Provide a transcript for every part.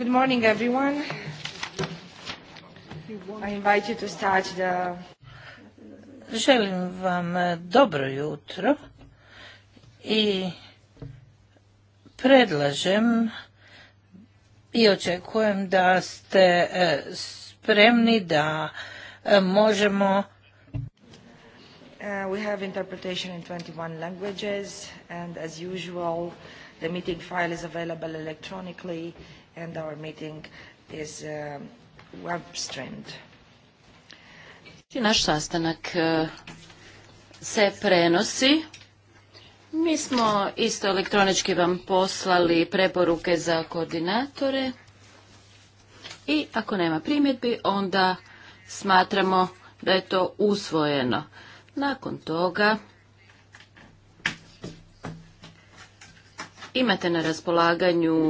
Good morning, everyone. I invite you to start the... Želim vam eh, dobro jutro i predlažem i očekujem da ste eh, spremni da eh, možemo we have interpretation in 21 languages and as usual the meeting file is available electronically and our meeting is uh, Naš sastanak uh, se prenosi. Mi smo isto elektronički vam poslali preporuke za koordinatore i ako nema primjedbi onda smatramo da je to usvojeno. Nakon toga imate na raspolaganju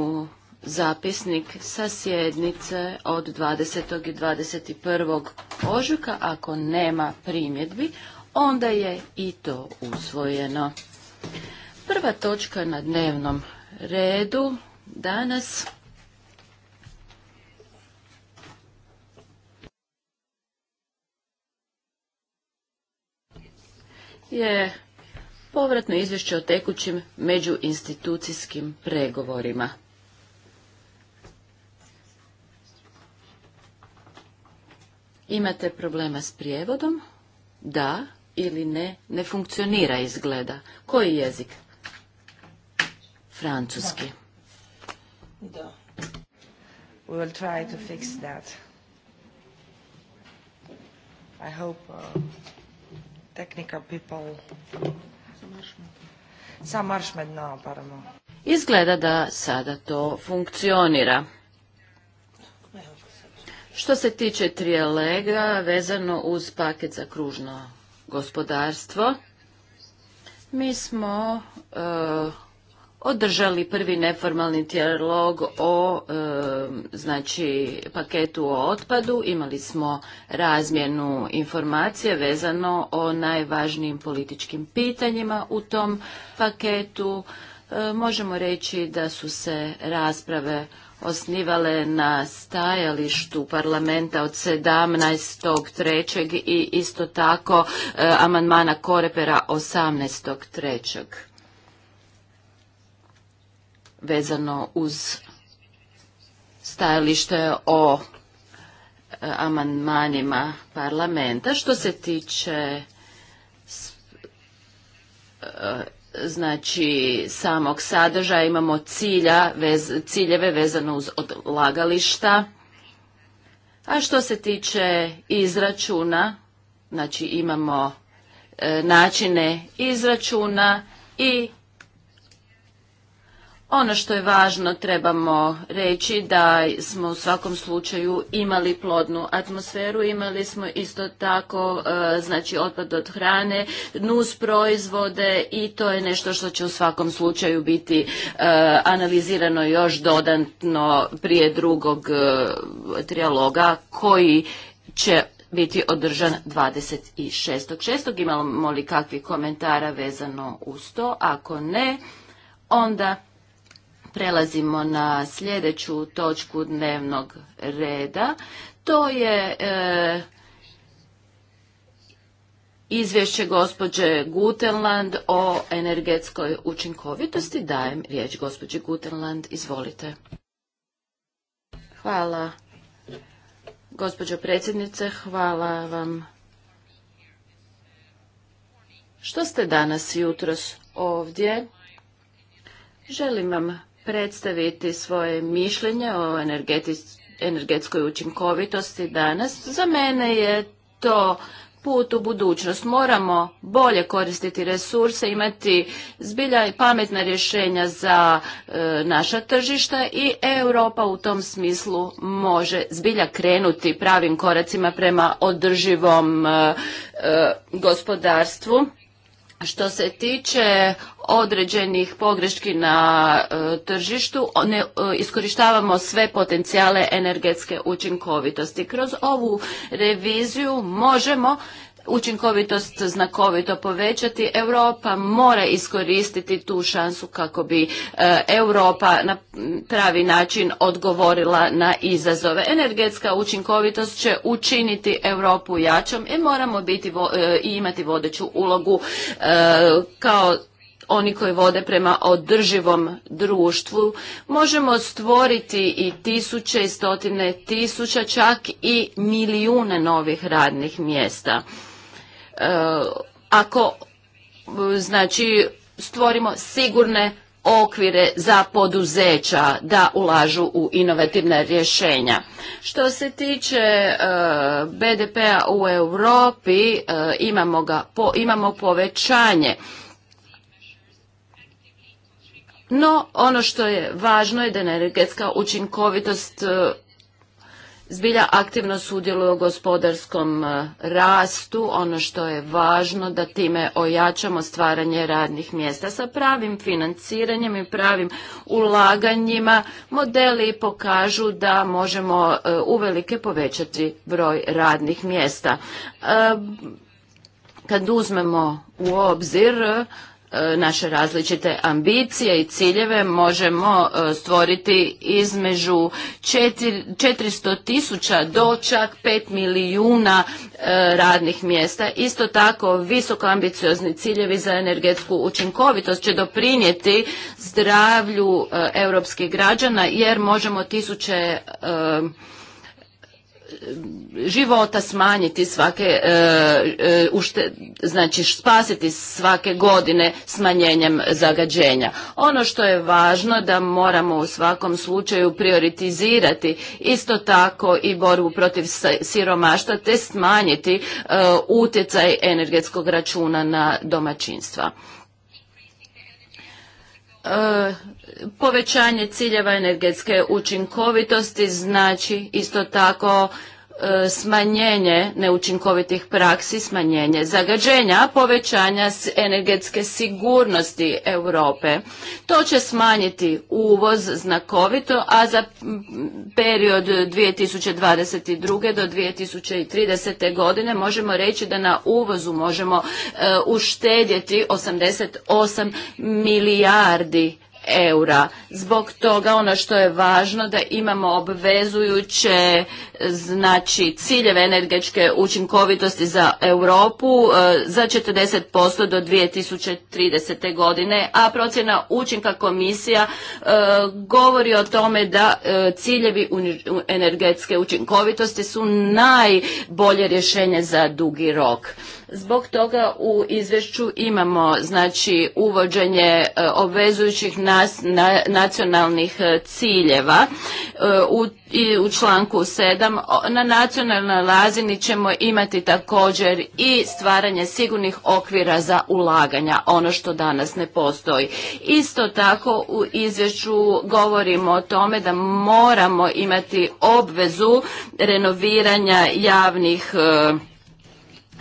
zapisnik sa sjednice od 20. i 21. ožujka. Ako nema primjedbi, onda je i to usvojeno. Prva točka na dnevnom redu danas je povratno izvješće o tekućim međuinstitucijskim pregovorima. Imate problema s prijevodom? Da ili ne? Ne funkcionira izgleda. Koji jezik? Francuski. Da. We will try to fix that. I hope uh, technical people... Izgleda da sada to funkcionira. Što se tiče trijelega vezano uz paket za kružno gospodarstvo, mi smo e, održali prvi neformalni dijalog o e, znači, paketu o otpadu. Imali smo razmjenu informacije vezano o najvažnijim političkim pitanjima u tom paketu. E, možemo reći da su se rasprave osnivale na stajalištu parlamenta od 17.3. i isto tako e, amandmana Korepera 18.3. vezano uz stajalište o e, amandmanima parlamenta. Što se tiče e, znači samog sadržaja, imamo cilja, vez, ciljeve vezano uz odlagališta. A što se tiče izračuna, znači imamo e, načine izračuna i ono što je važno trebamo reći da smo u svakom slučaju imali plodnu atmosferu, imali smo isto tako e, znači otpad od hrane, nus proizvode i to je nešto što će u svakom slučaju biti e, analizirano još dodatno prije drugog e, trijaloga koji će biti održan 26.6. Imamo li kakvih komentara vezano uz to? Ako ne, onda Prelazimo na sljedeću točku dnevnog reda. To je e, izvješće gospođe Gutenland o energetskoj učinkovitosti. Dajem riječ gospođe Gutenland. Izvolite. Hvala. Gospođo predsjednice, hvala vam. Što ste danas jutros ovdje? Želim vam predstaviti svoje mišljenje o energetskoj učinkovitosti danas. Za mene je to put u budućnost. Moramo bolje koristiti resurse, imati zbilja i pametna rješenja za e, naša tržišta i Europa u tom smislu može zbilja krenuti pravim koracima prema održivom e, e, gospodarstvu. Što se tiče određenih pogreški na e, tržištu, ne e, iskorištavamo sve potencijale energetske učinkovitosti. Kroz ovu reviziju možemo učinkovitost znakovito povećati. Europa mora iskoristiti tu šansu kako bi e, Europa na pravi način odgovorila na izazove. Energetska učinkovitost će učiniti Europu jačom i moramo biti e, i imati vodeću ulogu e, kao oni koji vode prema održivom društvu, možemo stvoriti i tisuće i stotine tisuća, čak i milijune novih radnih mjesta. E, ako znači stvorimo sigurne okvire za poduzeća da ulažu u inovativna rješenja. Što se tiče e, BDP-a u Europi e, imamo, ga, imamo povećanje. No, ono što je važno je da energetska učinkovitost zbilja aktivno sudjeluju u gospodarskom e, rastu, ono što je važno da time ojačamo stvaranje radnih mjesta sa pravim financiranjem i pravim ulaganjima. Modeli pokažu da možemo e, uvelike povećati broj radnih mjesta. E, kad uzmemo u obzir E, naše različite ambicije i ciljeve možemo e, stvoriti između 400 tisuća do čak 5 milijuna e, radnih mjesta. Isto tako visoko ambiciozni ciljevi za energetsku učinkovitost će doprinijeti zdravlju europskih građana jer možemo tisuće života smanjiti svake, e, e, znači spasiti svake godine smanjenjem zagađenja. Ono što je važno da moramo u svakom slučaju prioritizirati isto tako i borbu protiv siromašta te smanjiti e, utjecaj energetskog računa na domaćinstva povećanje ciljeva energetske učinkovitosti znači isto tako e, smanjenje neučinkovitih praksi, smanjenje zagađenja, povećanja energetske sigurnosti Europe. To će smanjiti uvoz znakovito, a za period 2022. do 2030. godine možemo reći da na uvozu možemo e, uštedjeti 88 milijardi eura. Zbog toga ono što je važno da imamo obvezujuće znači ciljeve energetske učinkovitosti za Europu e, za 40% do 2030. godine, a procjena učinka komisija e, govori o tome da e, ciljevi energetske učinkovitosti su najbolje rješenje za dugi rok. Zbog toga u izvješću imamo znači uvođenje e, obvezujućih nas, nacionalnih e, ciljeva e, u, i u članku 7. Na nacionalnoj razini ćemo imati također i stvaranje sigurnih okvira za ulaganja, ono što danas ne postoji. Isto tako u izvješću govorimo o tome da moramo imati obvezu renoviranja javnih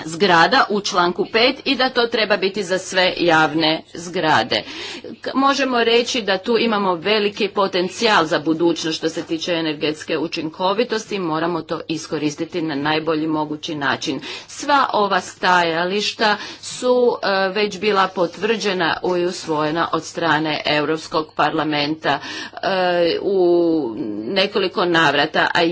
zgrada u članku 5 i da to treba biti za sve javne zgrade. Možemo reći da tu imamo veliki potencijal za budućnost što se tiče energetske učinkovitosti i moramo to iskoristiti na najbolji mogući način. Sva ova stajališta su e, već bila potvrđena i usvojena od strane Europskog parlamenta e, u nekoliko navrata, a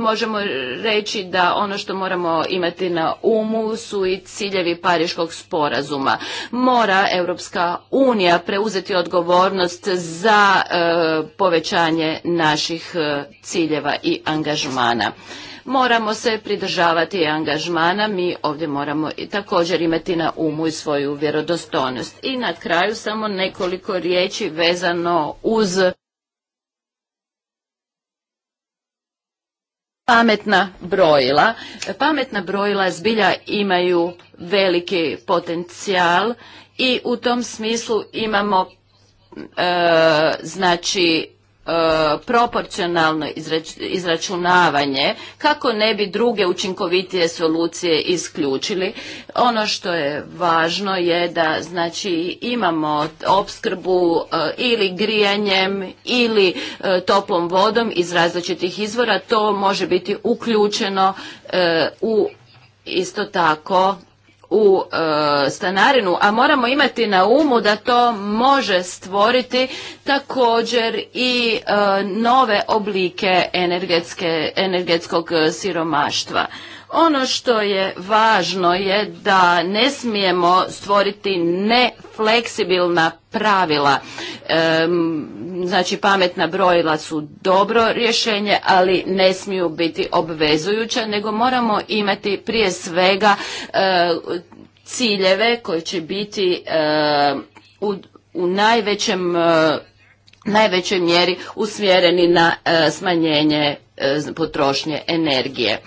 možemo reći da ono što moramo imati na umu su i ciljevi Pariškog sporazuma. Mora Europska unija preuzeti odgovornost za e, povećanje naših e, ciljeva i angažmana. Moramo se pridržavati angažmana, mi ovdje moramo i također imati na umu i svoju vjerodostojnost. I na kraju samo nekoliko riječi vezano uz pametna brojila. Pametna brojila zbilja imaju veliki potencijal i u tom smislu imamo e, znači E, proporcionalno izračunavanje kako ne bi druge učinkovitije solucije isključili. Ono što je važno je da znači imamo opskrbu e, ili grijanjem ili e, toplom vodom iz različitih izvora, to može biti uključeno u isto tako u e, stanarinu, a moramo imati na umu da to može stvoriti također i e, nove oblike energetskog siromaštva. Ono što je važno je da ne smijemo stvoriti nefleksibilna pravila. znači pametna brojila su dobro rješenje, ali ne smiju biti obvezujuća, nego moramo imati prije svega e, ciljeve koji će biti e, u, najvećem e, najvećoj mjeri usmjereni na smanjenje potrošnje energije.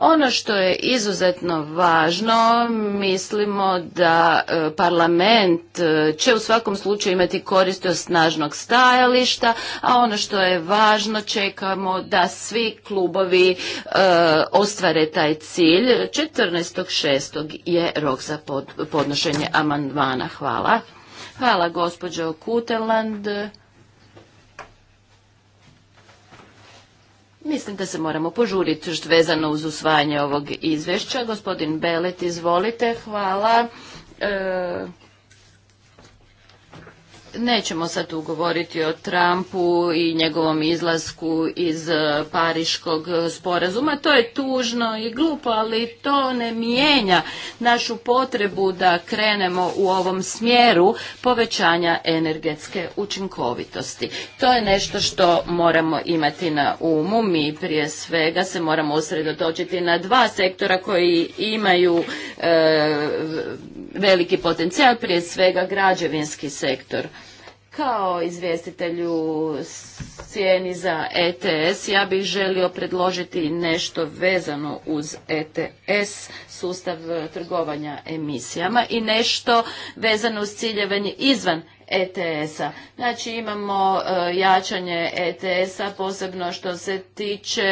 Ono što je izuzetno važno, mislimo da e, parlament e, će u svakom slučaju imati koristi od snažnog stajališta, a ono što je važno, čekamo da svi klubovi e, ostvare taj cilj. 14.6. je rok za podnošenje amandmana. Hvala. Hvala gospođo Kuteland. Mislim da se moramo požuriti vezano uz usvajanje ovog izvješća. Gospodin Belet, izvolite. Hvala. E, Nećemo sad tu govoriti o Trumpu i njegovom izlasku iz e, Pariškog sporazuma. To je tužno i glupo, ali to ne mijenja našu potrebu da krenemo u ovom smjeru povećanja energetske učinkovitosti. To je nešto što moramo imati na umu. Mi prije svega se moramo usredotočiti na dva sektora koji imaju e, veliki potencijal, prije svega građevinski sektor kao izvjestitelju cijeni za ETS, ja bih želio predložiti nešto vezano uz ETS, sustav e, trgovanja emisijama i nešto vezano uz ciljevanje izvan ETS-a. Znači imamo e, jačanje ETS-a posebno što se tiče...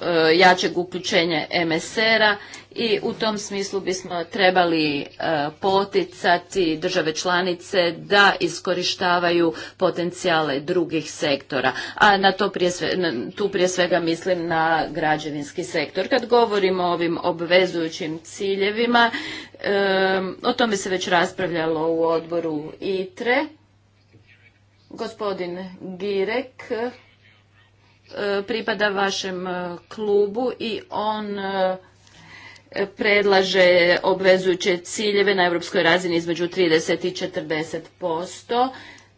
E, jačeg uključenja MSR-a i u tom smislu bismo trebali e, poticati države članice da iskorištavaju potencijale drugih sektora. A na to prije tu prije svega mislim na građevinski sektor. Kad govorimo o ovim obvezujućim ciljevima, e, o tome se već raspravljalo u odboru ITRE. Gospodin Girek E, pripada vašem e, klubu i on e, predlaže obvezujuće ciljeve na europskoj razini između 30 i 40%.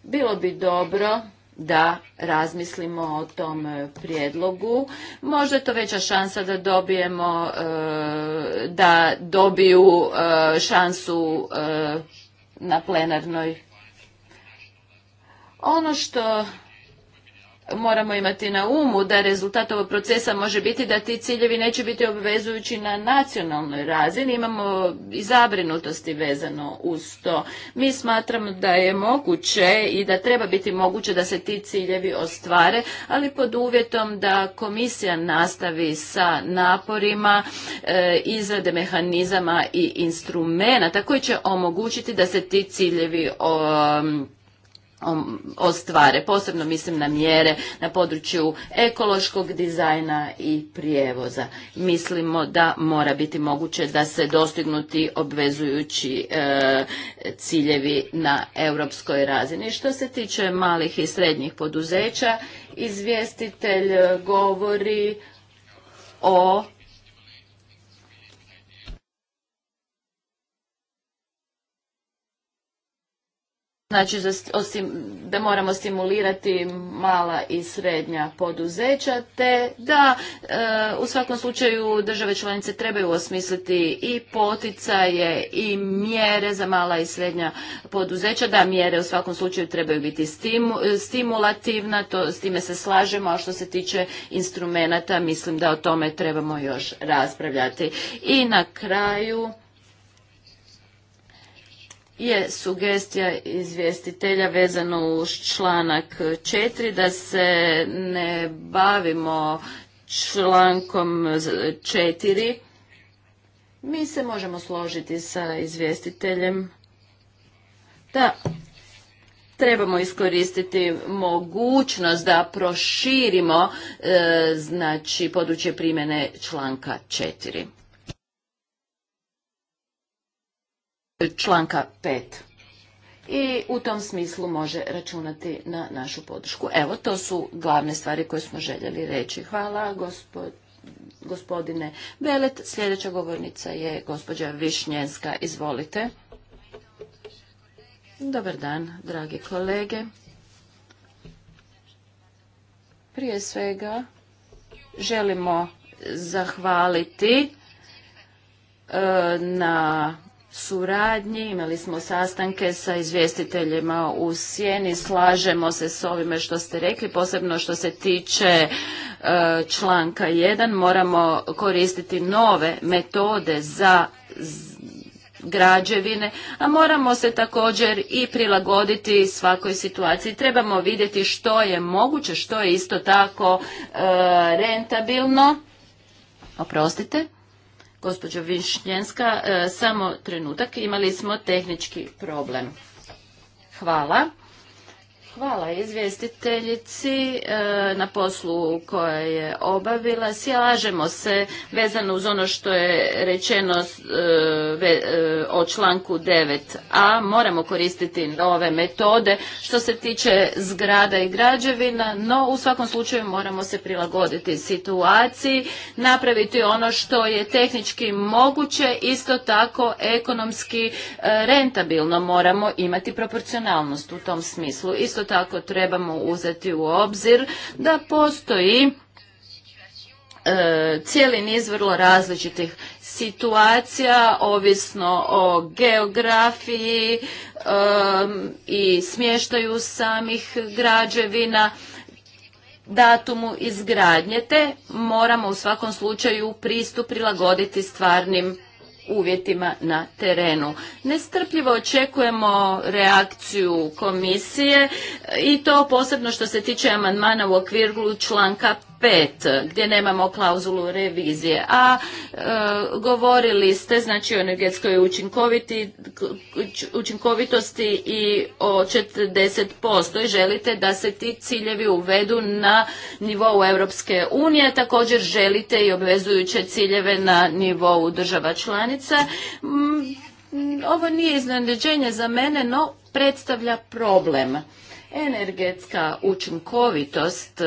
Bilo bi dobro da razmislimo o tom prijedlogu. Možda je to veća šansa da dobijemo, da dobiju šansu na plenarnoj. Ono što moramo imati na umu da rezultat ovog procesa može biti da ti ciljevi neće biti obvezujući na nacionalnoj razini. Imamo i zabrinutosti vezano uz to. Mi smatramo da je moguće i da treba biti moguće da se ti ciljevi ostvare, ali pod uvjetom da komisija nastavi sa naporima e, izrade mehanizama i instrumenata koji će omogućiti da se ti ciljevi ostvare. Posebno mislim na mjere na području ekološkog dizajna i prijevoza. Mislimo da mora biti moguće da se dostignuti obvezujući e, ciljevi na europskoj razini. Što se tiče malih i srednjih poduzeća, izvjestitelj e, govori o Znači da moramo stimulirati mala i srednja poduzeća, te da e, u svakom slučaju države članice trebaju osmisliti i poticaje i mjere za mala i srednja poduzeća. Da, mjere u svakom slučaju trebaju biti stimulativna, to, s time se slažemo, a što se tiče instrumenata mislim da o tome trebamo još raspravljati. I na kraju je sugestija izvjestitelja vezano uz članak 4 da se ne bavimo člankom 4. Mi se možemo složiti sa izvjestiteljem da trebamo iskoristiti mogućnost da proširimo e, znači područje primjene članka 4. članka 5. I u tom smislu može računati na našu podršku. Evo, to su glavne stvari koje smo željeli reći. Hvala gospodine Belet. Sljedeća govornica je gospođa Višnjenska. Izvolite. Dobar dan, dragi kolege. Prije svega želimo zahvaliti e, na suradnji, imali smo sastanke sa izvjestiteljima u sjeni, slažemo se s ovime što ste rekli, posebno što se tiče e, članka 1, moramo koristiti nove metode za građevine, a moramo se također i prilagoditi svakoj situaciji. Trebamo vidjeti što je moguće, što je isto tako e, rentabilno. Oprostite gospođo Višnjenska. E, samo trenutak, imali smo tehnički problem. Hvala. Hvala izvjestiteljici e, na poslu koja je obavila. Sjelažemo se vezano uz ono što je rečeno e, e, o članku 9a. Moramo koristiti nove metode što se tiče zgrada i građevina, no u svakom slučaju moramo se prilagoditi situaciji, napraviti ono što je tehnički moguće, isto tako ekonomski rentabilno moramo imati proporcionalnost u tom smislu. Isto tako trebamo uzeti u obzir da postoji e, cijeli niz vrlo različitih situacija ovisno o geografiji i smještaju samih građevina datumu izgradnje te moramo u svakom slučaju pristup prilagoditi stvarnim uvjetima na terenu. Nestrpljivo očekujemo reakciju komisije i to posebno što se tiče amandmana u okviru članka 5 gdje nemamo klauzulu revizije, a e, govorili ste znači o energetskoj učinkovitosti i o 40% i želite da se ti ciljevi uvedu na nivou Europske unije, također želite i obvezujuće ciljeve na nivou država članica. Mm, ovo nije iznenađenje za mene, no predstavlja problem. Energetska učinkovitost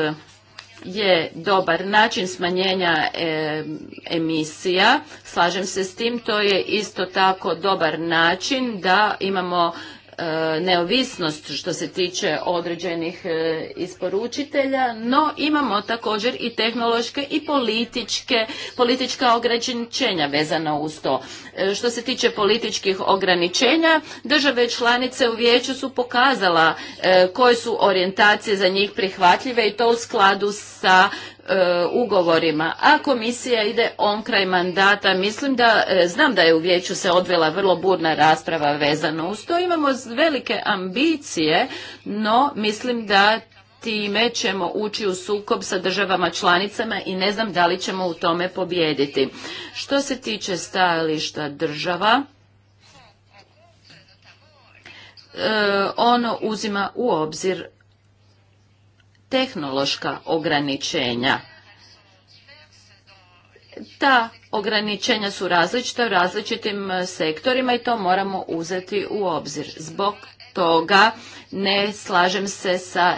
je dobar način smanjenja e, emisija slažem se s tim to je isto tako dobar način da imamo E, neovisnost što se tiče određenih e, isporučitelja, no imamo također i tehnološke i političke, politička ograničenja vezana uz to. E, što se tiče političkih ograničenja, države članice u vijeću su pokazala koje su orijentacije za njih prihvatljive i to u skladu sa E, ugovorima, a komisija ide on kraj mandata. Mislim da, e, znam da je u vijeću se odvela vrlo burna rasprava vezano uz to. Imamo velike ambicije, no mislim da time ćemo ući u sukob sa državama članicama i ne znam da li ćemo u tome pobijediti. Što se tiče stajališta država, e, ono uzima u obzir tehnološka ograničenja. Ta ograničenja su različita u različitim e, sektorima i to moramo uzeti u obzir. Zbog toga ne slažem se sa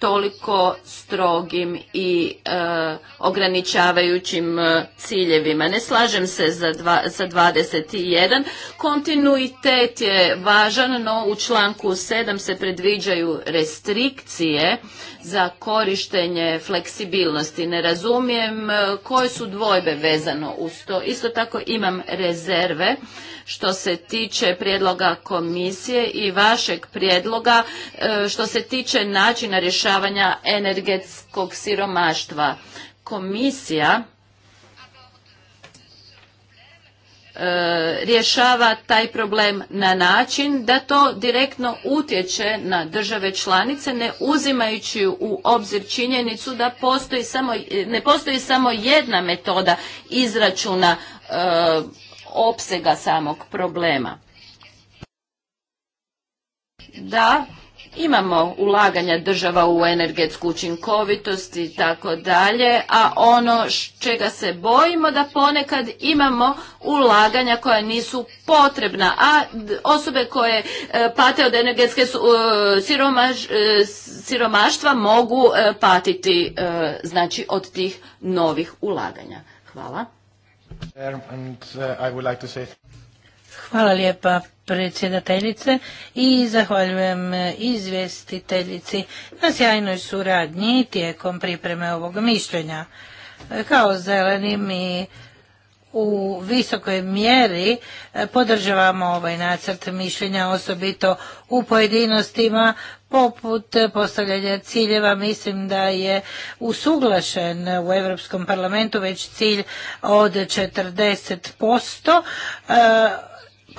toliko strogim i e, ograničavajućim e, ciljevima. Ne slažem se za, dva, za 21. Kontinuitet je važan, no u članku 7 se predviđaju restrikcije za korištenje fleksibilnosti. Ne razumijem e, koje su dvojbe vezano uz to. Isto tako imam rezerve što se tiče prijedloga komisije i vašeg prijedloga što se tiče načina rješavanja rješavanja energetskog siromaštva. Komisija e, rješava taj problem na način da to direktno utječe na države članice ne uzimajući u obzir činjenicu da postoji samo, ne postoji samo jedna metoda izračuna e, opsega samog problema. Da, Imamo ulaganja država u energetsku učinkovitost i tako dalje, a ono čega se bojimo da ponekad imamo ulaganja koja nisu potrebna, a osobe koje e, pate od energetske e, e, siromaštva mogu patiti znači od tih novih ulaganja. Hvala. Uh, Hvala lijepa predsjedateljice i zahvaljujem izvjestiteljici na sjajnoj suradnji tijekom pripreme ovog mišljenja. Kao zeleni mi u visokoj mjeri e, podržavamo ovaj nacrt mišljenja osobito u pojedinostima poput postavljanja ciljeva mislim da je usuglašen u Europskom parlamentu već cilj od 40%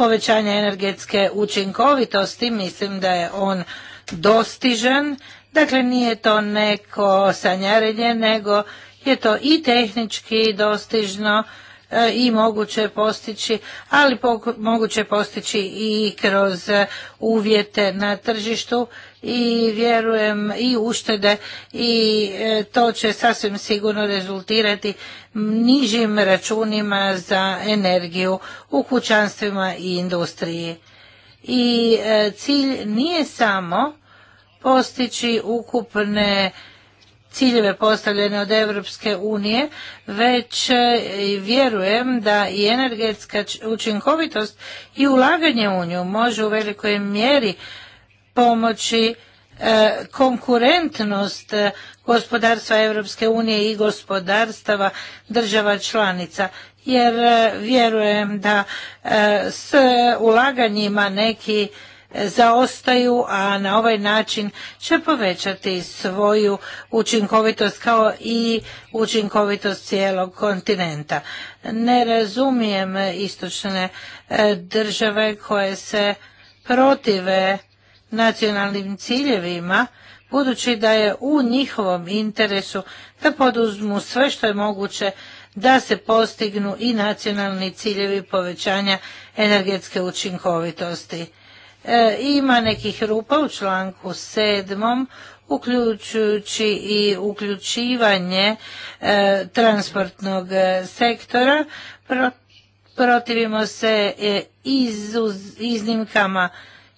povećanja energetske učinkovitosti, mislim da je on dostižen. Dakle, nije to neko sanjarenje, nego je to i tehnički dostižno e, i moguće postići, ali moguće postići i kroz uvjete na tržištu i vjerujem i uštede i e, to će sasvim sigurno rezultirati nižim računima za energiju u kućanstvima i industriji. I e, cilj nije samo postići ukupne ciljeve postavljene od Europske unije, već e, vjerujem da i energetska učinkovitost i ulaganje u nju može u velikoj mjeri pomoći e, konkurentnost e, gospodarstva Europske unije i gospodarstava država članica jer e, vjerujem da s ulaganjima neki zaostaju a na ovaj način će povećati svoju učinkovitost kao i učinkovitost cijelog kontinenta. Ne razumijem istočne države koje se protive nacionalnim ciljevima, budući da je u njihovom interesu da poduzmu sve što je moguće da se postignu i nacionalni ciljevi povećanja energetske učinkovitosti. E, ima nekih rupa u članku sedmom, uključujući i uključivanje e, transportnog e, sektora. protivimo se izuz, iznimkama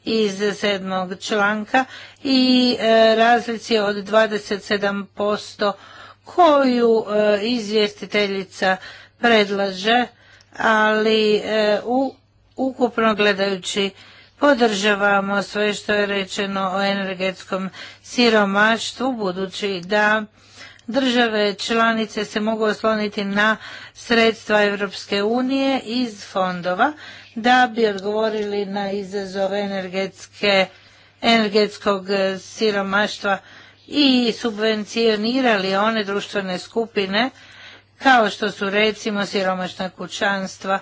iz sedmog članka i e, razlici od 27% koju e, izvjestiteljica predlaže, ali e, ukupno gledajući podržavamo sve što je rečeno o energetskom siromaštvu budući da države članice se mogu osloniti na sredstva Europske unije iz fondova da bi odgovorili na izazove energetske, energetskog e, siromaštva i subvencionirali one društvene skupine kao što su recimo siromašna kućanstva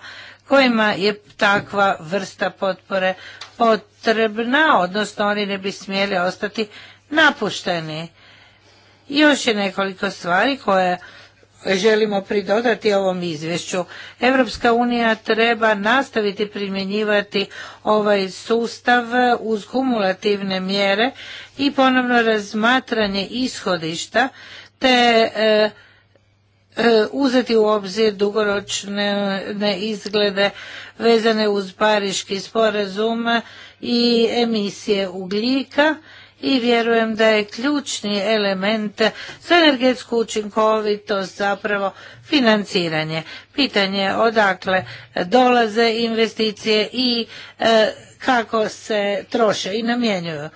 kojima je takva vrsta potpore potrebna, odnosno oni ne bi smjeli ostati napušteni. Još je nekoliko stvari koje želimo pridodati ovom izvješću. Europska unija treba nastaviti primjenjivati ovaj sustav uz kumulativne mjere i ponovno razmatranje ishodišta te e, e, uzeti u obzir dugoročne izglede vezane uz pariški sporazum i emisije ugljika i vjerujem da je ključni element za energetsku učinkovitost zapravo financiranje. Pitanje je odakle dolaze investicije i e, kako se troše i namjenjuju.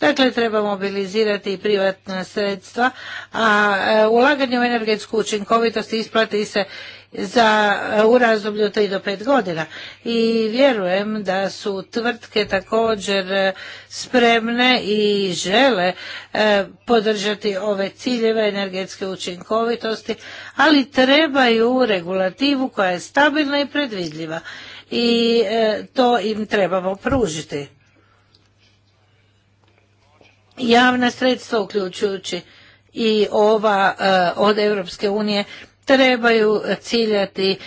Dakle, treba mobilizirati i privatna sredstva, a e, ulaganje u energetsku učinkovitost isplati se za, e, u razdoblju 3 do pet godina. I vjerujem da su tvrtke također e, spremne i žele e, podržati ove ciljeve energetske učinkovitosti, ali trebaju regulativu koja je stabilna i predvidljiva i to im trebamo pružiti. Javna sredstva uključujući i ova od Europske unije trebaju ciljati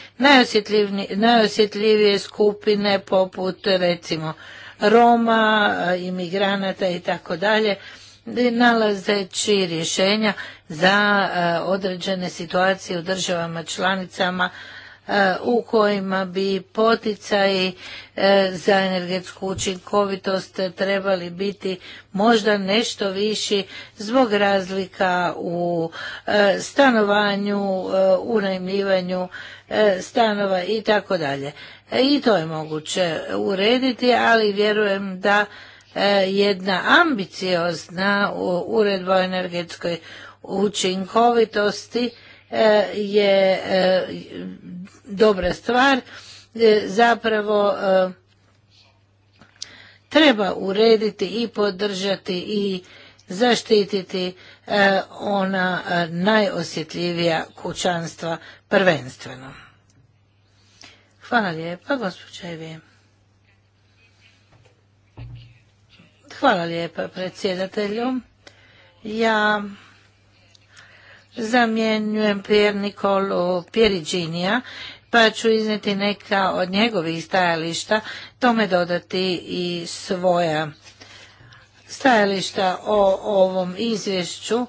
najosjetljivije skupine poput recimo Roma, imigranata i tako dalje, nalazeći rješenja za eh, određene situacije u državama članicama, E, u kojima bi poticaji e, za energetsku učinkovitost trebali biti možda nešto viši zbog razlika u e, stanovanju, unajmljivanju stanova i tako dalje. I to je moguće urediti, ali vjerujem da jedna ambiciozna uredba o energetskoj učinkovitosti je dobra stvar, e, zapravo e, treba urediti i podržati i zaštititi e, ona najosjetljivija kućanstva prvenstveno. Hvala lijepa, gospođa Hvala lijepa predsjedatelju. Ja zamjenjujem Pier Nicolo Pieriginija pa ću iznijeti neka od njegovih stajališta, tome dodati i svoja stajališta o ovom izvješću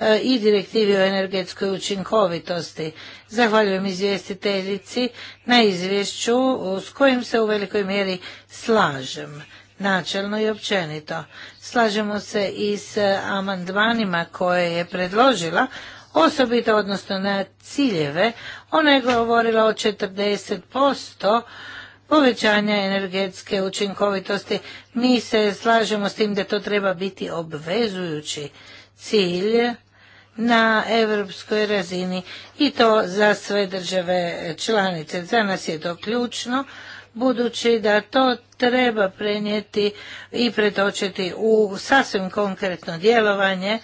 e, i direktivi o energetskoj učinkovitosti. Zahvaljujem izvjestiteljici na izvješću e, s kojim se u velikoj mjeri slažem, načelno i općenito. Slažemo se i s amandmanima koje je predložila, osobito odnosno na ciljeve. Ona je govorila o 40% povećanja energetske učinkovitosti. Mi se slažemo s tim da to treba biti obvezujući cilj na europskoj razini i to za sve države članice. Za nas je to ključno budući da to treba prenijeti i pretočiti u sasvim konkretno djelovanje,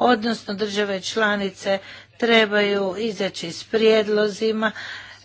odnosno države članice trebaju izaći s prijedlozima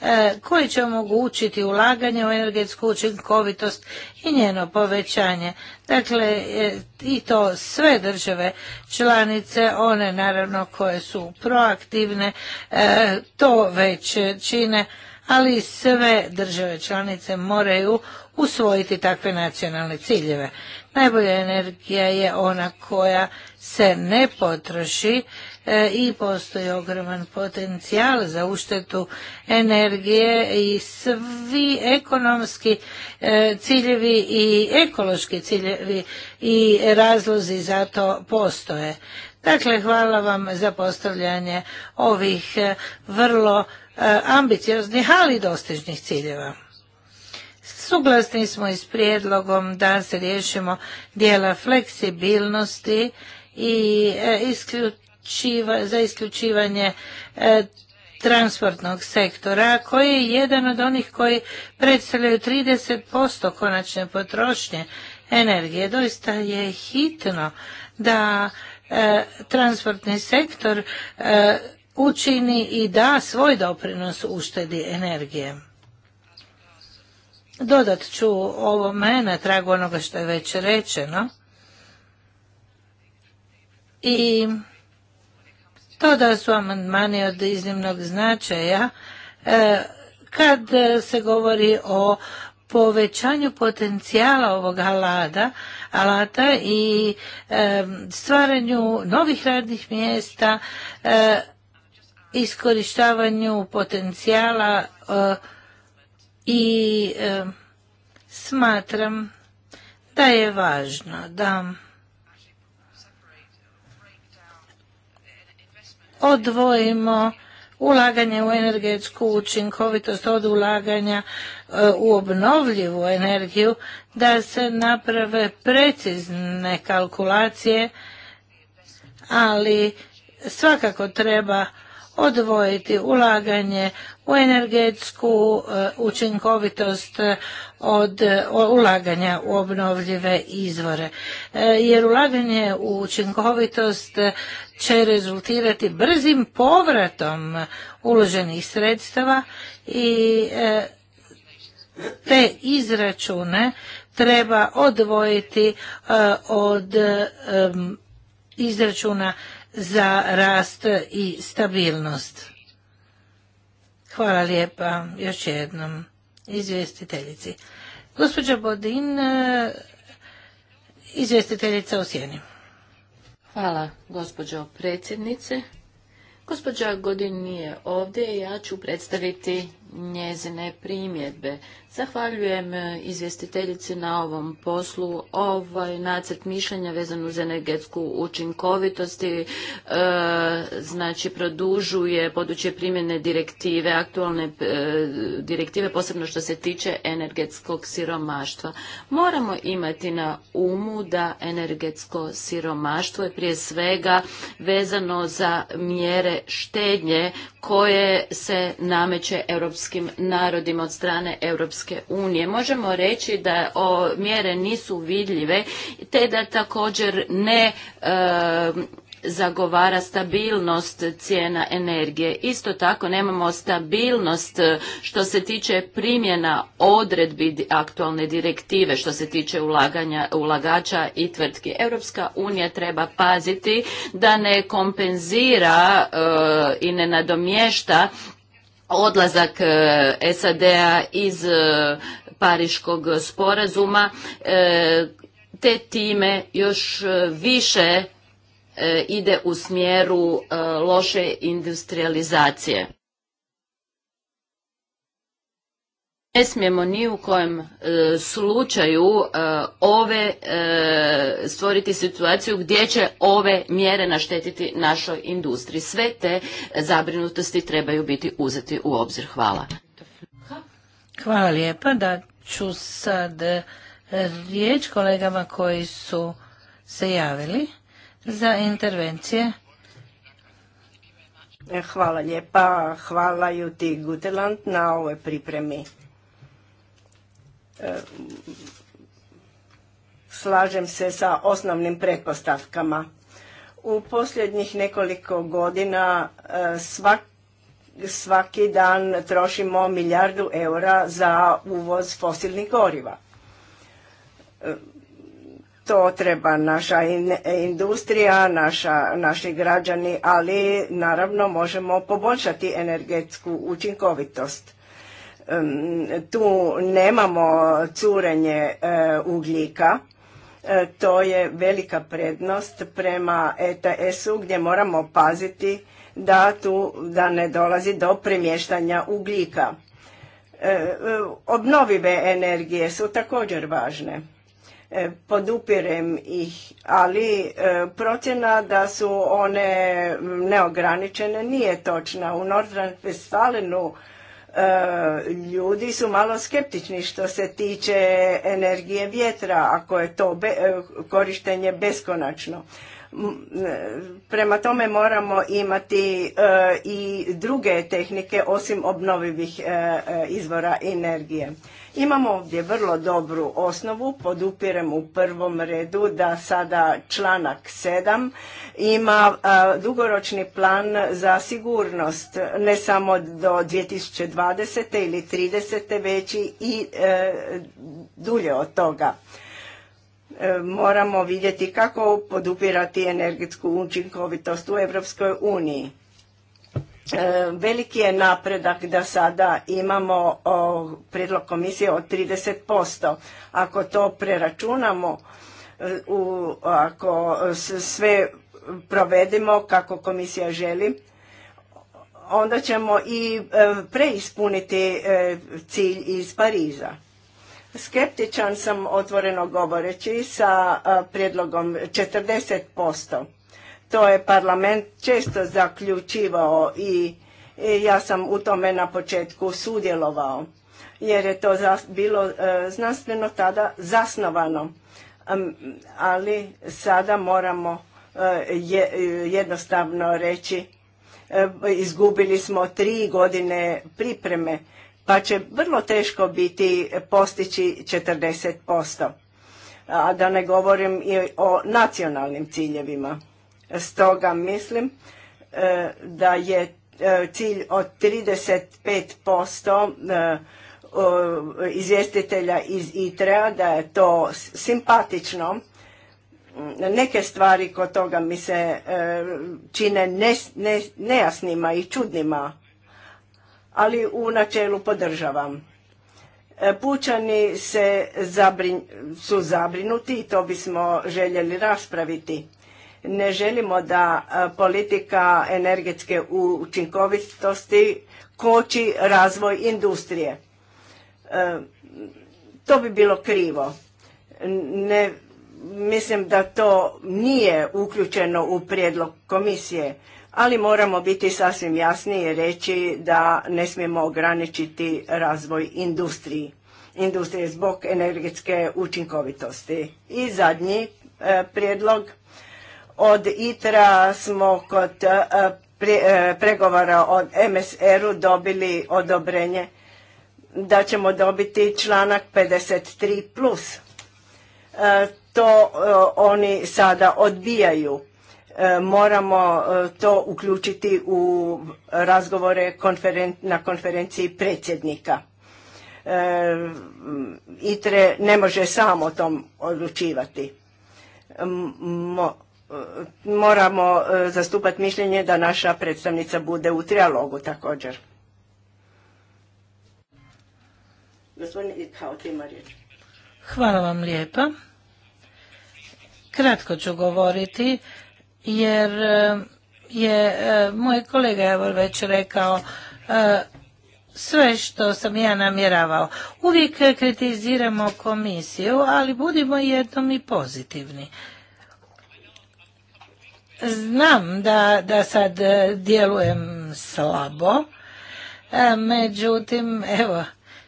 e, koji će omogućiti ulaganje u energetsku učinkovitost i njeno povećanje. Dakle, e, i to sve države članice, one naravno koje su proaktivne, e, to već čine, ali sve države članice moraju usvojiti takve nacionalne ciljeve. Najbolja energija je ona koja se ne potroši e, i postoji ogroman potencijal za uštetu energije i svi ekonomski e, ciljevi i ekološki ciljevi i razlozi za to postoje. Dakle, hvala vam za postavljanje ovih e, vrlo ambicioznih, ali dostižnih ciljeva. Suglasni smo i s prijedlogom da se riješimo dijela fleksibilnosti i e, za isključivanje e, transportnog sektora koji je jedan od onih koji predstavljaju 30% konačne potrošnje energije. Doista je hitno da e, transportni sektor učini i da svoj doprinos uštedi energije. Dodat ću ovo na tragu onoga što je već rečeno i to da su amandmani od iznimnog značaja e, kad se govori o povećanju potencijala ovog alada, alata i e, stvaranju novih radnih mjesta, e, iskorištavanju potencijala i smatram da je važno da odvojimo ulaganje u energetsku učinkovitost od ulaganja e, u obnovljivu energiju, da se naprave precizne kalkulacije, ali svakako treba odvojiti ulaganje u energetsku e, učinkovitost e, od e, ulaganja u obnovljive izvore. Jer ulaganje u učinkovitost će rezultirati brzim povratom uloženih sredstava i te izračune treba odvojiti od izračuna za rast i stabilnost. Hvala lijepa još jednom izvjestiteljici. Gospođa Bodin, e, izvjestiteljica u Sjeni. Hvala, gospođo predsjednice. Gospođa Godin nije ovdje, ja ću predstaviti njezine primjedbe. Zahvaljujem e, izvjestiteljici na ovom poslu. Ovaj nacrt mišljenja vezan uz energetsku učinkovitost e, znači produžuje područje primjene direktive, aktualne e, direktive, posebno što se tiče energetskog siromaštva. Moramo imati na umu da energetsko siromaštvo je prije svega vezano za mjere štednje koje se nameće europskim narodima od strane europske Europske unije. Možemo reći da mjere nisu vidljive te da također ne e, zagovara stabilnost cijena energije. Isto tako nemamo stabilnost e, što se tiče primjena odredbi aktualne direktive što se tiče ulaganja, ulagača i tvrtki. Europska unija treba paziti da ne kompenzira e, i ne nadomješta odlazak e, SAD-a iz e, Pariškog sporazuma, e, te time još više ide u smjeru loše industrializacije. ne smijemo ni u kojem e, slučaju e, ove e, stvoriti situaciju gdje će ove mjere naštetiti našoj industriji. Sve te zabrinutosti trebaju biti uzeti u obzir. Hvala. Hvala lijepa. Da ću sad riječ kolegama koji su se javili za intervencije. Hvala lijepa. Hvala Juti Guteland na ovoj pripremi slažem se sa osnovnim pretpostavkama. U posljednjih nekoliko godina e, svaki dan trošimo milijardu eura za uvoz fosilnih goriva. E, to treba naša industrija, naši građani, ali naravno možemo poboljšati energetsku učinkovitost. Tu nemamo curenje e, ugljika, e, to je velika prednost prema ETS-u gdje moramo paziti da tu da ne dolazi do premještanja ugljika. E, obnovive energije su također važne. podupirem ih, ali procjena da su one neograničene nije točna. U Nordrhein-Westfalenu Eh, ljudi su malo skeptični što se tiče energije vjetra, ako je to eh, korištenje beskonačno. Eh, prema tome moramo imati i druge tehnike osim obnovivih izvora energije. Imamo ovdje vrlo dobru osnovu, podupirem u prvom redu da sada članak 7 ima dugoročni plan za sigurnost, ne samo do 2020. ili 30. već i e, dulje od toga. E, moramo vidjeti kako podupirati energetsku učinkovitost u Europskoj uniji E, veliki je napredak da sada imamo predlog komisije od 30%. Ako to preračunamo, e, ako sve provedemo kako komisija želi, onda ćemo i e, preispuniti cilj iz Pariza. Skeptičan sam otvoreno govoreći sa predlogom 40%. To je parlament često zaključivao i ja sam u tome na početku sudjelovao jer je to bilo e, znanstveno tada zasnovano. ali sada moramo e, jednostavno reći e, izgubili smo tri godine pripreme pa će vrlo teško biti postići 40%. A da ne govorim i o nacionalnim ciljevima. Stoga mislim e, da je e, cilj od 35% e, izvjestitelja iz ITRE-a da je to simpatično. Neke stvari kod toga mi se čine nejasnima i čudnima, ali u načelu podržavam. Pučani se su zabrinuti i to bismo željeli raspraviti ne želimo da e, politika energetske učinkovitosti koči razvoj industrije. E, to bi bilo krivo. Ne, mislim da to nije uključeno u prijedlog komisije, ali moramo biti sasvim jasni i reći da ne smijemo ograničiti razvoj industriji industrije zbog energetske učinkovitosti. I zadnji e, prijedlog od ITRA smo kod e, e, pregovora o MSR-u dobili odobrenje da ćemo dobiti članak 53+. Plus. E, to oni sada odbijaju. Moramo to uključiti u razgovore na konferenciji predsjednika. ITRE ne može samo o tom odlučivati moramo e, zastupati mišljenje da naša predstavnica bude u trialogu također. Hvala vam lijepa. Kratko ću govoriti jer e, je e, moj kolega već rekao sve što sam ja namjeravao. Uvijek kritiziramo komisiju, ali budimo jednom i pozitivni. Znam da, da sad e, djelujem slabo, e, međutim, evo,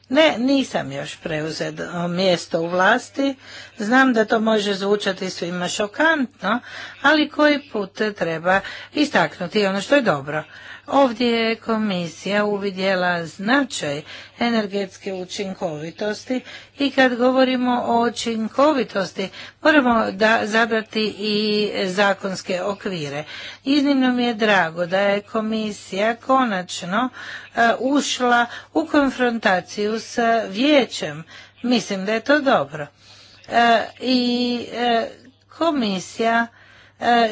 ne, nisam još preuzet mjesto u vlasti. Znam da to može zvučati svima šokantno, ali koji put treba istaknuti ono što je dobro. Ovdje je komisija uvidjela značaj energetske učinkovitosti i kad govorimo o učinkovitosti moramo da zadati i zakonske okvire. Iznimno mi je drago da je komisija konačno e, ušla u konfrontaciju s vijećem. Mislim da je to dobro. E, I e, komisija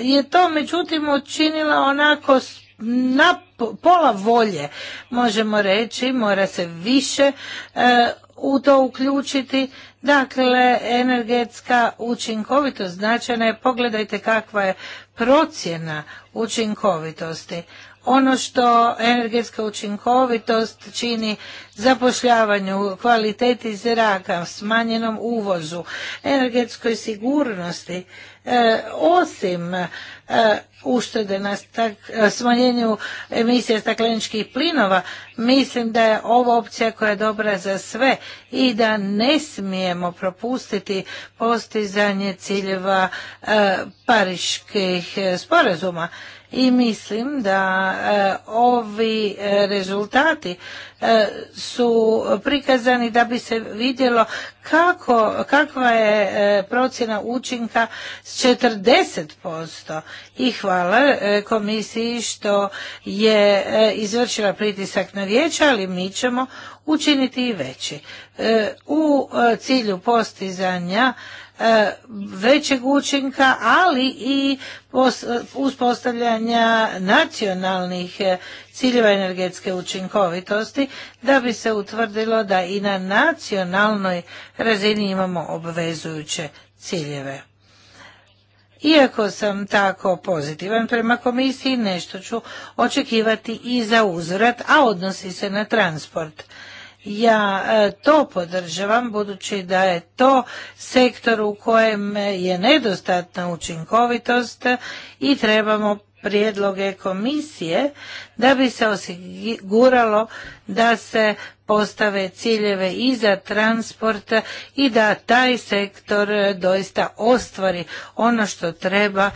je to međutim učinila onako na pola volje možemo reći mora se više e, u to uključiti dakle energetska učinkovitost značajna je pogledajte kakva je procjena učinkovitosti ono što energetska učinkovitost čini zapošljavanju, kvaliteti zraka, smanjenom uvozu, energetskoj sigurnosti, e, osim e, uštede na smanjenju emisije stakleničkih plinova, mislim da je ovo opcija koja je dobra za sve i da ne smijemo propustiti postizanje ciljeva e, pariških e, sporazuma. I mislim da e, ovi rezultati su prikazani da bi se vidjelo kako, kakva je procjena učinka s 40% i hvala e, komisiji što je e, izvršila pritisak na vijeće, ali mi ćemo učiniti i veći. E, u cilju postizanja većeg učinka, ali i uspostavljanja nacionalnih ciljeva energetske učinkovitosti, da bi se utvrdilo da i na nacionalnoj razini imamo obvezujuće ciljeve. Iako sam tako pozitivan prema komisiji, nešto ću očekivati i za uzvrat, a odnosi se na transport. Ja e, to podržavam budući da je to sektor u kojem je nedostatna učinkovitost i trebamo prijedloge komisije da bi se osiguralo da se postave ciljeve i za transport i da taj sektor doista ostvari ono što treba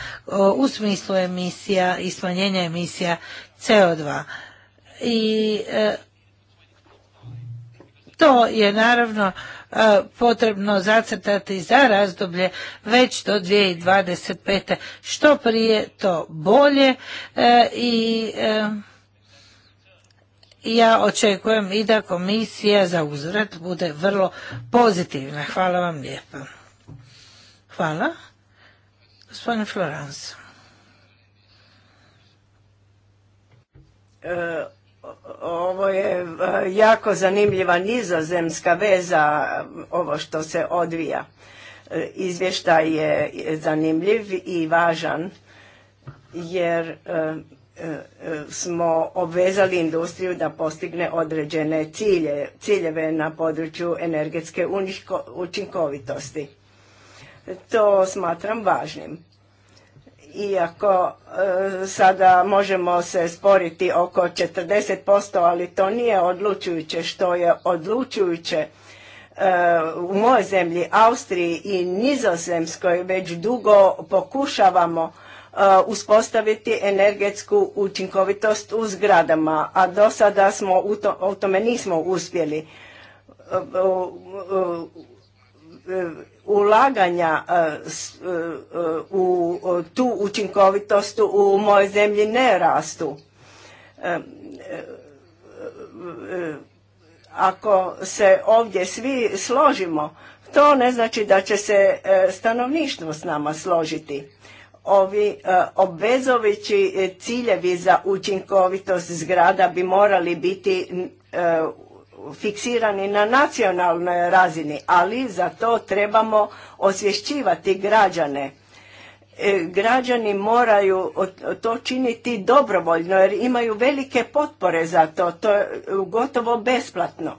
u smislu emisija i smanjenja emisija CO2. I e, to je naravno e, potrebno zacrtati za razdoblje već do 2025. Što prije to bolje e, i e, ja očekujem i da komisija za uzvrat bude vrlo pozitivna. Hvala vam lijepa. Hvala. Gospodin Florans. Ovo je e, jako zanimljiva nizozemska veza, ovo što se odvija. E, izvještaj je zanimljiv i važan jer e, smo obvezali industriju da postigne određene ciljeve na području energetske učinkovitosti. To smatram važnim iako e, sada možemo se sporiti oko 40%, ali to nije odlučujuće što je odlučujuće e, u mojoj zemlji, Austriji i Nizozemskoj već dugo pokušavamo e, uspostaviti energetsku učinkovitost u zgradama, a do sada smo u, u tome nismo uspjeli ulaganja e, e, e, u tu učinkovitost u mojoj zemlji ne rastu. Ako se ovdje svi složimo, to ne znači da će se stanovništvo s nama složiti. Ovi obvezovići ciljevi za učinkovitost zgrada bi morali biti fiksirani na nacionalnoj razini, ali za to trebamo osvješćivati građane. E, građani moraju to činiti dobrovoljno jer imaju velike potpore za to, to je gotovo besplatno.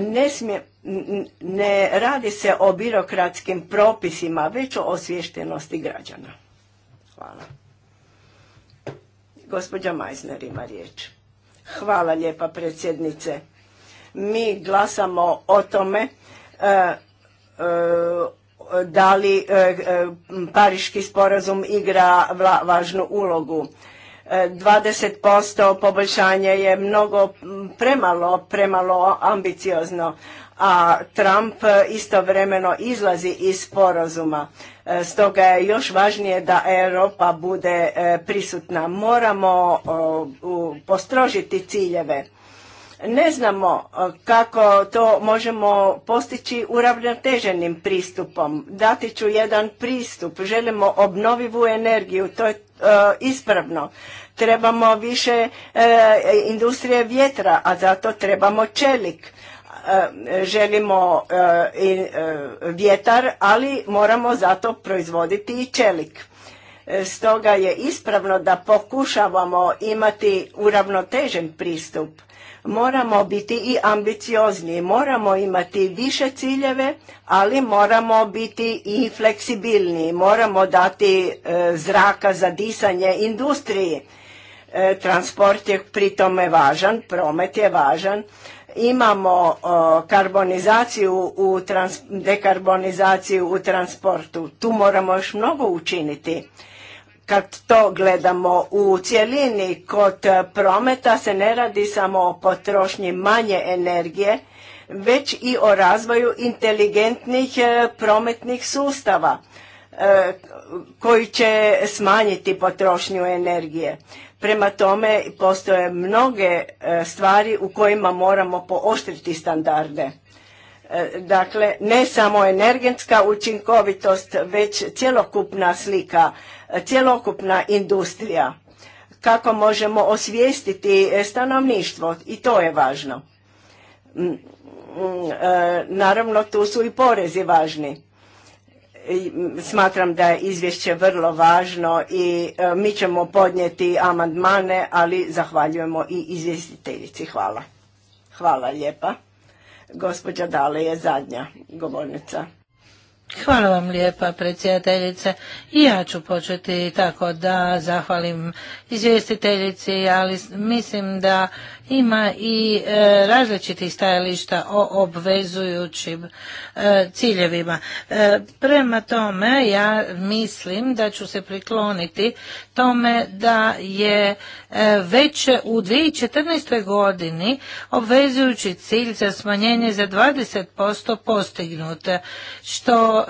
Ne, smije, ne radi se o birokratskim propisima, već o osviještenosti građana. Hvala. Gospođa Majsner ima riječ. Hvala lijepa predsjednice. Mi glasamo o tome e, e, da li e, Pariški sporazum igra važnu ulogu. 20% poboljšanja je mnogo premalo, premalo ambiciozno, a Trump istovremeno izlazi iz sporazuma. E, stoga je još važnije da Europa bude e, prisutna. Moramo postrožiti ciljeve. Ne znamo e, kako to možemo postići uravnoteženim pristupom. Dati ću jedan pristup. Želimo obnovivu energiju, to je ispravno. Trebamo više industrije vjetra, a zato trebamo čelik E, želimo e, e, vjetar, ali moramo zato proizvoditi i čelik. Stoga je ispravno da pokušavamo imati uravnotežen pristup. Moramo biti i ambiciozni, moramo imati više ciljeve, ali moramo biti i fleksibilni, moramo dati zraka za disanje industriji. transport je pri tome važan, promet je važan, imamo karbonizaciju u dekarbonizaciju u transportu. Tu moramo još mnogo učiniti. Kad to gledamo u cjelini kod prometa se ne radi samo o potrošnji manje energije, već i o razvoju inteligentnih e, prometnih sustava e, koji će smanjiti potrošnju energije. Prema tome postoje mnoge e, stvari u kojima moramo pooštriti standarde. E, dakle, ne samo energetska učinkovitost, već cjelokupna slika, cjelokupna industrija. Kako možemo osvijestiti e, stanovništvo i to je važno. Mm, mm, naravno, tu su i porezi važni Smatram da je izvješće vrlo važno i e, mi ćemo podnijeti amandmane, ali zahvaljujemo i izvjestiteljici. Hvala. Hvala lijepa. Gospođa Dale je zadnja govornica. Hvala vam lijepa predsjedateljice i ja ću početi tako da zahvalim izvjestiteljici, ali mislim da ima i e, različitih stajališta o obvezujućim e, ciljevima. E, prema tome ja mislim da ću se prikloniti tome da je e, već u 2014. godini obvezujući cilj za smanjenje za 20% postignut, što e,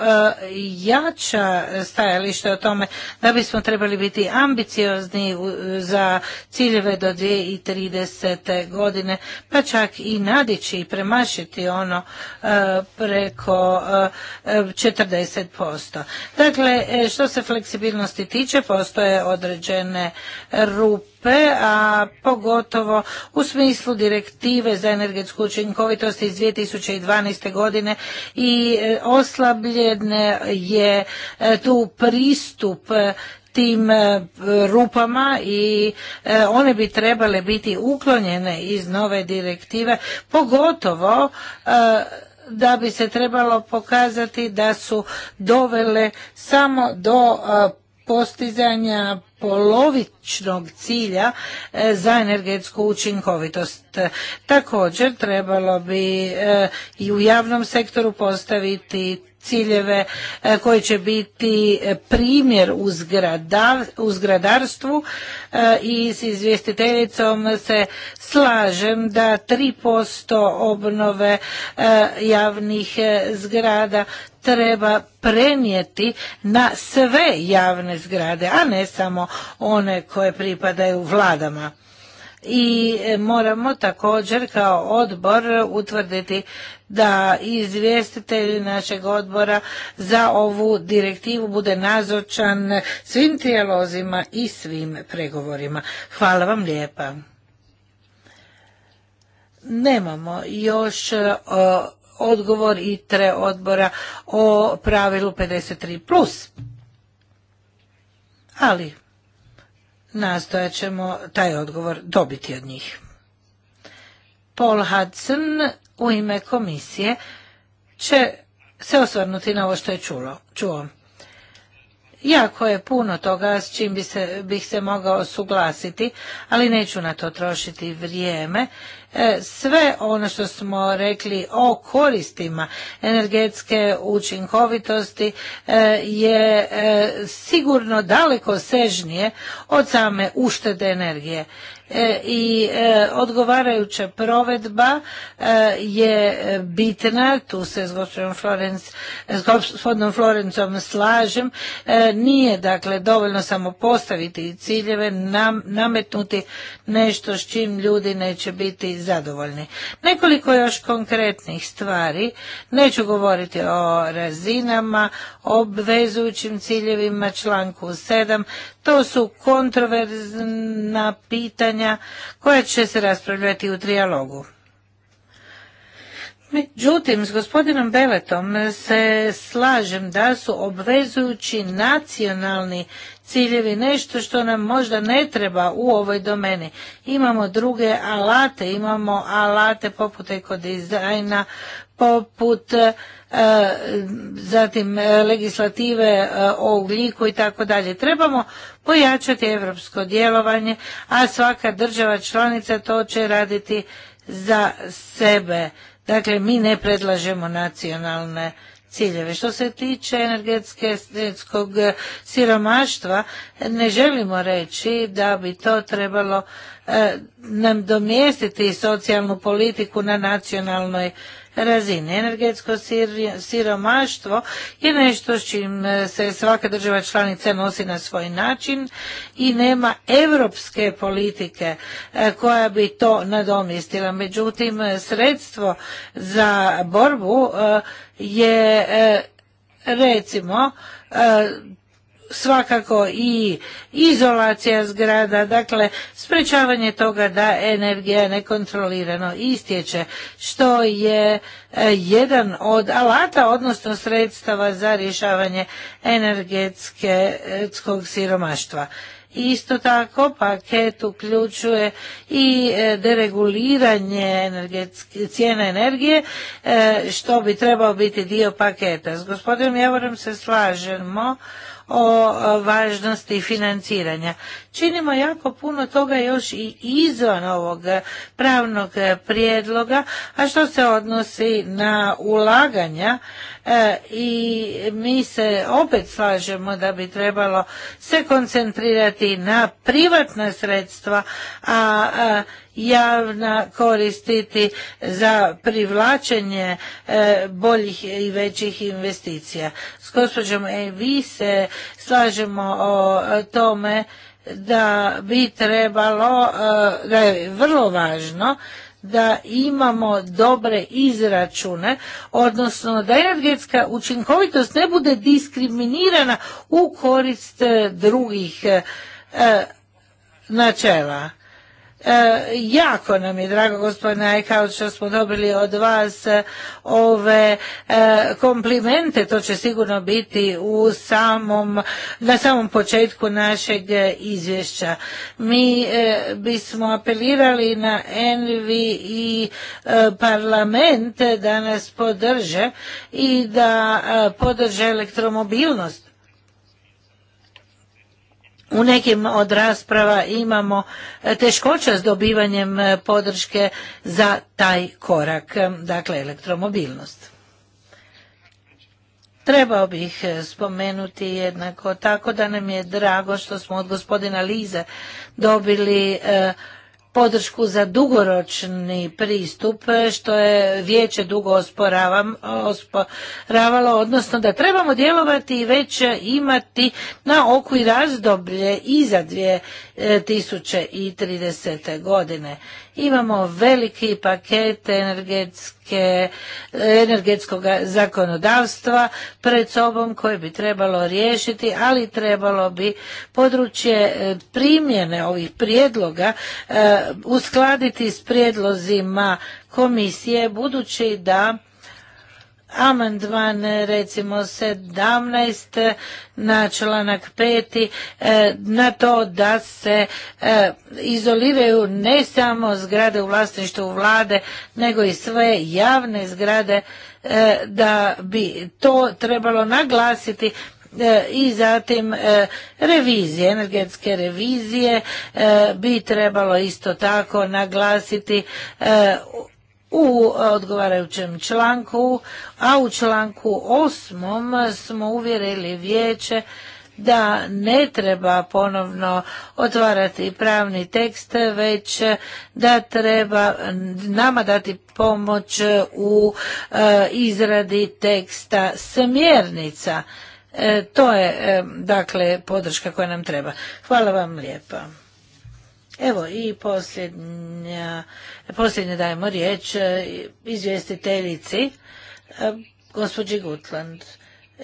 jača stajalište o tome da bismo trebali biti ambiciozni za ciljeve do 2030. godine, pa čak i nadići i premašiti ono e, preko 40%. Dakle, što se fleksibilnosti tiče, postoje od određene rupe, a pogotovo u smislu direktive za energetsku učinkovitost iz 2012. godine i e, oslabljen je e, tu pristup e, tim rupama i one bi trebale biti uklonjene iz nove direktive, pogotovo da bi se trebalo pokazati da su dovele samo do postizanja polovičnog cilja e, za energetsku učinkovitost. Također trebalo bi e, i u javnom sektoru postaviti ciljeve e, koji će biti e, primjer u, zgradarstvu e, i s izvjestiteljicom se slažem da 3% obnove javnih zgrada treba prenijeti na sve javne zgrade, a ne samo one koje pripadaju vladama i e, moramo također kao odbor utvrditi da izvjestitelj našeg odbora za ovu direktivu bude nazočan svim trijalozima i svim pregovorima. Hvala vam lijepa. Nemamo još e, odgovor i tre odbora o pravilu 53+. Ali nastojat ćemo taj odgovor dobiti od njih. Paul Hudson u ime komisije će se osvrnuti na ovo što je čulo, čuo. Jako je puno toga s čim bi se, bih se mogao suglasiti, ali neću na to trošiti vrijeme E, sve ono što smo rekli o koristima energetske učinkovitosti e, je e, sigurno daleko sežnije od same uštede energije E, i e, odgovarajuća provedba e, je bitna, tu se s gospodinom Florencom slažem, nije dakle dovoljno samo postaviti ciljeve, nametnuti nešto s čim ljudi neće biti zadovoljni. Nekoliko još konkretnih stvari, neću govoriti o razinama, obvezujućim ciljevima članku 7, to su kontroverzna pitanja pitanja koja će se raspravljati u trijalogu. Međutim, s gospodinom Beletom se slažem da su obvezujući nacionalni ciljevi nešto što nam možda ne treba u ovoj domeni. Imamo druge alate, imamo alate poput ekodizajna, poput e, zatim legislative e, o ugljiku i tako dalje. Trebamo pojačati evropsko djelovanje, a svaka država članica to će raditi za sebe. Dakle, mi ne predlažemo nacionalne ciljeve. Što se tiče energetskog siromaštva, ne želimo reći da bi to trebalo e, nam domjestiti socijalnu politiku na nacionalnoj razini. Energetsko siromaštvo je nešto s čim e, se svaka država članica nosi na svoj način i nema europske politike e, koja bi to nadomjestila. Međutim, sredstvo za borbu e, je recimo svakako i izolacija zgrada, dakle sprečavanje toga da energija nekontrolirano istječe, što je e, jedan od alata, odnosno sredstava za rješavanje energetskog siromaštva. Isto tako paket uključuje i e, dereguliranje cijene energije e, što bi trebao biti dio paketa. S gospodinom Javorom se slažemo o važnosti financiranja. Činimo jako puno toga još i izvan ovog pravnog prijedloga, a što se odnosi na ulaganja E, i mi se opet slažemo da bi trebalo se koncentrirati na privatna sredstva, a javna koristiti za privlačenje e, boljih i većih investicija. S gospođom e, vi se slažemo o tome da bi trebalo, da je vrlo važno da imamo dobre izračune, odnosno da energetska učinkovitost ne bude diskriminirana u korist eh, drugih eh, eh, načela. E, jako nam je drago gospodine Ajkaut što smo dobili od vas e, ove e, komplimente, to će sigurno biti u samom, na samom početku našeg izvješća. Mi bismo apelirali na Envi i parlament da nas podrže i da podrže elektromobilnost u nekim od rasprava imamo e, teškoća s dobivanjem e, podrške za taj korak, e, dakle elektromobilnost. Trebao bih spomenuti jednako tako da nam je drago što smo od gospodina Lize dobili podršku za dugoročni pristup što je vijeće dugo osporavalo, odnosno da trebamo djelovati i već imati na oku i razdoblje iza 2030. godine. Imamo veliki paket energetske, energetskog zakonodavstva pred sobom koje bi trebalo riješiti, ali trebalo bi područje e, primjene ovih prijedloga e, uskladiti s prijedlozima komisije budući da amandman recimo 17 na članak 5 e, na to da se e, izoliraju ne samo zgrade u vlasništvu vlade nego i sve javne zgrade e, da bi to trebalo naglasiti i zatim revizije, energetske revizije bi trebalo isto tako naglasiti u e, odgovarajućem članku, a u članku osmom smo uvjerili vijeće da ne treba ponovno otvarati pravni tekst, već da treba nama dati pomoć u e, izradi teksta smjernica. E, to je dakle podrška koja nam treba. Hvala vam lijepa. Evo i posljednja, posljednje dajemo riječ e, izvjestiteljici, e, gospođi Gutland.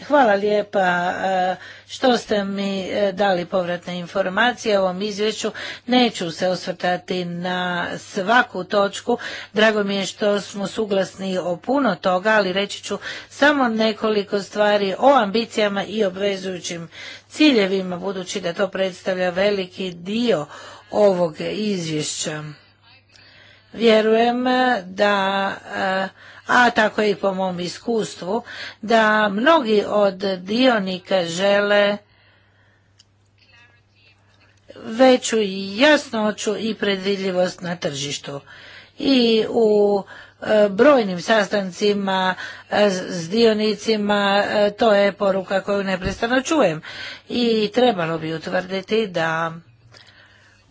Hvala lijepa e, što ste mi dali povratne informacije o ovom izvješću. Neću se osvrtati na svaku točku. Drago mi je što smo suglasni o puno toga, ali reći ću samo nekoliko stvari o ambicijama i obvezujućim ciljevima, budući da to predstavlja veliki dio ovog izvješća. Vjerujem da, eh, a tako i po mom iskustvu, da mnogi od dionika žele veću jasnoću i predvidljivost na tržištu. I u eh, brojnim sastancima eh, s dionicima to je poruka koju neprestano čujem i trebalo bi utvrditi da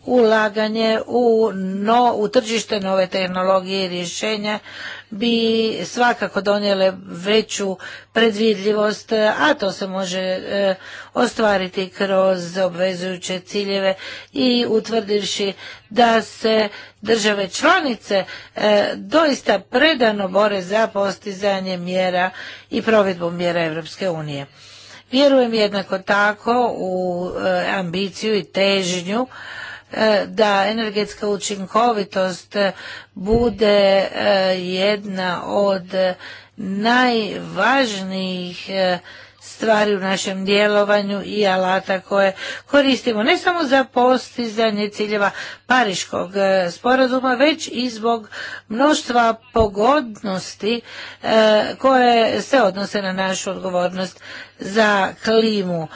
ulaganje u, no, u tržište nove tehnologije i rješenja bi svakako donijele veću predvidljivost, a to se može e, ostvariti kroz obvezujuće ciljeve i utvrdivši da se države članice e, doista predano bore za postizanje mjera i provedbu mjera Europske unije. Vjerujem jednako tako u e, ambiciju i težnju E, da energetska učinkovitost bude e, jedna od najvažnijih e, stvari u našem djelovanju i alata koje koristimo ne samo za postizanje ciljeva Pariškog sporazuma, već i zbog mnoštva pogodnosti koje se odnose na našu odgovornost za klimu.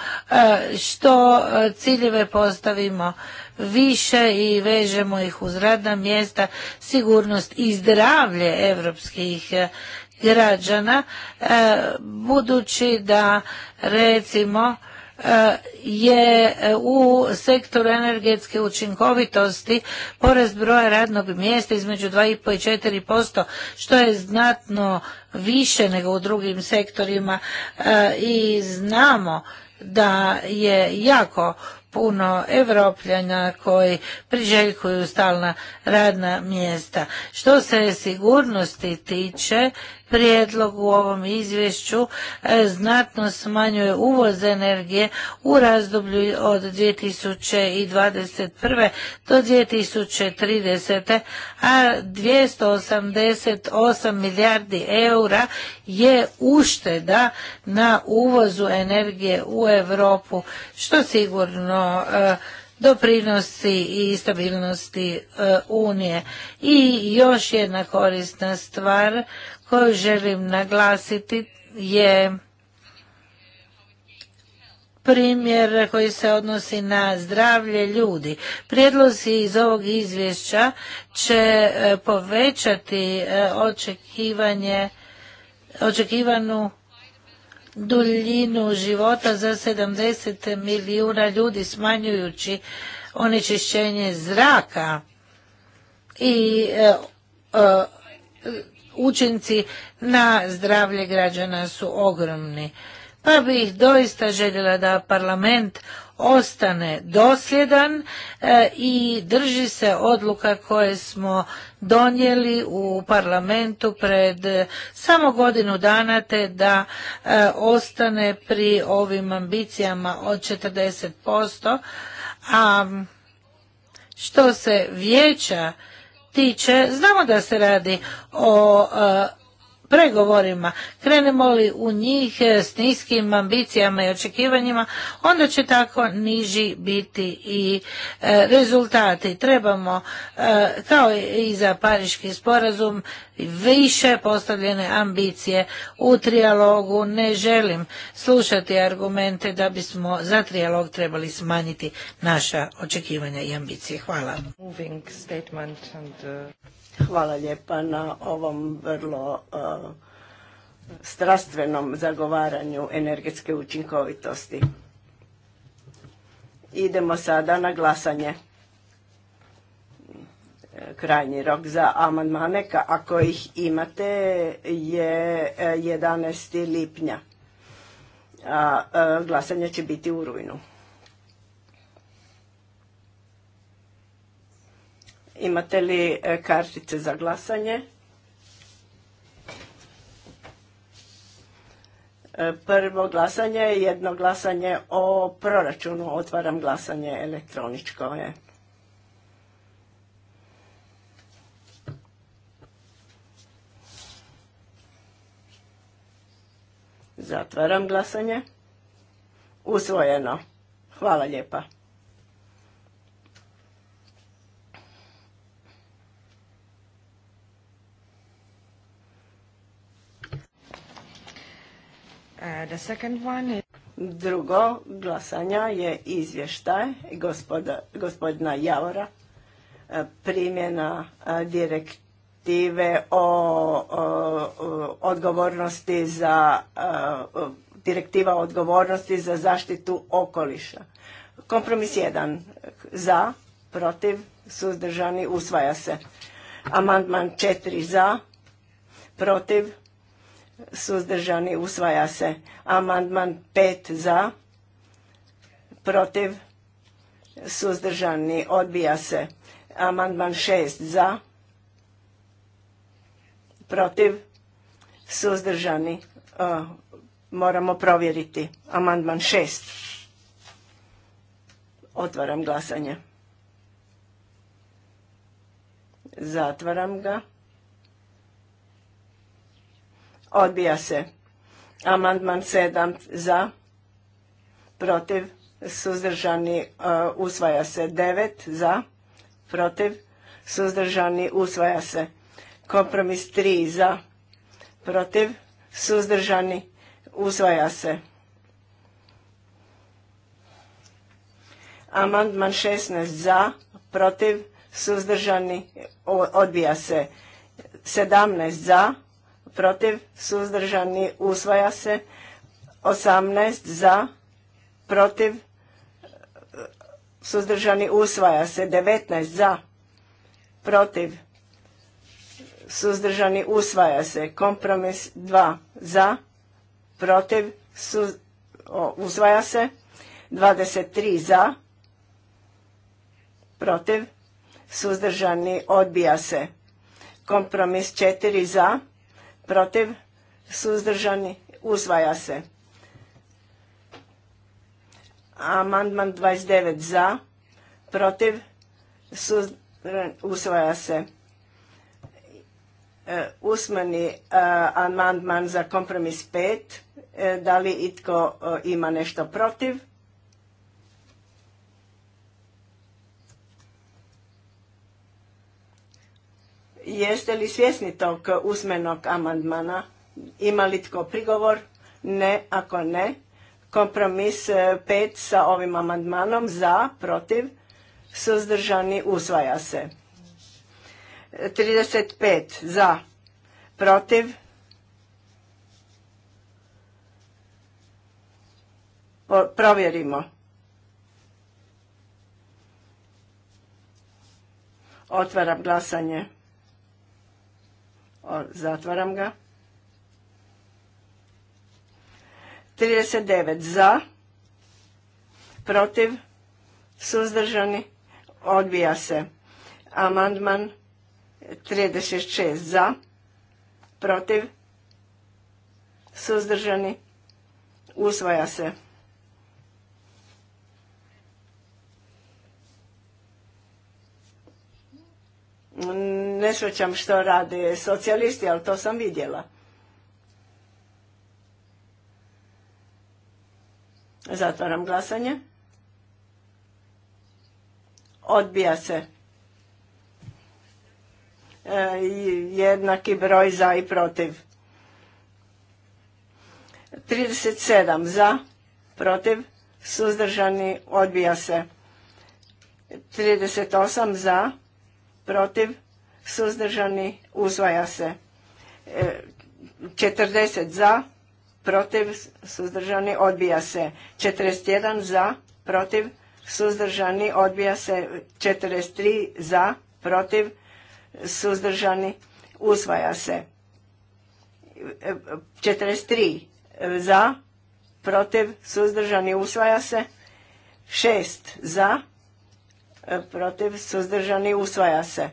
što ciljeve postavimo više i vežemo ih uz radna mjesta, sigurnost i zdravlje evropskih eh, građana, eh, budući da recimo eh, je u sektoru energetske učinkovitosti porast broja radnog mjesta između 2,5 i 4%, što je znatno više nego u drugim sektorima i znamo da je jako puno evropljana koji priželjkuju stalna radna mjesta. Što se sigurnosti tiče, prijedlog u ovom izvješću e, znatno smanjuje uvoz energije u razdoblju od 2021. do 2030. a 288 milijardi eura je ušteda na uvozu energije u Europu što sigurno e, doprinosi i stabilnosti e, Unije. I još jedna korisna stvar koju želim naglasiti je primjer koji se odnosi na zdravlje ljudi. Prijedlozi iz ovog izvješća će e, povećati e, očekivanje, očekivanu duljinu života za 70 milijuna ljudi smanjujući onečišćenje zraka i e, učinci na zdravlje građana su ogromni. Pa bih doista željela da parlament ostane dosljedan e, i drži se odluka koje smo donijeli u parlamentu pred e, samo godinu dana te da e, ostane pri ovim ambicijama od 40%, a što se vijeća tiče, znamo da se radi o e, pregovorima. Krenemo li u njih e, s niskim ambicijama i očekivanjima, onda će tako niži biti i e, rezultati. Trebamo, e, kao i za Pariški sporazum, više postavljene ambicije u trijalogu. Ne želim slušati argumente da bismo za trijalog trebali smanjiti naša očekivanja i ambicije. Hvala. Hvala lijepa na ovom vrlo e, strastvenom zagovaranju energetske učinkovitosti. Idemo sada na glasanje. E, krajnji rok za amandmane, ako ih imate, je 11. E, lipnja. a glasanje će biti u rujnu. Imate li e, kartice za glasanje? E, prvo glasanje je jedno glasanje o proračunu. Otvaram glasanje elektroničko je. Zatvaram glasanje. Usvojeno. Hvala lijepa. Uh, the Drugo glasanja je izvještaj gospodina Javora uh, primjena uh, direktive o, odgovornosti za direktiva odgovornosti za zaštitu okoliša. Kompromis 1 za, protiv, suzdržani, usvaja se. Amandman 4 za, protiv, suzdržani usvaja se. Amandman 5 za, protiv, suzdržani odbija se. Amandman 6 za, protiv, suzdržani e, moramo provjeriti. Amandman 6. Otvaram glasanje. Zatvaram ga. Odbija se. Amandman 7 za, protiv, suzdržani, e, usvaja se. 9 za, protiv, suzdržani, usvaja se. Kompromis 3 za, protiv, suzdržani, usvaja se. Amandman 16 za, protiv, suzdržani, odbija se. 17 za, protiv, suzdržani, usvaja se. 18 za, protiv, suzdržani, usvaja se. 19 za, protiv, suzdržani, usvaja se. Kompromis 2 za, protiv, usvaja se. 23 za, protiv, suzdržani, odbija se. Kompromis 4 za, protiv, suzdržani, usvaja se. Amandman 29 za, protiv, usvaja se. E, usmeni e, amandman za kompromis 5, e, da li itko ima nešto protiv, Jeste li svjesni tog usmenog amandmana? Ima li tko prigovor? Ne, ako ne. Kompromis e, pet sa ovim amandmanom za, protiv, suzdržani, usvaja se. 35 za, protiv, provjerimo. Otvaram glasanje. Zatvaram ga. 39 za, protiv, suzdržani, odbija se. Amandman 36 za, protiv, suzdržani, usvaja se. Ne šućam što rade socijalisti, ali to sam vidjela. Zatvaram glasanje. Odbija se. E, jednaki broj za i protiv. 37 za, protiv, suzdržani, odbija se. 38 za, protiv, suzdržani, usvaja se. 40 e, za, protiv, suzdržani, odbija se. 41 za, protiv, suzdržani, odbija se. 43 za, protiv, suzdržani, usvaja se. 43 e, za, protiv, suzdržani, usvaja se. 6 za, protiv, suzdržani, usvaja se.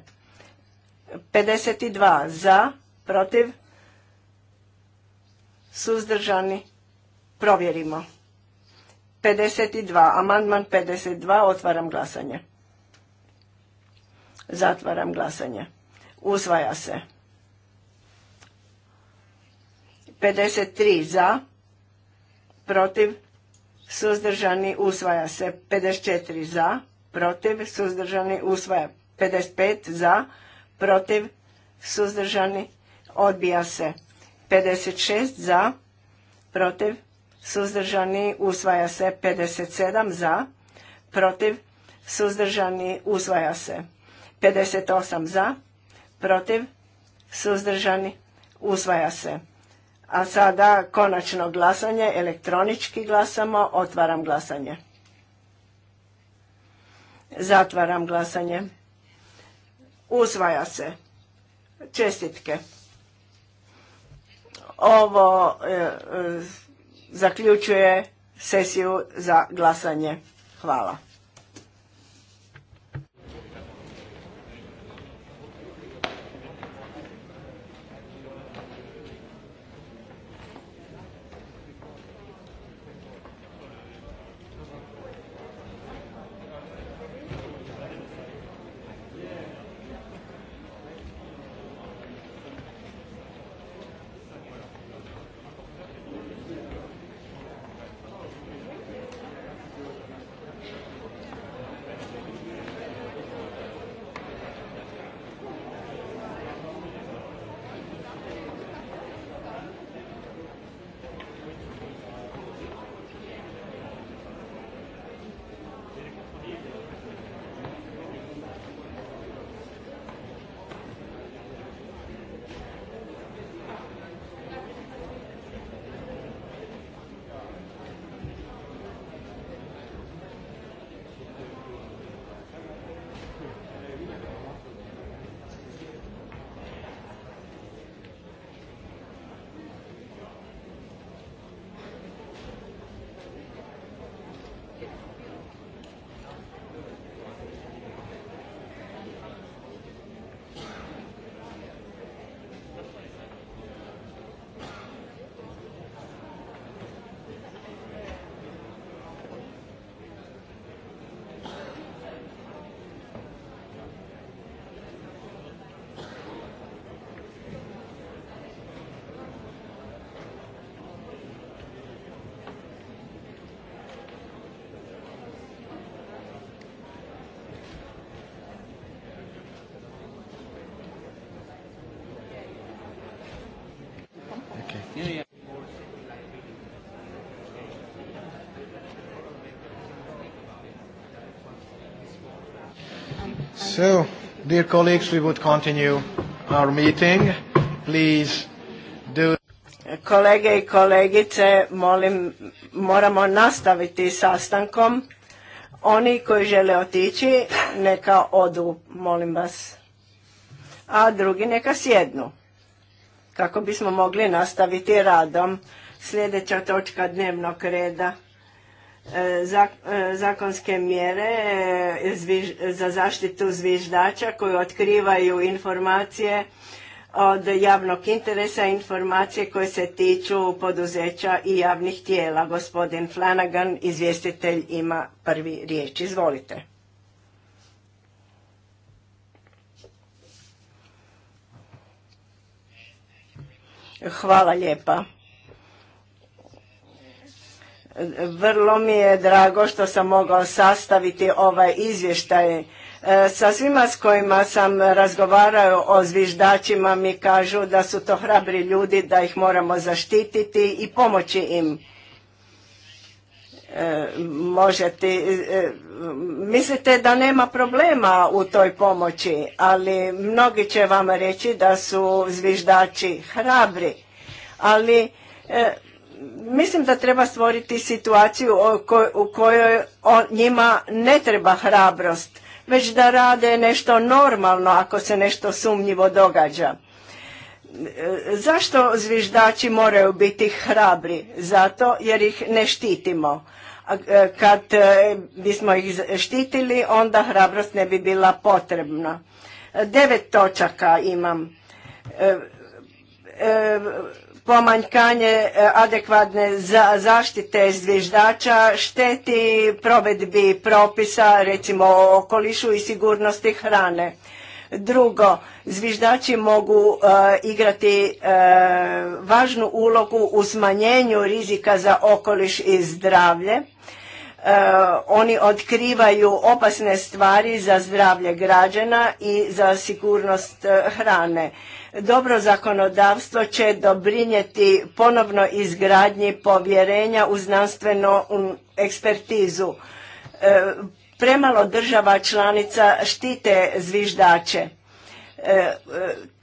52 za, protiv, suzdržani, provjerimo. 52, amandman 52, otvaram glasanje. Zatvaram glasanje. Usvaja se. 53 za, protiv, suzdržani, usvaja se. 54 za, protiv, suzdržani, usvaja. 55 za, protiv, suzdržani, odbija se. 56 za, protiv, suzdržani, usvaja se. 57 za, protiv, suzdržani, usvaja se. 58 za, protiv, suzdržani, usvaja se. A sada konačno glasanje, elektronički glasamo, otvaram glasanje. Zatvaram glasanje. Usvaja se. Čestitke. Ovo e, e, zaključuje sesiju za glasanje. Hvala. So, dear colleagues, we would continue our meeting. Please do... Kolege i kolegice, molim, moramo nastaviti sastankom. Oni koji žele otići, neka odu, molim vas. A drugi neka sjednu, kako bismo mogli nastaviti radom. Sljedeća točka dnevnog reda. E, e, zakonske mjere e, za zaštitu zviždača koji otkrivaju informacije od javnog interesa, informacije koje se tiču poduzeća i javnih tijela. Gospodin Flanagan, izvjestitelj, ima prvi riječ. Izvolite. Hvala lijepa. Vrlo mi je drago što sam mogao sastaviti ovaj izvještaj. E, sa svima s kojima sam razgovarao o zviždačima mi kažu da su to hrabri ljudi, da ih moramo zaštititi i pomoći im. E, možete, e, mislite da nema problema u toj pomoći, ali mnogi će vam reći da su zviždači hrabri, ali Mislim da treba stvoriti situaciju u kojoj njima ne treba hrabrost, već da rade nešto normalno ako se nešto sumnjivo događa. E, zašto zviždači moraju biti hrabri? Zato jer ih ne štitimo. E, kad e, bismo ih štitili, onda hrabrost ne bi bila potrebna. Devet točaka imam pomanjkanje e, adekvatne zaštite zviždača šteti provedbi propisa, recimo o okolišu i sigurnosti hrane. Drugo, zviždači mogu e, igrati e, važnu ulogu u smanjenju rizika za okoliš i zdravlje E, oni otkrivaju opasne stvari za zdravlje građana i za sigurnost e, hrane. Dobro zakonodavstvo će dobrinjeti ponovno izgradnji povjerenja u znanstvenu ekspertizu. E, premalo država članica štite zviždače.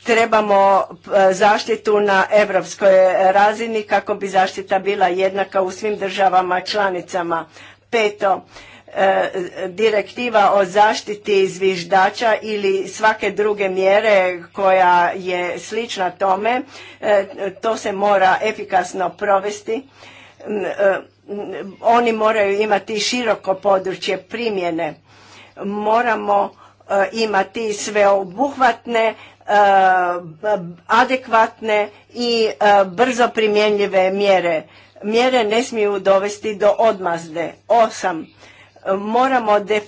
Trebamo zaštitu na europskoj razini kako bi zaštita bila jednaka u svim državama članicama. Peto, e, direktiva o zaštiti zviždača ili svake druge mjere koja je slična tome, e, to se mora efikasno provesti. E, oni moraju imati široko područje primjene. Moramo imati sveobuhvatne, adekvatne i brzo primjenljive mjere mjere ne smiju dovesti do odmazde. Osam, moramo e,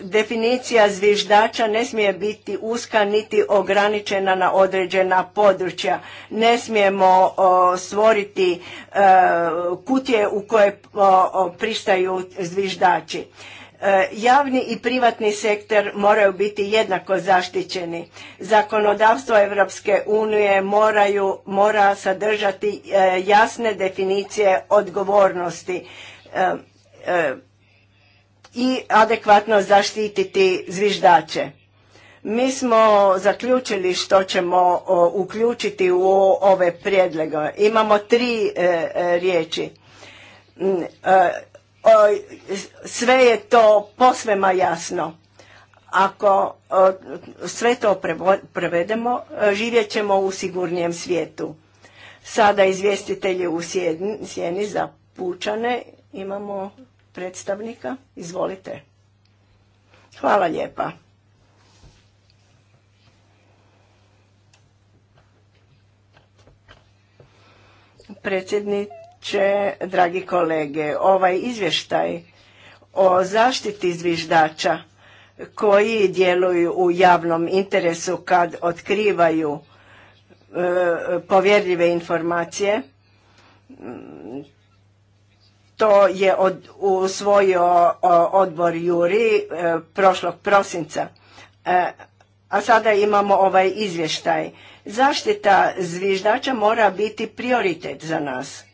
definicija zviždača ne smije biti uska niti ograničena na određena područja. Ne smijemo stvoriti e, kutije u koje pristaju zviždači. E, javni i privatni sektor moraju biti jednako zaštićeni. Zakonodavstvo Europske unije moraju, mora sadržati e, jasne definicije odgovornosti e, i adekvatno zaštititi zviždače. Mi smo zaključili što ćemo uključiti u ove prijedloge. Imamo tri riječi mm, sve je to posvema jasno. Ako sve to prevedemo, živjet ćemo u sigurnijem svijetu. Sada izvjestitelji u sjeni za pučane imamo predstavnika. Izvolite. Hvala lijepa. Predsjednik predsjedniče, dragi kolege. Ovaj izvještaj o zaštiti zviždača koji djeluju u javnom interesu kad otkrivaju e, povjerljive informacije, to je usvojio odbor Juri e, prošlog prosinca. E, a sada imamo ovaj izvještaj. Zaštita zviždača mora biti prioritet za nas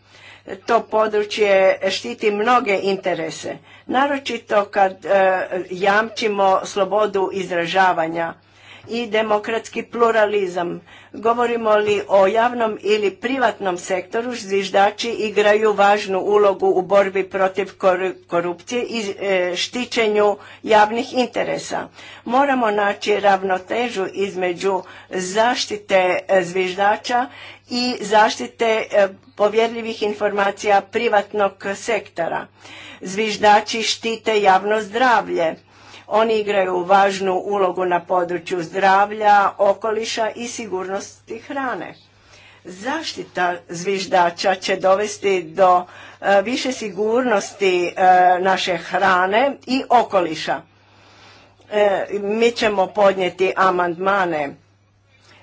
to područje štiti mnoge interese. Naročito kad e, jamčimo slobodu izražavanja i demokratski pluralizam. Govorimo li o javnom ili privatnom sektoru, zviždači igraju važnu ulogu u borbi protiv korupcije i e, štićenju javnih interesa. Moramo naći ravnotežu između zaštite e, zviždača i zaštite e, povjerljivih informacija privatnog sektora. Zviždači štite javno zdravlje. Oni igraju važnu ulogu na području zdravlja, okoliša i sigurnosti hrane. Zaštita zviždača će dovesti do e, više sigurnosti e, naše hrane i okoliša. Mi ćemo podnijeti amandmane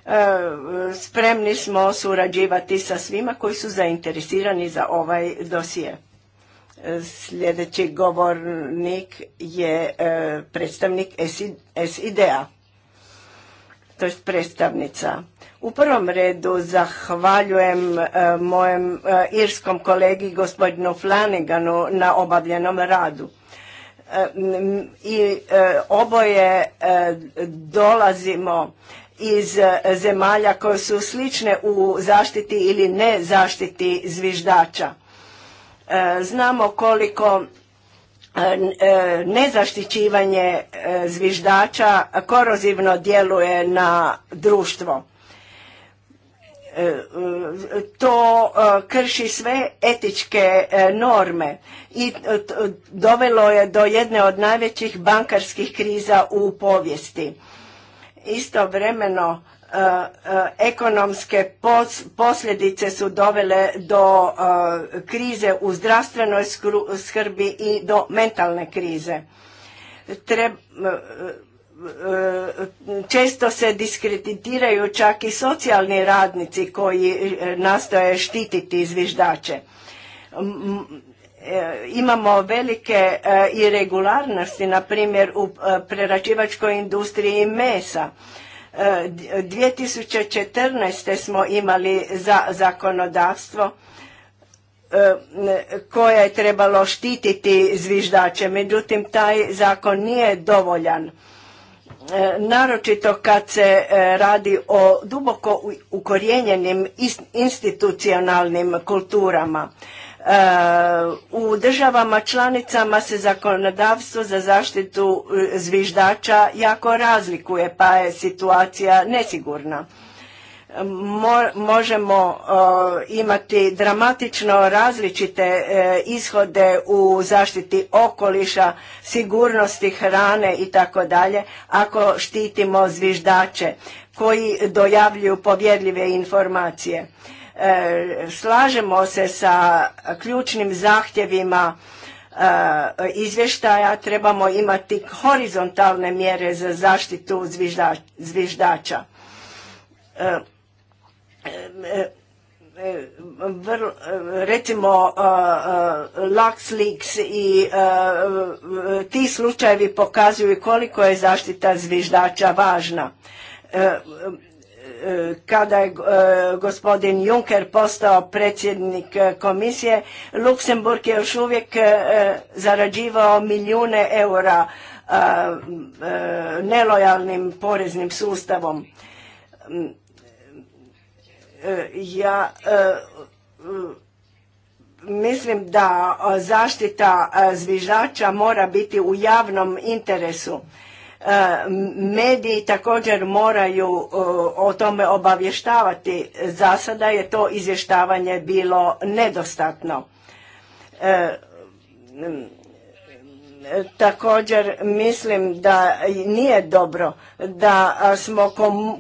E, spremni smo surađivati sa svima koji su zainteresirani za ovaj dosije. E, sljedeći govornik je e, predstavnik SID-a, to je predstavnica. U prvom redu zahvaljujem mojem irskom kolegi gospodinu Flaniganu na obavljenom radu i oboje dolazimo iz e, zemalja koje su slične u zaštiti ili ne zaštiti zviždača. E, znamo koliko e, nezaštićivanje zviždača korozivno djeluje na društvo. To krši sve etičke norme i dovelo je do jedne od najvećih bankarskih kriza u povijesti Istovremeno e, e, ekonomske posljedice su dovele do e, krize u zdravstvenoj skrbi i do mentalne krize. često se diskreditiraju čak i socijalni radnici koji nastoje štititi zviždače. E, imamo velike e, irregularnosti, na primjer u e, preračivačkoj industriji mesa. 2014. smo imali za zakonodavstvo koje je trebalo štititi zviždače, međutim taj zakon nije dovoljan. Naročito kad se radi o duboko ukorijenjenim institucionalnim kulturama. Eh, u državama članicama se zakonodavstvo za zaštitu eh, zviždača jako razlikuje, pa je situacija nesigurna. možemo eh, imati dramatično različite ishode u zaštiti okoliša, sigurnosti hrane i tako dalje ako štitimo zviždače koji dojavljuju povjedljive informacije. Slažemo se sa ključnim zahtjevima e, izvještaja, trebamo imati horizontalne mjere za zaštitu zviždača. E, e, recimo LuxLeaks i ti slučajevi pokazuju koliko je zaštita zviždača važna kada je e, gospodin Juncker postao predsjednik e, komisije, Luksemburg je još uvijek e, zarađivao milijune eura nelojalnim poreznim sustavom. Ja mislim da zaštita zviždača mora biti u javnom interesu E, mediji također moraju e, o tome obavještavati. Za sada je to izvještavanje bilo nedostatno. E, također mislim da nije dobro da smo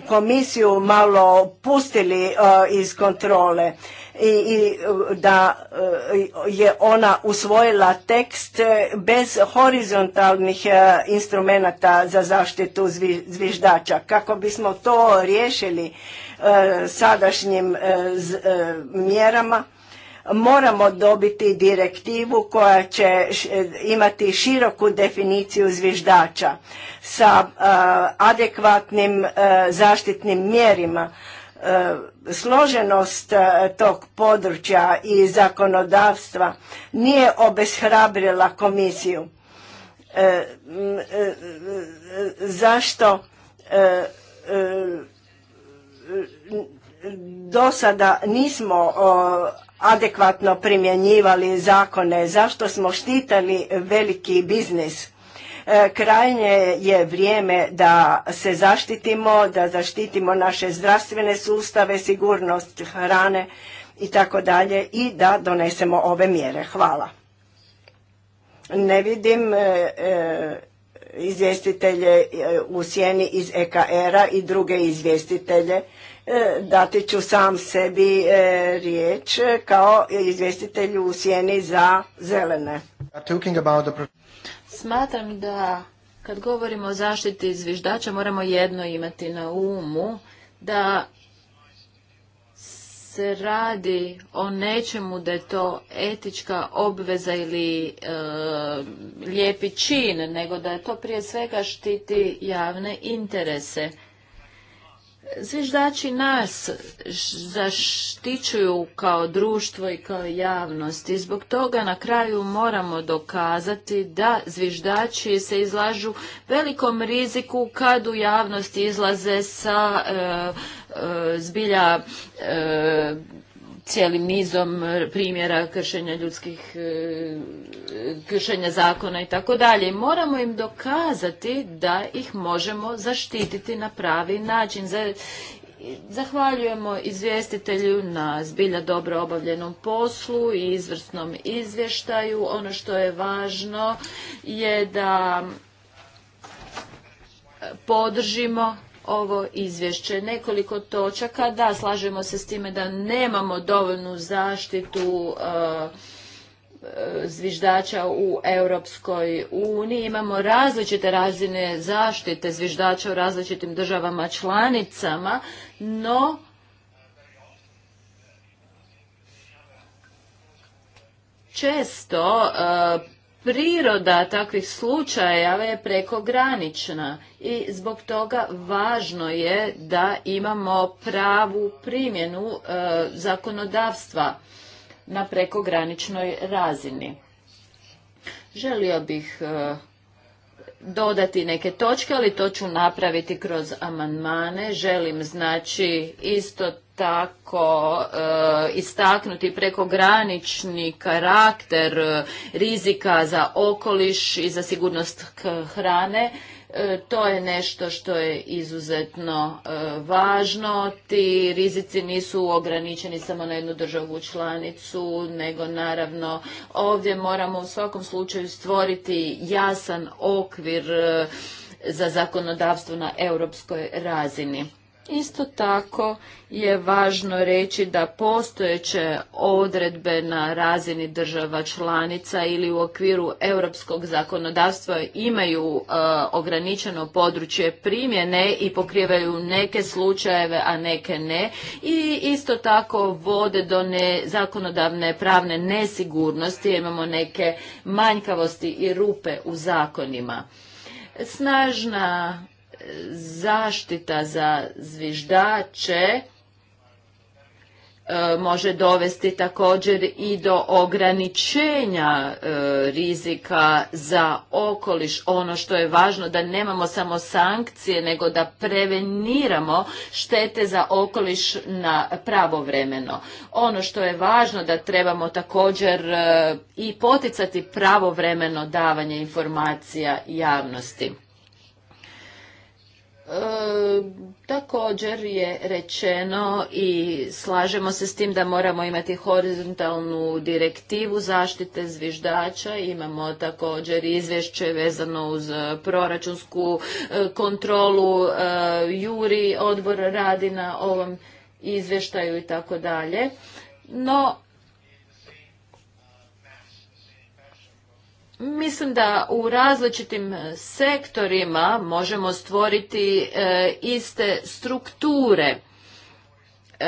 komisiju malo pustili iz kontrole i da e, je ona usvojila tekst e, bez horizontalnih e, instrumenata za zaštitu zviždača. Kako bismo to riješili sadašnjim mjerama, moramo dobiti direktivu koja će imati široku definiciju zviždača sa adekvatnim zaštitnim mjerima E, složenost e, tog područja i zakonodavstva nije obeshrabrila komisiju. E, zašto do sada nismo adekvatno primjenjivali zakone, zašto smo štitali veliki biznis E, krajnje je vrijeme da se zaštitimo, da zaštitimo naše zdravstvene sustave, sigurnost hrane i tako dalje i da donesemo ove mjere. Hvala. Ne vidim e, e, izvjestitelje u sjeni iz EKR-a i druge izvjestitelje. Dati ću sam sebi riječ kao izvjestitelju u sjeni za zelene. Smatram da kad govorimo o zaštiti zviždača moramo jedno imati na umu, da se radi o nečemu da je to etička obveza ili e, lijepi čin, nego da je to prije svega štiti javne interese. Zviždači nas zaštićuju kao društvo i kao javnost i zbog toga na kraju moramo dokazati da zviždači se izlažu velikom riziku kad u javnosti izlaze sa e, e, zbilja e, cijelim nizom e, primjera kršenja ljudskih, e, kršenja zakona i tako dalje. Moramo im dokazati da ih možemo zaštititi na pravi način. Zahvaljujemo izvjestitelju na zbilja dobro obavljenom poslu i izvrsnom izvještaju. Ono što je važno je da podržimo ovo izvješće. Nekoliko točaka, da, slažemo se s time da nemamo dovoljnu zaštitu eh, eh, zviždača u Europskoj uniji. Imamo različite razine zaštite zviždača u različitim državama članicama, no često eh, priroda takvih slučajeva je prekogranična i zbog toga važno je da imamo pravu primjenu e, zakonodavstva na prekograničnoj razini. Želio bih e, dodati neke točke, ali to ću napraviti kroz amandmane. Želim znači isto tako e, istaknuti prekogranični karakter e, rizika za okoliš i za sigurnost hrane E, to je nešto što je izuzetno e, važno. Ti rizici nisu ograničeni samo na jednu državu članicu, nego naravno ovdje moramo u svakom slučaju stvoriti jasan okvir e, za zakonodavstvo na europskoj razini. Isto tako je važno reći da postojeće odredbe na razini država članica ili u okviru europskog zakonodavstva imaju e, ograničeno područje primjene i pokrivaju neke slučajeve, a neke ne. I isto tako vode do nezakonodavne zakonodavne pravne nesigurnosti, imamo neke manjkavosti i rupe u zakonima. Snažna zaštita za zviždače e, može dovesti također i do ograničenja e, rizika za okoliš. Ono što je važno da nemamo samo sankcije, nego da preveniramo štete za okoliš na pravovremeno. Ono što je važno da trebamo također e, i poticati pravovremeno davanje informacija javnosti. E, također je rečeno i slažemo se s tim da moramo imati horizontalnu direktivu zaštite zviždača, imamo također izvješće vezano uz proračunsku e, kontrolu, e, juri odbor radi na ovom izvještaju i tako dalje. No, Mislim da u različitim sektorima možemo stvoriti e, iste strukture E,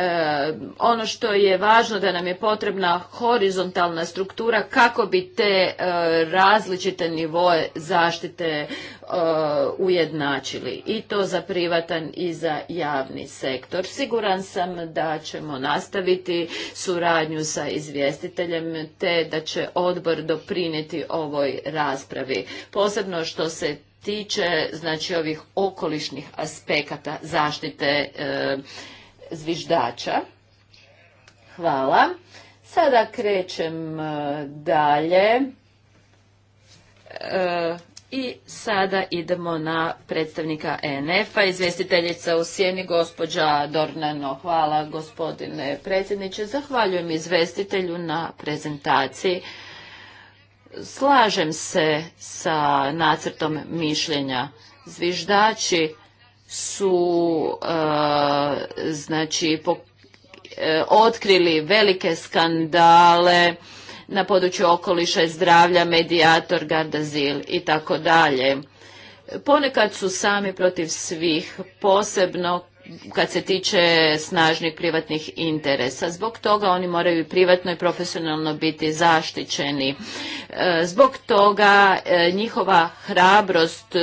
ono što je važno da nam je potrebna horizontalna struktura kako bi te e, različite nivoe zaštite e, ujednačili i to za privatan i za javni sektor. Siguran sam da ćemo nastaviti suradnju sa izvjestiteljem te da će odbor doprinijeti ovoj raspravi. Posebno što se tiče znači ovih okolišnih aspekata zaštite e, zviždača. Hvala. Sada krećem e, dalje. E, I sada idemo na predstavnika ENF-a, izvjestiteljica u sjeni, gospođa Dornano. Hvala gospodine predsjedniče. Zahvaljujem izvjestitelju na prezentaciji. Slažem se sa nacrtom mišljenja. Zviždači su e, znači e, otkrili velike skandale na području okoliša i zdravlja, medijator, gardazil i tako dalje. Ponekad su sami protiv svih, posebno kad se tiče snažnih privatnih interesa. Zbog toga oni moraju privatno i profesionalno biti zaštićeni. E, zbog toga e, njihova hrabrost e,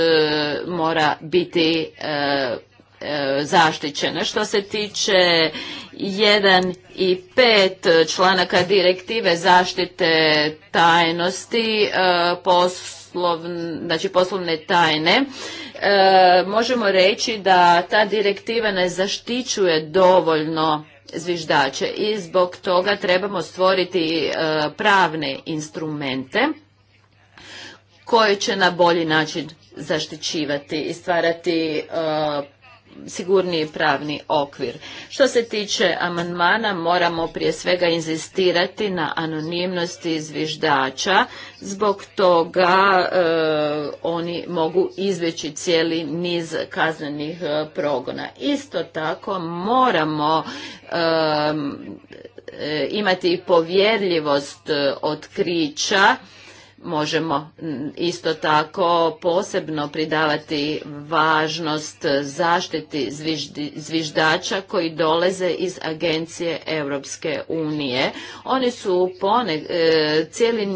mora biti zaštićena. Što se tiče jedan i pet članaka direktive zaštite tajnosti, znači poslovne tajne, e, možemo reći da ta direktiva ne zaštićuje dovoljno zviždače i zbog toga trebamo stvoriti e, pravne instrumente koje će na bolji način zaštićivati i stvarati e, sigurniji pravni okvir. Što se tiče amandmana, moramo prije svega inzistirati na anonimnosti zviždača, zbog toga e, oni mogu izveći cijeli niz kaznenih e, progona. Isto tako moramo e, imati povjerljivost otkrića možemo isto tako posebno pridavati važnost zaštiti zviždača koji dolaze iz agencije Europske unije. Oni su e, cijeli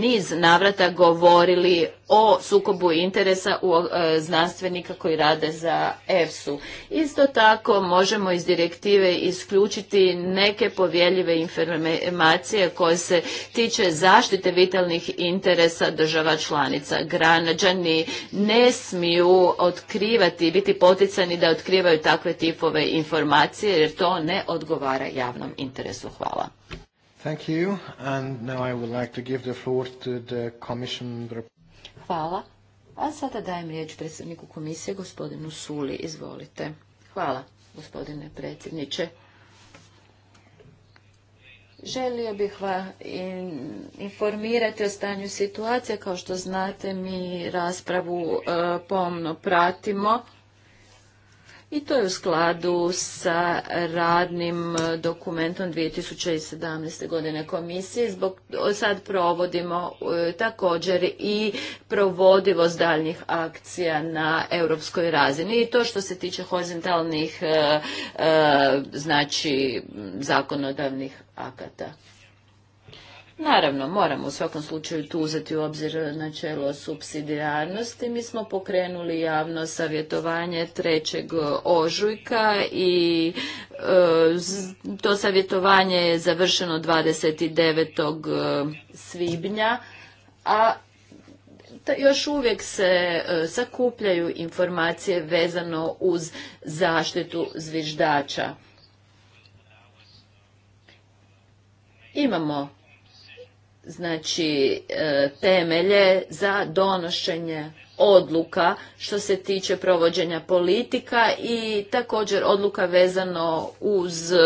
niz navrata govorili o sukobu interesa u e, znanstvenika koji rade za EFSU. Isto tako možemo iz direktive isključiti neke povjeljive informacije koje se tiče zaštite vitalnih interesa država članica. Građani ne smiju otkrivati, biti poticani da otkrivaju takve tipove informacije jer to ne odgovara javnom interesu. Hvala. Thank you. And now I would like to give the floor to the commission. Hvala. A sada dajem riječ predsjedniku komisije, gospodinu Suli. Izvolite. Hvala, gospodine predsjedniče. Želio bih vas informirati o stanju situacije. Kao što znate, mi raspravu e, pomno pratimo i to je u skladu sa radnim dokumentom 2017. godine komisije. Zbog, sad provodimo e, također i provodivost daljnjih akcija na europskoj razini. I to što se tiče horizontalnih e, e, znači zakonodavnih akata. Naravno, moramo u svakom slučaju tu uzeti u obzir načelo subsidijarnosti. Mi smo pokrenuli javno savjetovanje 3. ožujka i e, to savjetovanje je završeno 29. E, svibnja, a još uvijek se e, sakupljaju informacije vezano uz zaštitu zviždača. Imamo znači e, temelje za donošenje odluka što se tiče provođenja politika i također odluka vezano uz e,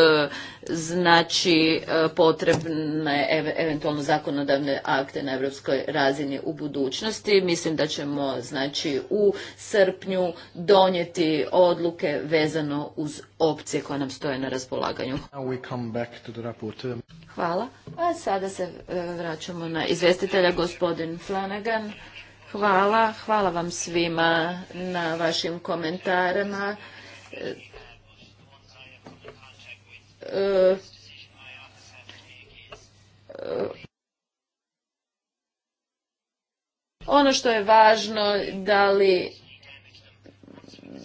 znači e, potrebne eventualno zakonodavne akte na europskoj razini u budućnosti. Mislim da ćemo znači u srpnju donijeti odluke vezano uz opcije koje nam stoje na raspolaganju. Hvala. sada se e, vraćamo na izvjestitelja gospodin Flanagan. Hvala, hvala vam svima na vašim komentarama. E, e, ono što je važno da li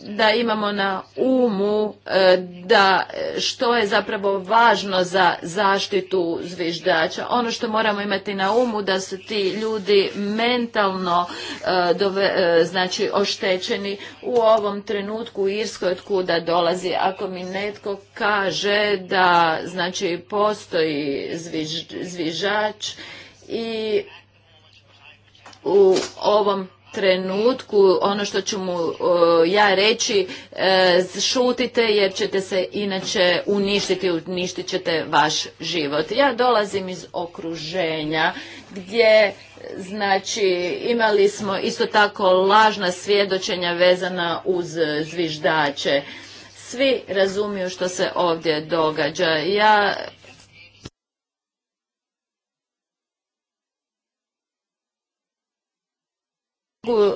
da imamo na umu e, da e, što je zapravo važno za zaštitu zviždača. Ono što moramo imati na umu da su ti ljudi mentalno e, znači oštećeni u ovom trenutku u Irskoj od kuda dolazi. Ako mi netko kaže da znači postoji zviždač zvižač i u ovom trenutku ono što ću mu e, ja reći e, šutite jer ćete se inače uništiti, uništit ćete vaš život. Ja dolazim iz okruženja gdje znači imali smo isto tako lažna svjedočenja vezana uz zviždače. Svi razumiju što se ovdje događa. Ja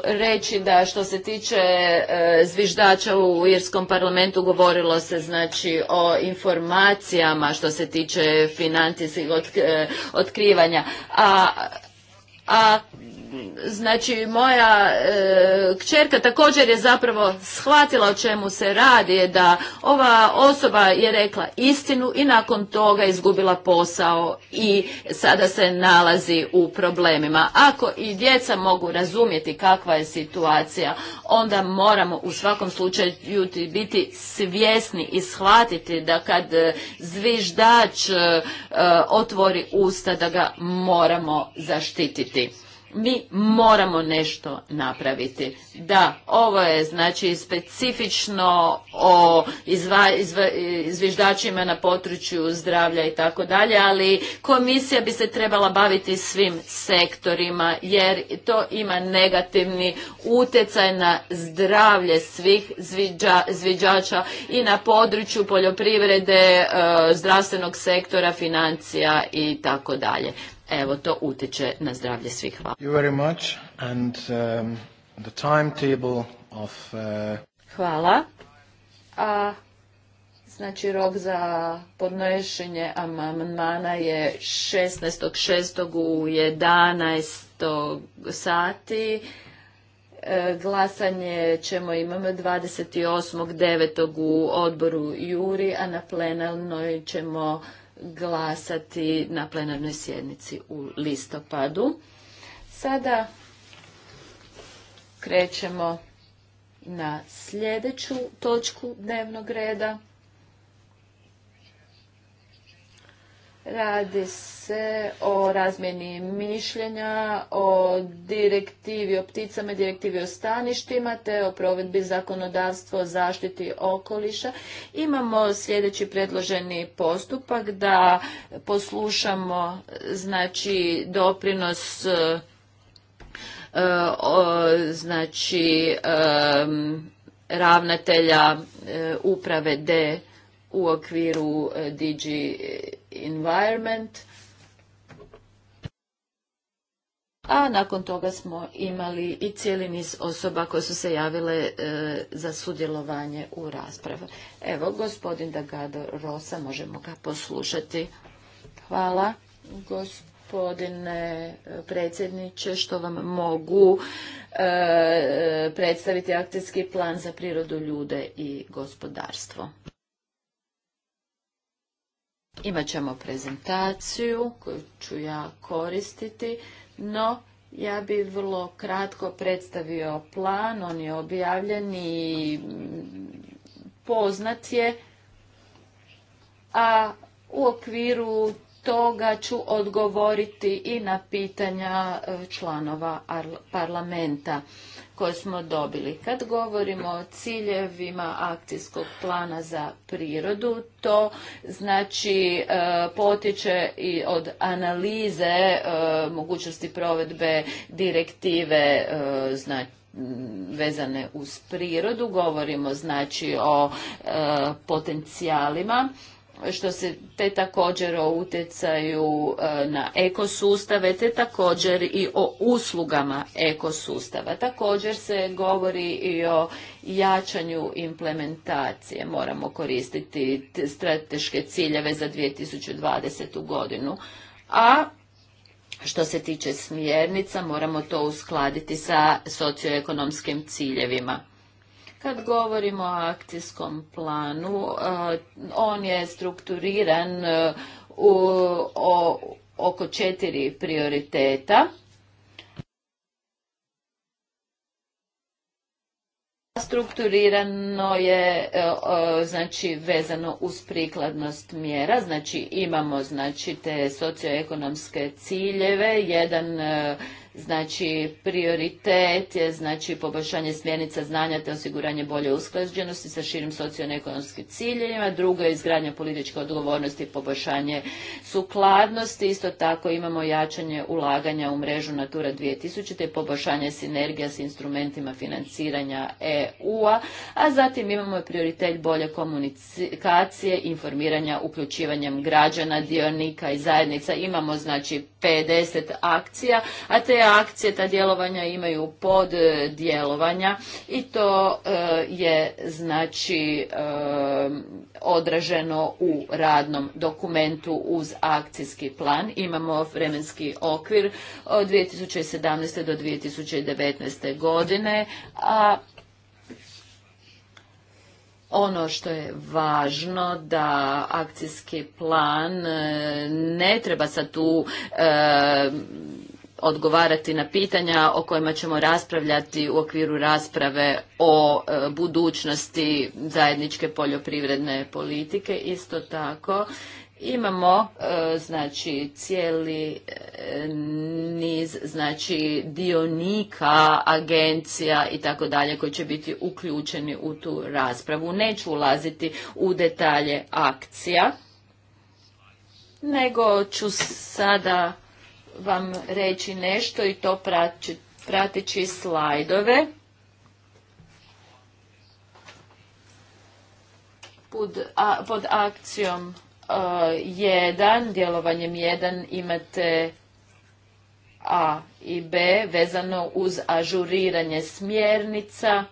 reći da što se tiče e, zviždača u Irskom parlamentu govorilo se znači o informacijama što se tiče financijskih e, otkrivanja. a znači moja e, kćerka također je zapravo shvatila o čemu se radi, da ova osoba je rekla istinu i nakon toga izgubila posao i sada se nalazi u problemima. Ako i djeca mogu razumjeti kakva je situacija, onda moramo u svakom slučaju biti svjesni i shvatiti da kad e, zviždač e, otvori usta da ga moramo zaštititi mi moramo nešto napraviti. Da, ovo je znači specifično o izva, na području zdravlja i tako dalje, ali komisija bi se trebala baviti svim sektorima jer to ima negativni utjecaj na zdravlje svih zviđa, zviđača i na području poljoprivrede, e, zdravstvenog sektora, financija i tako dalje evo to utječe na zdravlje svih. Hvala. You very much and um, the timetable of uh... Hvala. A znači rok za podnošenje amandmana je 16.6. u 11. sati. E, glasanje ćemo imamo 28.9. u odboru Juri, a na plenarnoj ćemo glasati na plenarnoj sjednici u listopadu. Sada krećemo na sljedeću točku dnevnog reda. Radi se o razmjeni mišljenja, o direktivi o pticama, direktivi o staništima, te o provedbi zakonodavstva o zaštiti okoliša. Imamo sljedeći predloženi postupak da poslušamo znači doprinos eh, znači ravnatelja eh, uprave D u okviru eh, DG environment. A nakon toga smo imali i cijeli niz osoba koje su se javile e, za sudjelovanje u raspravi. Evo, gospodin Dagado Rosa, možemo ga poslušati. Hvala, gospodine e, predsjedniče, što vam mogu e, predstaviti akcijski plan za prirodu, ljude i gospodarstvo. Imat ćemo prezentaciju koju ću ja koristiti, no ja bi vrlo kratko predstavio plan, on je objavljen i poznat je, a u okviru toga ću odgovoriti i na pitanja e, članova parlamenta koje smo dobili. Kad govorimo o ciljevima akcijskog plana za prirodu, to znači e, potiče i od analize e, mogućnosti provedbe direktive e, vezane uz prirodu, govorimo znači o potencijalima što se te također o utjecaju e, na ekosustave, te također i o uslugama ekosustava. Također se govori i o jačanju implementacije. Moramo koristiti strateške ciljeve za 2020. godinu. A što se tiče smjernica, moramo to uskladiti sa socioekonomskim ciljevima. Kad govorimo o akcijskom planu, e, on je strukturiran e, u, o, oko četiri prioriteta. Strukturirano je e, znači vezano uz prikladnost mjera, znači imamo znači te socioekonomske ciljeve, jedan Znači, prioritet je znači, poboljšanje smjernica znanja te osiguranje bolje usklađenosti sa širim socioekonomskim ciljevima. Drugo je izgradnja političke odgovornosti i poboljšanje sukladnosti. Isto tako imamo jačanje ulaganja u mrežu Natura 2000 te poboljšanje sinergija s instrumentima financiranja EU-a, a zatim imamo prioritet bolje komunikacije, informiranja, uključivanjem građana, dionika i zajednica. Imamo znači 50 akcija, a te akcije ta djelovanja imaju pod e, djelovanja i to e, je znači e, odraženo u radnom dokumentu uz akcijski plan. Imamo vremenski okvir od 2017. do 2019. godine, a ono što je važno da akcijski plan ne treba sad tu odgovarati na pitanja o kojima ćemo raspravljati u okviru rasprave o e, budućnosti zajedničke poljoprivredne politike. Isto tako imamo e, znači cijeli e, niz znači dionika, agencija i tako dalje koji će biti uključeni u tu raspravu. Neću ulaziti u detalje akcija nego ću sada vam reći nešto i to prateći slajdove. Pod, akcijom 1, e, djelovanjem 1 imate A i B vezano uz ažuriranje smjernica,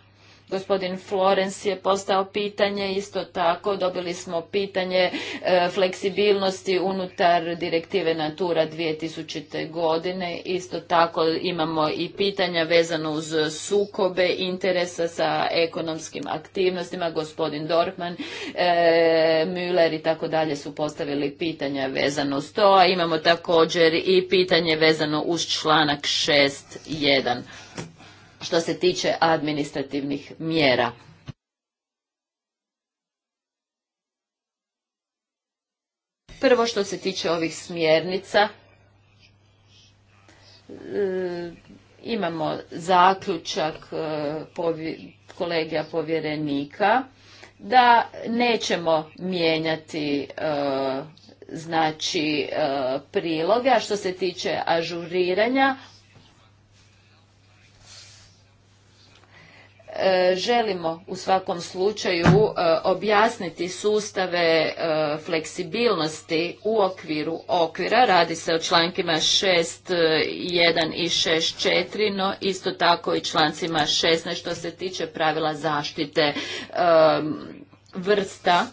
Gospodin Florence je postao pitanje, isto tako dobili smo pitanje e, fleksibilnosti unutar direktive Natura 2000. godine. Isto tako imamo i pitanja vezano uz sukobe interesa sa ekonomskim aktivnostima. Gospodin Dorfman, e, Müller i tako dalje su postavili pitanja vezano uz to, a imamo također i pitanje vezano uz članak 6.1 što se tiče administrativnih mjera. Prvo što se tiče ovih smjernica, e, imamo zaključak e, kolegija povjerenika da nećemo mijenjati e, znači priloge, a što se tiče ažuriranja, E, želimo u svakom slučaju e, objasniti sustave e, fleksibilnosti u okviru okvira. Radi se o člankima 6.1 i 6.4, no isto tako i člancima 16 što se tiče pravila zaštite vrsta.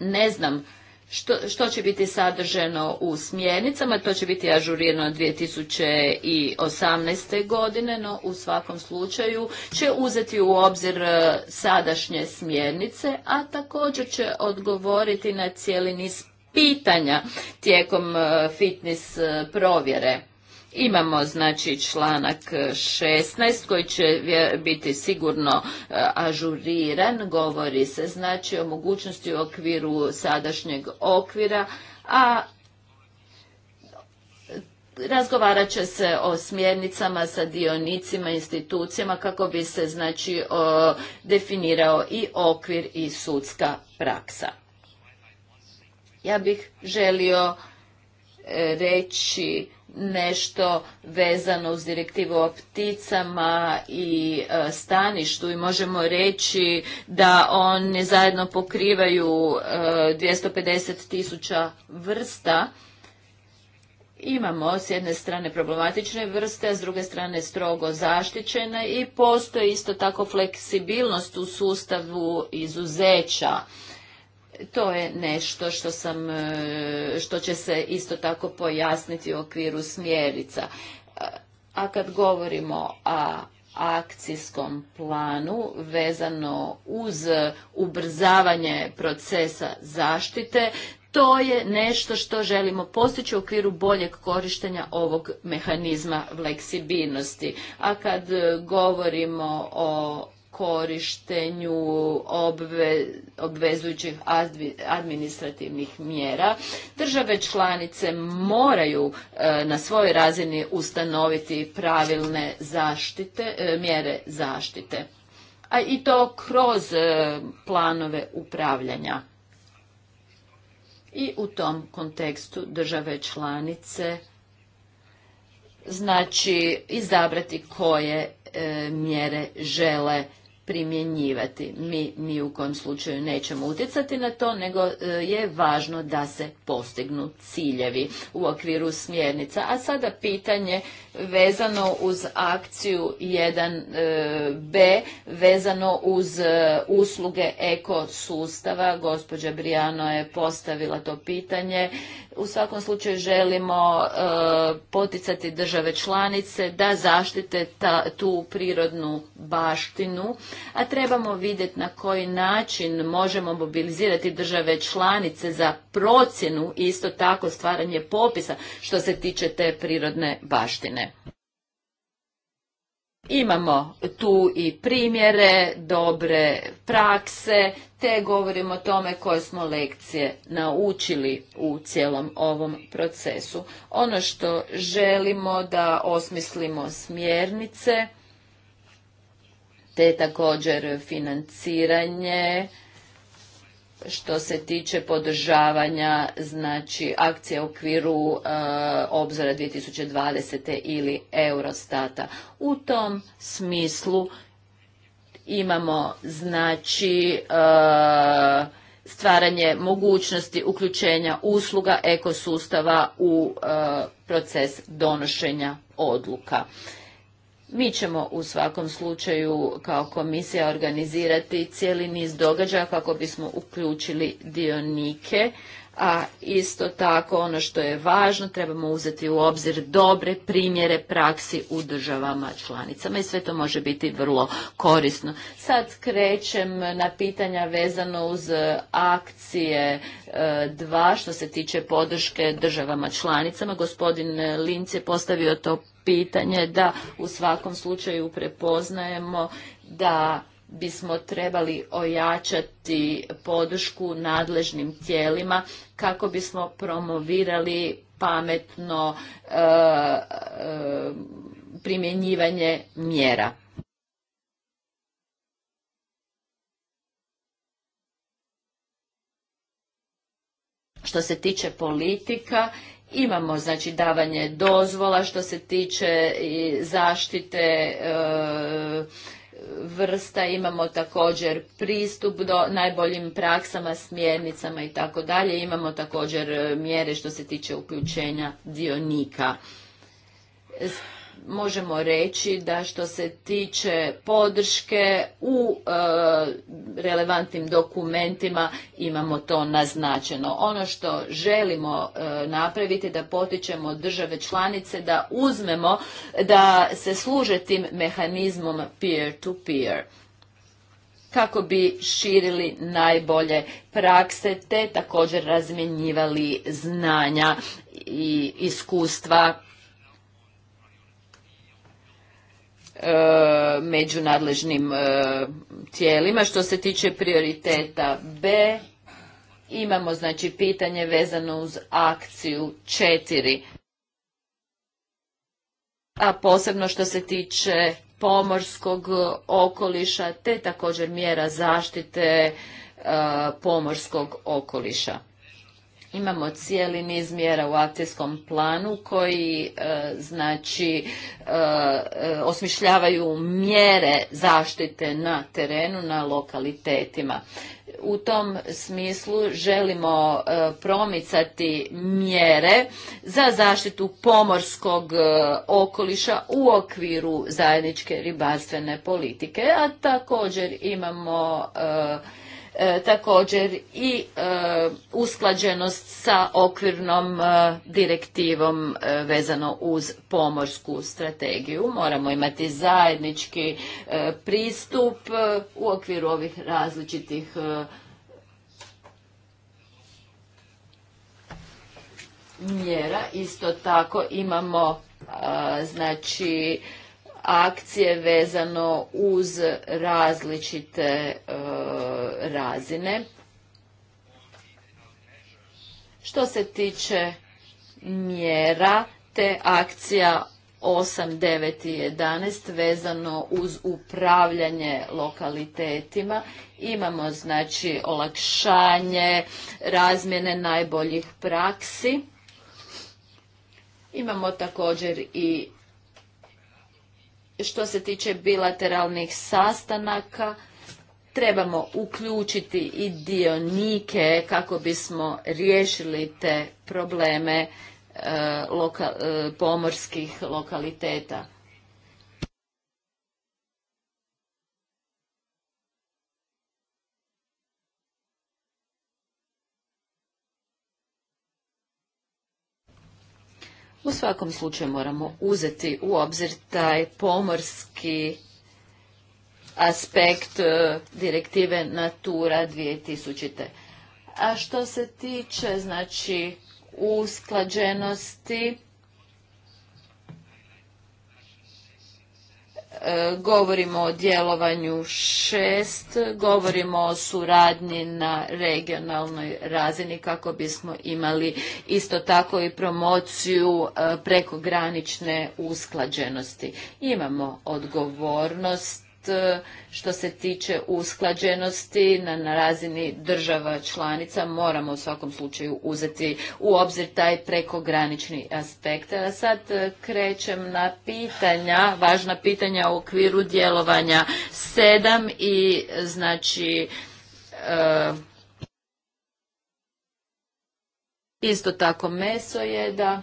Ne znam što, će biti sadrženo u smjernicama, to će biti ažurirano 2018. godine, no u svakom slučaju će uzeti u obzir e, sadašnje smjernice, a također će odgovoriti na cijeli niz pitanja tijekom e, fitness e, provjere. Imamo znači članak 16 koji će biti sigurno e, ažuriran, govori se znači o mogućnosti u okviru sadašnjeg okvira, a razgovarat će se o smjernicama sa dionicima, institucijama kako bi se znači definirao i okvir i sudska praksa. Ja bih želio e, reći nešto vezano uz direktivu o pticama i e, staništu i možemo reći da oni zajedno pokrivaju 250 e, tisuća vrsta. Imamo s jedne strane problematične vrste, a s druge strane strogo zaštićene i postoji isto tako fleksibilnost u sustavu izuzeća to je nešto što, sam, e, što će se isto tako pojasniti u okviru smjerica. A kad govorimo o akcijskom planu vezano uz ubrzavanje procesa zaštite, to je nešto što želimo postići u okviru boljeg korištenja ovog mehanizma fleksibilnosti. A kad govorimo o korištenju obvezujućih administrativnih mjera. Države članice moraju e, na svojoj razini ustanoviti pravilne zaštite, e, mjere zaštite, a i to kroz e, planove upravljanja. I u tom kontekstu države članice znači izabrati koje mjere žele primjenjivati. Mi ni u kom slučaju nećemo utjecati na to, nego e, je važno da se postignu ciljevi u okviru smjernica. A sada pitanje vezano uz akciju 1B, e, vezano uz e, usluge ekosustava. Gospođa Brijano je postavila to pitanje. U svakom slučaju želimo e, poticati države članice da zaštite tu prirodnu baštinu, a trebamo vidjeti na koji način možemo mobilizirati države članice za procjenu isto tako stvaranje popisa što se tiče te prirodne baštine. Imamo tu i primjere, dobre prakse, te govorimo o tome koje smo lekcije naučili u cijelom ovom procesu. Ono što želimo da osmislimo smjernice, te također financiranje, što se tiče podržavanja znači akcija u okviru e, obzora 2020. ili Eurostata. U tom smislu imamo znači e, stvaranje mogućnosti uključenja usluga ekosustava u e, proces donošenja odluka. Mi ćemo u svakom slučaju kao komisija organizirati cijeli niz događaja kako bismo uključili dionike, a isto tako ono što je važno trebamo uzeti u obzir dobre primjere praksi u državama članicama i sve to može biti vrlo korisno. Sad krećem na pitanja vezano uz akcije e, dva što se tiče podrške državama članicama. Gospodin Linc je postavio to pitanje da u svakom slučaju prepoznajemo da bismo trebali ojačati podršku nadležnim tijelima kako bismo promovirali pametno e, e, primjenjivanje mjera. Što se tiče politika Imamo znači davanje dozvola što se tiče zaštite e, vrsta, imamo također pristup do najboljim praksama, smjernicama i tako dalje. Imamo također e, mjere što se tiče uključenja dionika možemo reći da što se tiče podrške u e, relevantnim dokumentima imamo to naznačeno. Ono što želimo e, napraviti da potičemo države članice da uzmemo da se služe tim mehanizmom peer to peer kako bi širili najbolje prakse te također razmjenjivali znanja i iskustva E, među nadležnim e, tijelima. Što se tiče prioriteta B, imamo znači pitanje vezano uz akciju 4. A posebno što se tiče pomorskog okoliša te također mjera zaštite e, pomorskog okoliša. Imamo cijeli niz mjera u akcijskom planu koji e, znači e, e, osmišljavaju mjere zaštite na terenu, na lokalitetima. U tom smislu želimo promicati mjere za zaštitu pomorskog okoliša u okviru zajedničke ribarstvene politike, a također imamo E, također i e, usklađenost sa okvirnom e, direktivom vezano uz pomorsku strategiju. Moramo imati zajednički pristup u okviru ovih različitih mjera. Isto tako imamo znači akcije vezano uz različite e, razine. Što se tiče mjera te akcija 8, 9 i 11 vezano uz upravljanje lokalitetima. Imamo znači olakšanje razmjene najboljih praksi. Imamo također i što se tiče bilateralnih sastanaka, trebamo uključiti i dionike kako bismo riješili te probleme e, e, pomorskih lokaliteta. U svakom slučaju moramo uzeti u obzir taj pomorski aspekt e, direktive Natura 2000. A što se tiče znači usklađenosti E, govorimo o djelovanju šest, govorimo o suradnji na regionalnoj razini kako bismo imali isto tako i promociju e, prekogranične usklađenosti. Imamo odgovornost E, što se tiče usklađenosti na razini država članica moramo u svakom slučaju uzeti u obzir taj prekogranični aspekt. A sad e, krećem na pitanja, važna pitanja u okviru djelovanja 7 i znači e, isto tako meso je da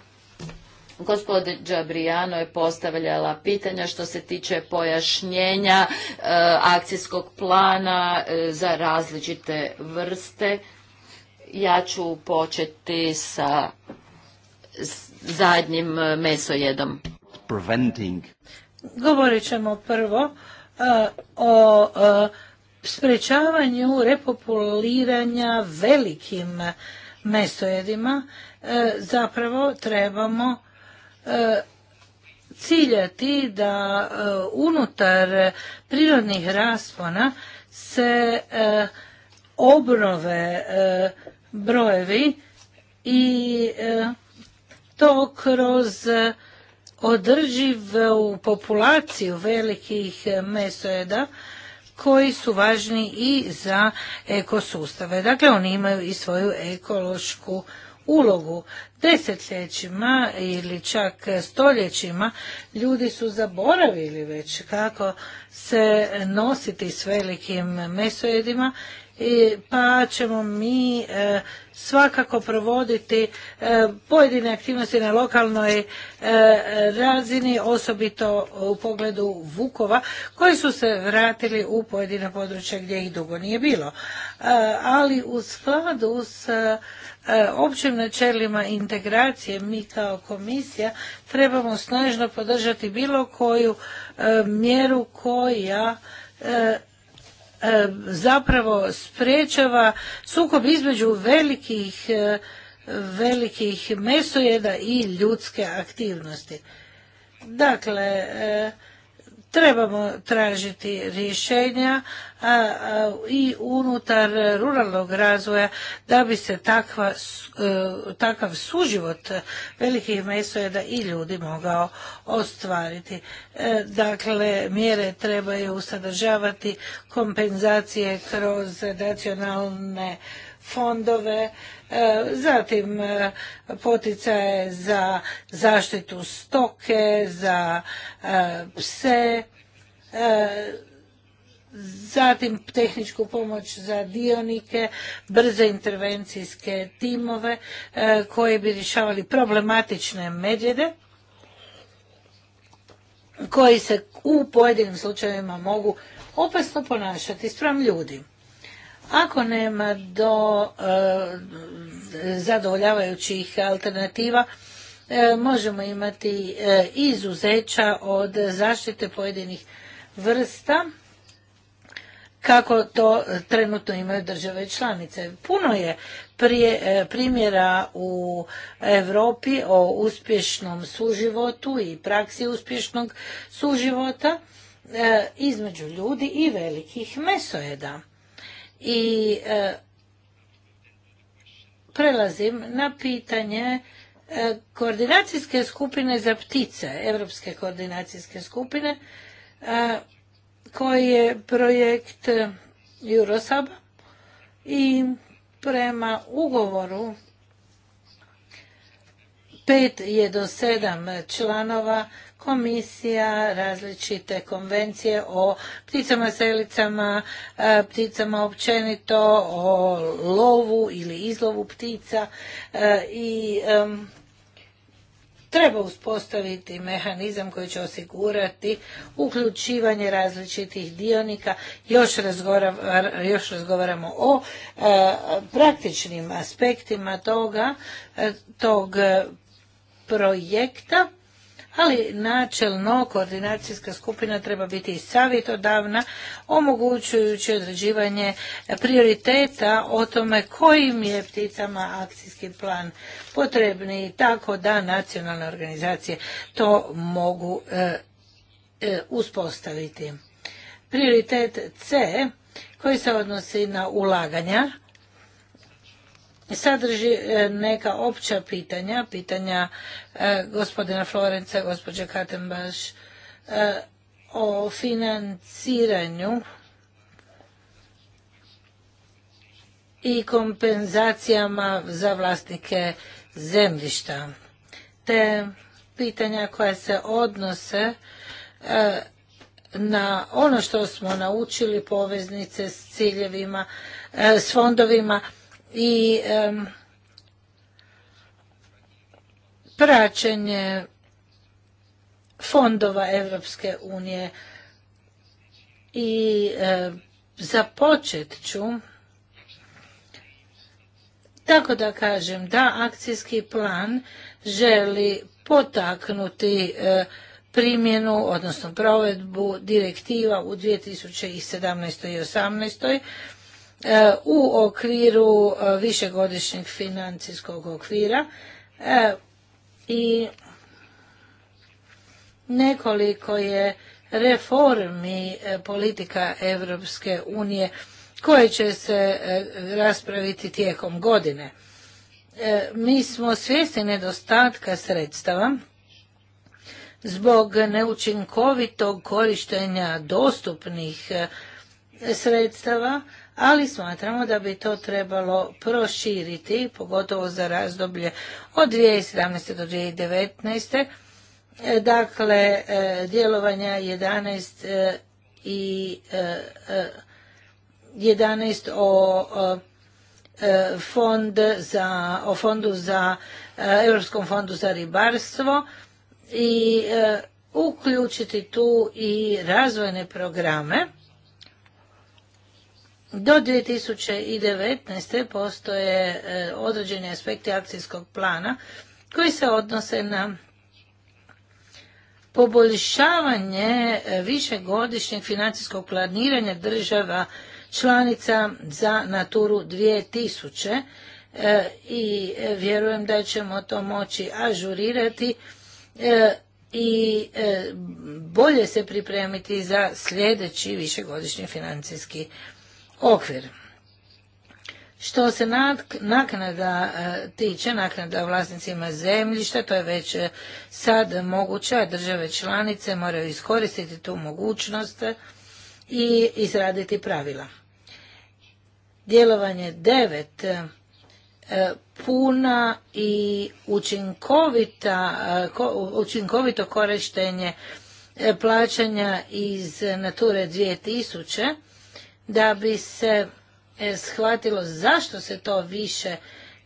Gospođa Brijano je postavljala pitanja što se tiče pojašnjenja e, akcijskog plana e, za različite vrste. Ja ću početi sa zadnjim e, mesojedom. Govorit ćemo prvo o sprečavanju repopuliranja velikim mesojedima. Zapravo trebamo ciljati da e, unutar prirodnih raspona se e, obnove e, brojevi i to kroz održivu populaciju velikih mesojeda koji su važni i za ekosustave. Dakle, oni imaju i svoju ekološku ulogu. Desetljećima ili čak stoljećima ljudi su zaboravili već kako se nositi s velikim mesojedima pa ćemo mi e, svakako provoditi e, pojedine aktivnosti na lokalnoj e, razini, osobito u pogledu Vukova, koji su se vratili u pojedina područja gdje ih dugo nije bilo. Ali u skladu s općim načelima integracije mi kao komisija trebamo snažno podržati bilo koju mjeru koja E, zapravo sprečava sukob između velikih e, velikih mesojeda i ljudske aktivnosti. Dakle, e, trebamo tražiti rješenja i unutar ruralnog razvoja da bi se takva, e, takav suživot velikih mesojeda i ljudi mogao ostvariti. E, dakle, mjere trebaju sadržavati kompenzacije kroz nacionalne fondove, e, zatim e, poticaje za zaštitu stoke, za e, pse, zatim tehničku pomoć za dionike, brze intervencijske timove koji bi rješavali problematične medjede koji se u pojedinim slučajevima mogu opasno ponašati sprem ljudima. Ako nema do eh, zadovoljavajućih alternativa, eh, možemo imati eh, izuzeća od zaštite pojedinih vrsta, kako to trenutno imaju države članice. Puno je prije, primjera u Europi o uspješnom suživotu i praksi uspješnog suživota između ljudi i velikih mesojeda. I e, prelazim na pitanje e, koordinacijske skupine za ptice, Europske koordinacijske skupine, e, koji je projekt Eurosab i prema ugovoru pet je do sedam članova komisija različite konvencije o pticama selicama, e, pticama općenito, o lovu ili izlovu ptica e, i treba uspostaviti mehanizam koji će osigurati uključivanje različitih dionika. Još, još razgovaramo o e, praktičnim aspektima toga, tog projekta ali načelno koordinacijska skupina treba biti i savjetodavna, omogućujući određivanje prioriteta o tome kojim je pticama akcijski plan potrebni, tako da nacionalne organizacije to mogu e, e, uspostaviti. Prioritet C koji se odnosi na ulaganja sadrži e, neka opća pitanja, pitanja e, gospodina Florenca, gospođe Katenbaš, e, o financiranju i kompenzacijama za vlasnike zemljišta, te pitanja koja se odnose na ono što smo naučili poveznice s ciljevima, s fondovima i praćenje fondova Evropske unije i započet ću tako da kažem da akcijski plan želi potaknuti primjenu, odnosno provedbu direktiva u 2017. i 2018. E, u okviru e, višegodišnjeg financijskog okvira e, i nekoliko je reformi politika Europske unije koje će se raspraviti tijekom godine. Mi smo svjesni nedostatka sredstava zbog neučinkovitog korištenja dostupnih sredstava, ali smatramo da bi to trebalo proširiti, pogotovo za razdoblje od 2017. do 2019. Dakle, e, djelovanja 11 e, i 11 e, o fond za, o fondu za, Europskom fondu za ribarstvo i uključiti tu i razvojne programe do 2019. postoje e, određeni aspekti akcijskog plana koji se odnose na poboljšavanje e, višegodišnjeg financijskog planiranja država članica za Naturu 2000 e, i vjerujem da ćemo to moći ažurirati i bolje se pripremiti za sljedeći višegodišnji financijski okvir. Što se naknada e, tiče, naknada vlasnicima zemljišta, to je već e, sad moguće, države članice moraju iskoristiti tu mogućnost e, i izraditi pravila. Djelovanje devet puna i učinkovito korištenje plaćanja iz Nature 2000 da bi se e, shvatilo zašto se to više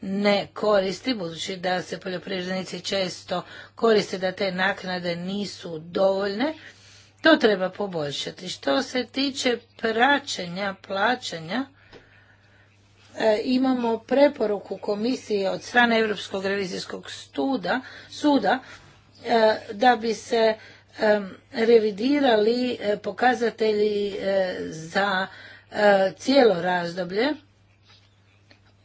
ne koristi, budući da se poljoprivrednici često koriste da te naknade nisu dovoljne, to treba poboljšati. Što se tiče praćenja, plaćanja, e, imamo preporuku komisije od strane Europskog revizijskog studa, suda e, da bi se revidirali pokazatelji za E, cijelo razdoblje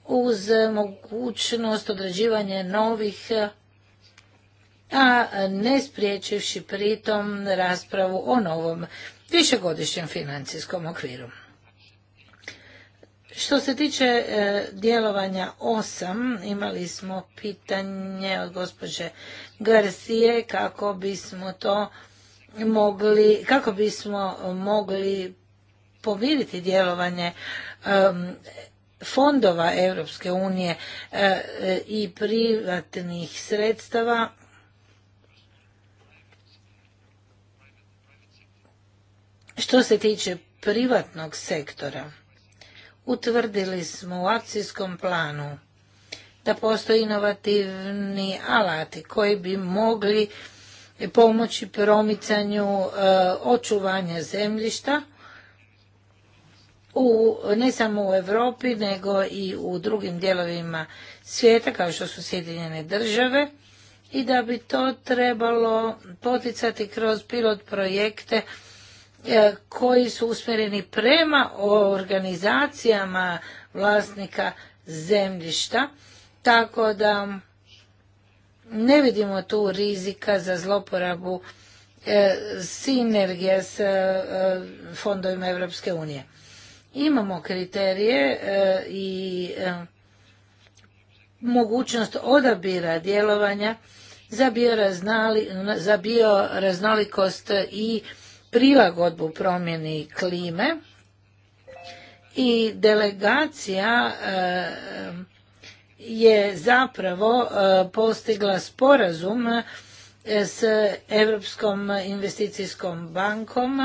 uz mogućnost određivanja novih a ne spriječivši pritom raspravu o novom višegodišnjem financijskom okviru. Što se tiče e, djelovanja 8, imali smo pitanje od gospođe Garcije kako bismo to mogli, kako bismo mogli povijediti djelovanje fondova Europske unije e, i privatnih sredstava što se tiče privatnog sektora utvrdili smo u akcijskom planu da postoje inovativni alati koji bi mogli pomoći promicanju e, očuvanja zemljišta u, ne samo u Europi nego i u drugim dijelovima svijeta kao što su Sjedinjene države i da bi to trebalo poticati kroz pilot projekte e, koji su usmjereni prema organizacijama vlasnika zemljišta, tako da ne vidimo tu rizika za zloporabu e, sinergije s e, fondovima Europske unije imamo kriterije e, i e, mogućnost odabira djelovanja za, bioraznolikost i prilagodbu promjeni klime i delegacija e, je zapravo postigla sporazum s Europskom investicijskom bankom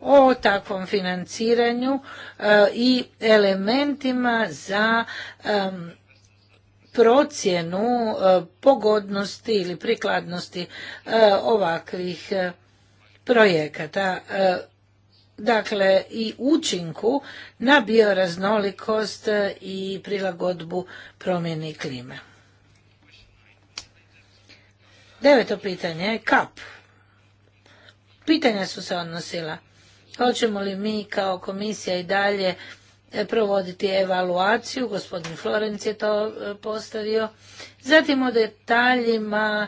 o takvom financiranju e, i elementima za procjenu e, pogodnosti ili prikladnosti e, ovakvih projekata dakle i učinku na bioraznolikost i prilagodbu promjeni klime. Deveto pitanje je kap. Pitanja su se odnosila Hoćemo li mi kao komisija i dalje e, provoditi evaluaciju, gospodin Florenc je to e, postavio, zatim o detaljima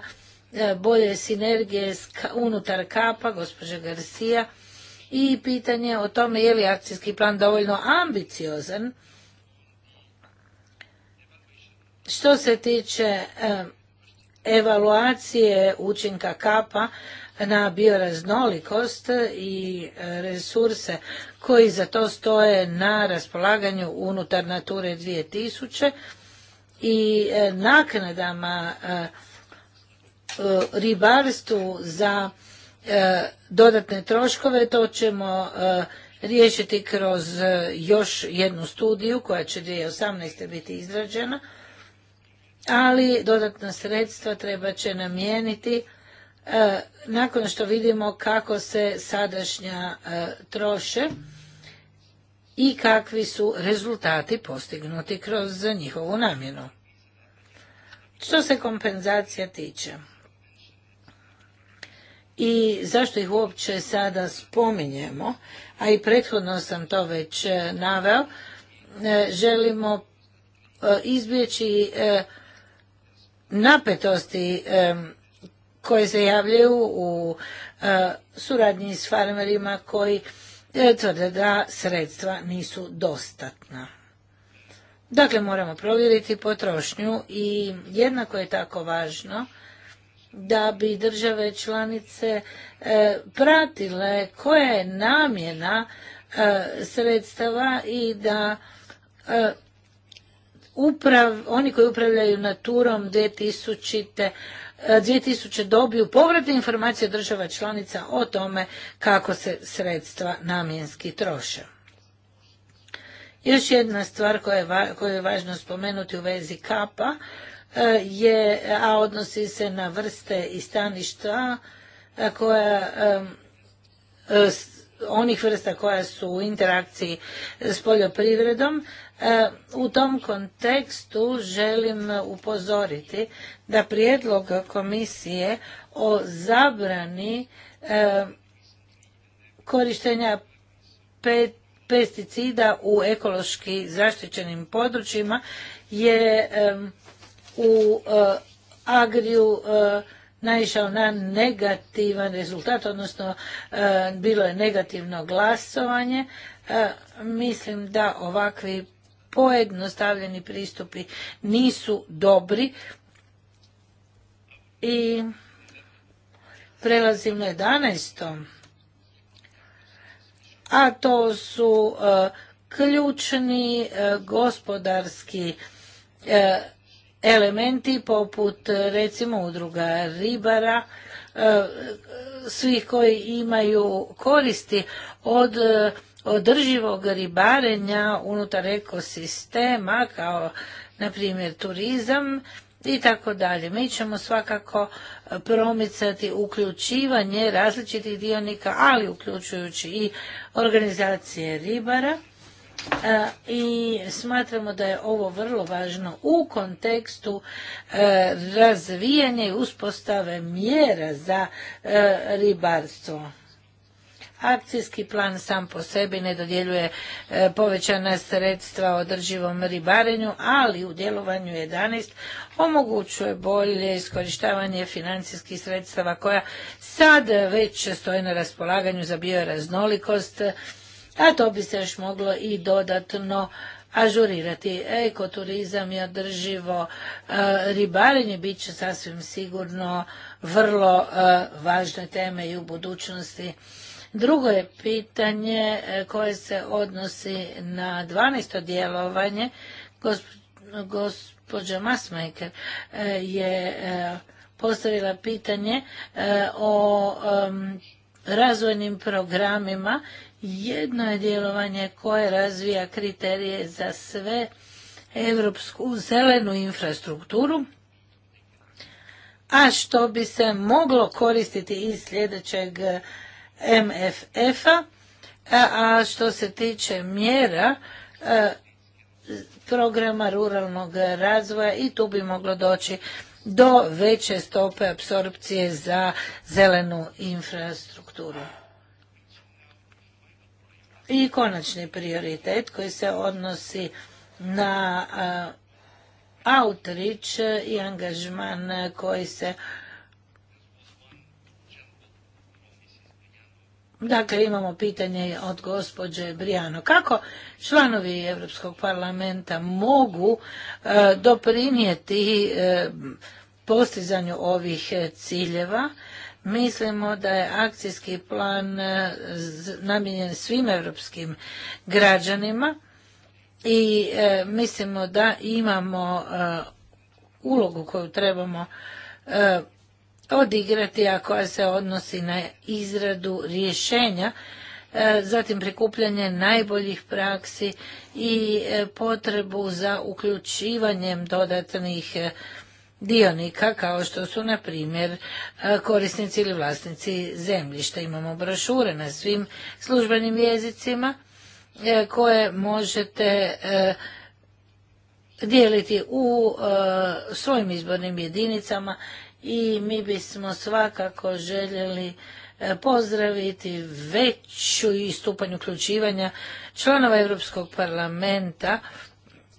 e, bolje sinergije unutar kapa, gospođa Garcia, i pitanje o tome je li akcijski plan dovoljno ambiciozan što se tiče evaluacije učinka kapa na bioraznolikost i e, resurse koji za to stoje na raspolaganju unutar Nature 2000 i e, naknadama e, ribarstvu za dodatne troškove, to ćemo riješiti kroz još jednu studiju koja će 2018. biti izrađena, ali dodatna sredstva treba će namijeniti E, nakon što vidimo kako se sadašnja e, troše i kakvi su rezultati postignuti kroz njihovu namjenu. Što se kompenzacija tiče i zašto ih uopće sada spominjemo, a i prethodno sam to već e, naveo, želimo izbjeći napetosti koje se javljaju u e, suradnji s farmerima koji e, tvrde da sredstva nisu dostatna. Dakle, moramo provjeriti potrošnju i jednako je tako važno da bi države članice e, pratile koja je namjena sredstava i da oni koji upravljaju naturom 2000 2000 e, dobiju povratne informacije država članica o tome kako se sredstva namjenski troše. Još jedna stvar koju je, važno spomenuti u vezi kapa e, je, a odnosi se na vrste i staništa e, koja onih vrsta koja su u interakciji s poljoprivredom E, u tom kontekstu želim upozoriti da prijedlog komisije o zabrani e, korištenja pesticida u ekološki zaštićenim područjima je e, u Agriju naišao na negativan rezultat, odnosno bilo je negativno glasovanje. Mislim da ovakvi pojednostavljeni pristupi nisu dobri. I prelazim na 11. A to su e, ključni e, gospodarski e, elementi poput recimo udruga ribara, svih koji imaju koristi od održivog ribarenja unutar ekosistema kao na primjer turizam i tako dalje. Mi ćemo svakako e, promicati uključivanje različitih dionika, ali uključujući i organizacije ribara. E, I smatramo da je ovo vrlo važno u kontekstu e, razvijanja i uspostave mjera za ribarstvo. Akcijski plan sam po sebi ne dodjeljuje e, povećana sredstva održivom ribarenju, ali u djelovanju 11 omogućuje bolje iskorištavanje financijskih sredstava koja sad već stoje na raspolaganju za bioraznolikost, a to bi se još moglo i dodatno ažurirati. Ekoturizam i održivo e, ribarenje bit će sasvim sigurno vrlo e, važne teme i u budućnosti. Drugo je pitanje e, koje se odnosi na 12. djelovanje. Gospođa Masmaker e, je e, postavila pitanje o razvojnim programima. Jedno je djelovanje koje razvija kriterije za sve europsku zelenu infrastrukturu, a što bi se moglo koristiti iz sljedećeg MFF-a, a što se tiče mjera e, programa ruralnog razvoja i tu bi moglo doći do veće stope apsorpcije za zelenu infrastrukturu. I konačni prioritet koji se odnosi na e, outreach i angažman koji se Dakle, imamo pitanje od gospođe Brijano. Kako članovi Europskog parlamenta mogu e, doprinijeti e, postizanju ovih e, ciljeva? Mislimo da je akcijski plan namijenjen svim europskim građanima i mislimo da imamo ulogu koju trebamo odigrati, a koja se odnosi na izradu rješenja, e, zatim prikupljanje najboljih praksi i e, potrebu za uključivanjem dodatnih e, dionika kao što su na primjer korisnici ili vlasnici zemljišta. Imamo brošure na svim službenim jezicima koje možete dijeliti u svojim izbornim jedinicama i mi bismo svakako željeli e, pozdraviti veću i stupanj uključivanja članova Europskog parlamenta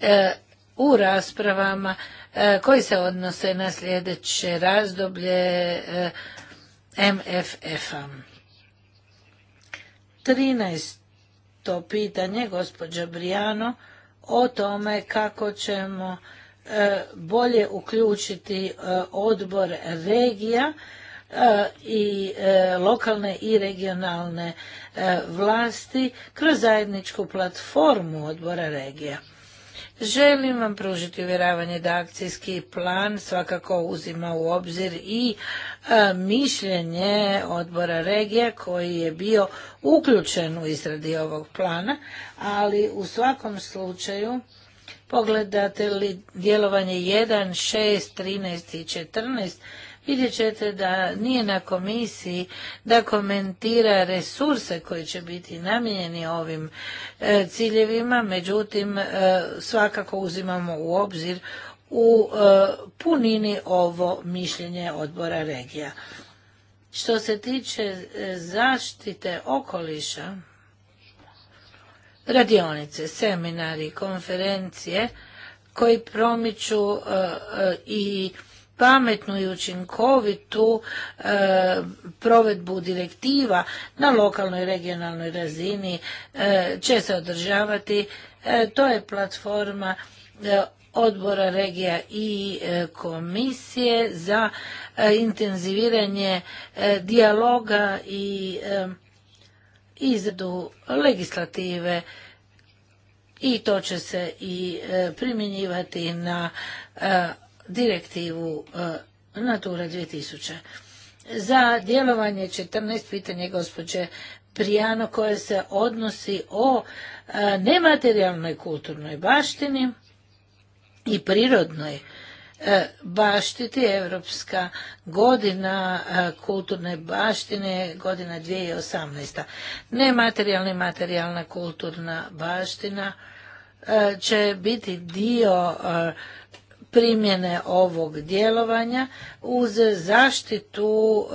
e, u raspravama e, koji se odnose na sljedeće razdoblje MFF-a. 13. pitanje, gospođa Brijano, o tome kako ćemo E, bolje uključiti e, odbor regija e, i lokalne i regionalne vlasti kroz zajedničku platformu odbora regija. Želim vam pružiti uvjeravanje da akcijski plan svakako uzima u obzir i mišljenje odbora regija koji je bio uključen u izradi ovog plana, ali u svakom slučaju Pogledate li djelovanje 1, 6, 13 i 14, vidjet ćete da nije na komisiji da komentira resurse koji će biti namijenjeni ovim e, ciljevima, međutim e, svakako uzimamo u obzir u e, punini ovo mišljenje odbora regija. Što se tiče zaštite okoliša, radionice, seminari, konferencije koji promiču e, e, i pametnu i učinkovitu e, provedbu direktiva na lokalnoj i regionalnoj razini će se održavati. to je platforma odbora regija i komisije za intenziviranje dijaloga i izradu legislative i to će se i e, primjenjivati na e, direktivu e, Natura 2000. Za djelovanje 14 pitanje gospođe Prijano koje se odnosi o nematerijalnoj kulturnoj baštini i prirodnoj E, baštiti. Europska godina e, kulturne baštine godina 2018. Nematerijalna i materijalna kulturna baština e, će biti dio primjene ovog djelovanja uz zaštitu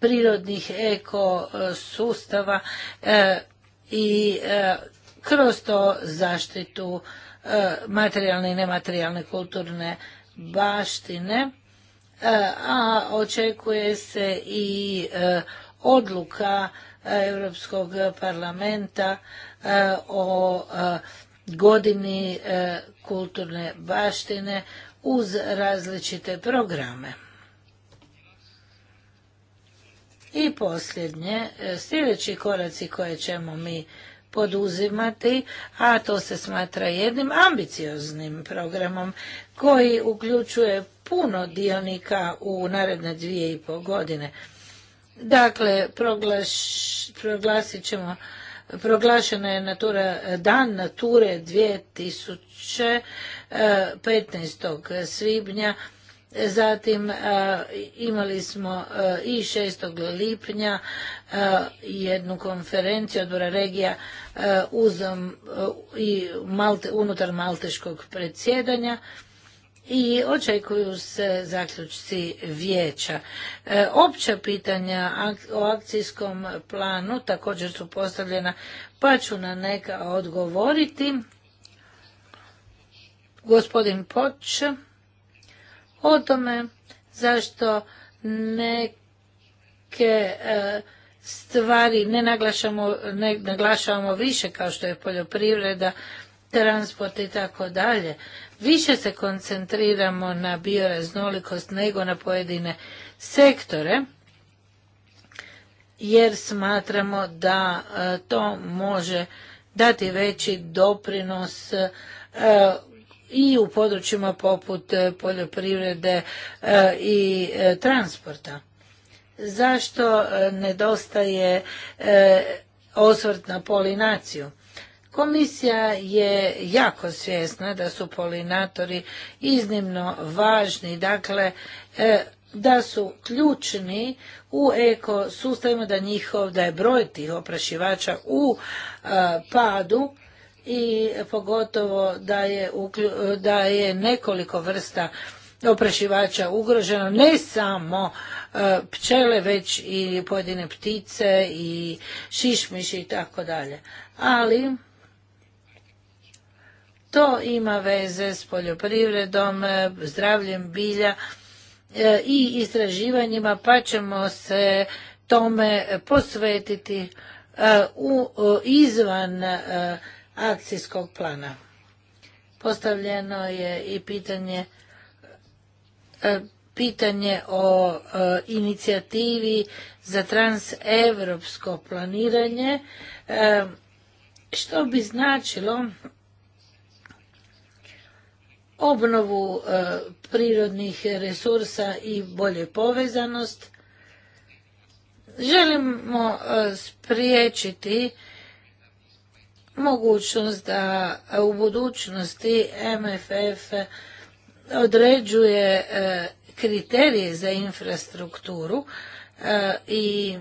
prirodnih ekosustava i kroz to zaštitu materijalne i nematerijalne kulturne baštine, e, a očekuje se i e, odluka e, Europskog parlamenta o godini kulturne baštine uz različite programe. I posljednje, sljedeći koraci koje ćemo mi poduzimati, a to se smatra jednim ambicioznim programom koji uključuje puno dionika u naredne dvije i pol godine. Dakle, proglaš, proglasit proglašena je natura, dan nature 2015. Eh, svibnja Zatim e, imali smo e, i 6. lipnja e, jednu konferenciju odbora regija unutar malteškog predsjedanja i očekuju se zaključci vijeća. Opća pitanja o akcijskom planu također su postavljena pa ću na neka odgovoriti. Gospodin Poč o tome zašto neke e, stvari ne naglašamo, ne naglašavamo više kao što je poljoprivreda, transport i tako dalje. Više se koncentriramo na bioraznolikost nego na pojedine sektore jer smatramo da e, to može dati veći doprinos e, i u područjima poput e, poljoprivrede e, i e, transporta. Zašto nedostaje osvrt na polinaciju? Komisija je jako svjesna da su polinatori iznimno važni, dakle da su ključni u ekosustavima, da njihov, da je broj tih oprašivača u padu i pogotovo da je, da je nekoliko vrsta oprašivača ugroženo, ne samo e, pčele, već i pojedine ptice i šišmiši i tako dalje. Ali to ima veze s poljoprivredom, e, zdravljem bilja e, i istraživanjima, pa ćemo se tome posvetiti u izvan akcijskog plana. Postavljeno je i pitanje e, pitanje o e, inicijativi za transevropsko planiranje, e, što bi značilo obnovu prirodnih resursa i bolje povezanost. Želimo spriječiti mogućnost da u budućnosti MFF određuje e, kriterije za infrastrukturu e, i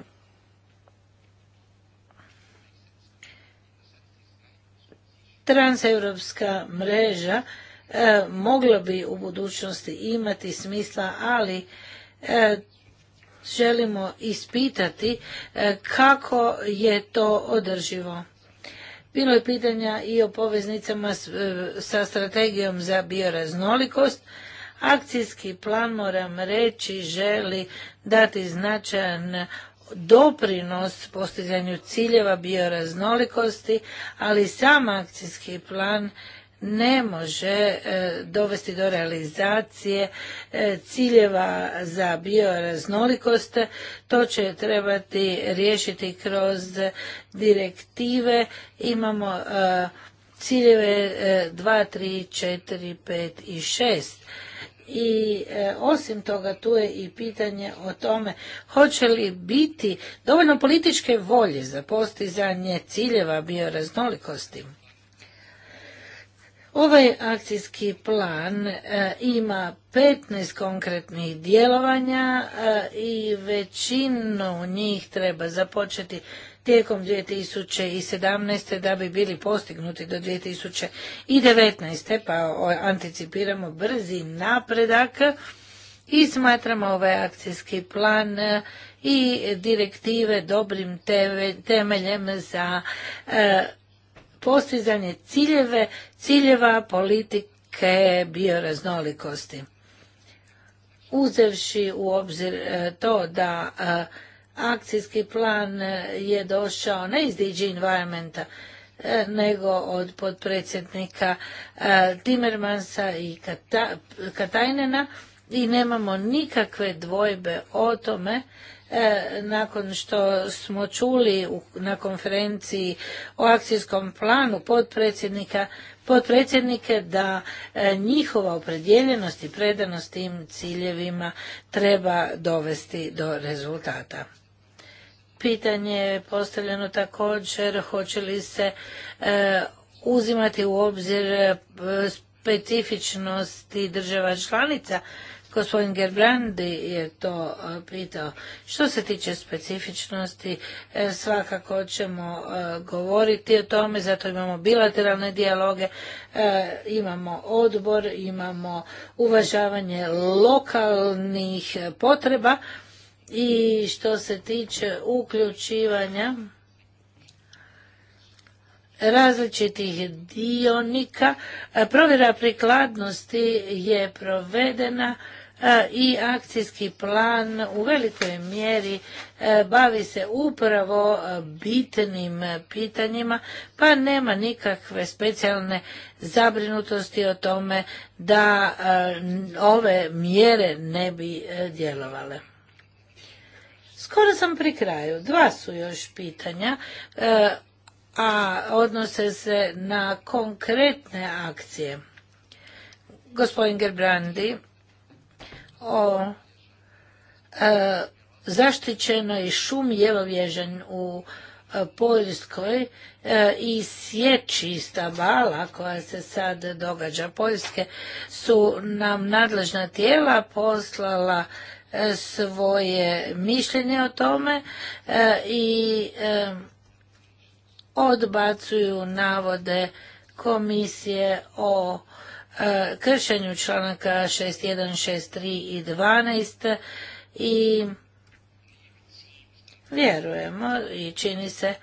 transeuropska mreža e, mogla bi u budućnosti imati smisla, ali želimo ispitati kako je to održivo. Bilo je pitanja i o poveznicama e, sa strategijom za bioraznolikost. Akcijski plan, moram reći, želi dati značajan doprinos postizanju ciljeva bioraznolikosti, ali sam akcijski plan ne može e, dovesti do realizacije e, ciljeva za bioraznolikost. To će trebati riješiti kroz direktive. Imamo e, ciljeve 2, 3, 4, 5 i 6. I osim toga tu je i pitanje o tome hoće li biti dovoljno političke volje za postizanje ciljeva bioraznolikosti. Ovaj akcijski plan e, ima 15 konkretnih djelovanja e, i većinu njih treba započeti tijekom 2017. da bi bili postignuti do 2019. pa anticipiramo brzi napredak i smatramo ovaj akcijski plan e, i direktive dobrim temeljem za postizanje ciljeve, ciljeva politike bioraznolikosti. Uzevši u obzir e, to da e, akcijski plan je došao ne iz DG Environmenta, e, nego od podpredsjednika Timmermansa i Katajnena i nemamo nikakve dvojbe o tome E, nakon što smo čuli na konferenciji o akcijskom planu podpredsjednika, potpredsjednike da e, njihova opredjeljenost i predanost tim ciljevima treba dovesti do rezultata. Pitanje je postavljeno također hoće li se e, uzimati u obzir specifičnosti država članica Gospodin Gerbrandi je to e, pitao. Što se tiče specifičnosti, e, svakako ćemo e, govoriti o tome, zato imamo bilateralne dijaloge, imamo odbor, imamo uvažavanje lokalnih potreba i što se tiče uključivanja različitih dionika. Provjera prikladnosti je provedena E, i akcijski plan u velikoj mjeri e, bavi se upravo e, bitnim pitanjima, pa nema nikakve specijalne zabrinutosti o tome da ove mjere ne bi djelovale. Skoro sam pri kraju. Dva su još pitanja, a odnose se na konkretne akcije. Gospodin Gerbrandi o e, zaštićenoj šumi Jelovježen u e, Poljskoj e, i sjeći stabala koja se sad događa. Poljske su nam nadležna tijela poslala e, svoje mišljenje o tome i odbacuju navode komisije o E, kršenju članaka 6.1, 6.3 i 12 i vjerujemo i čini se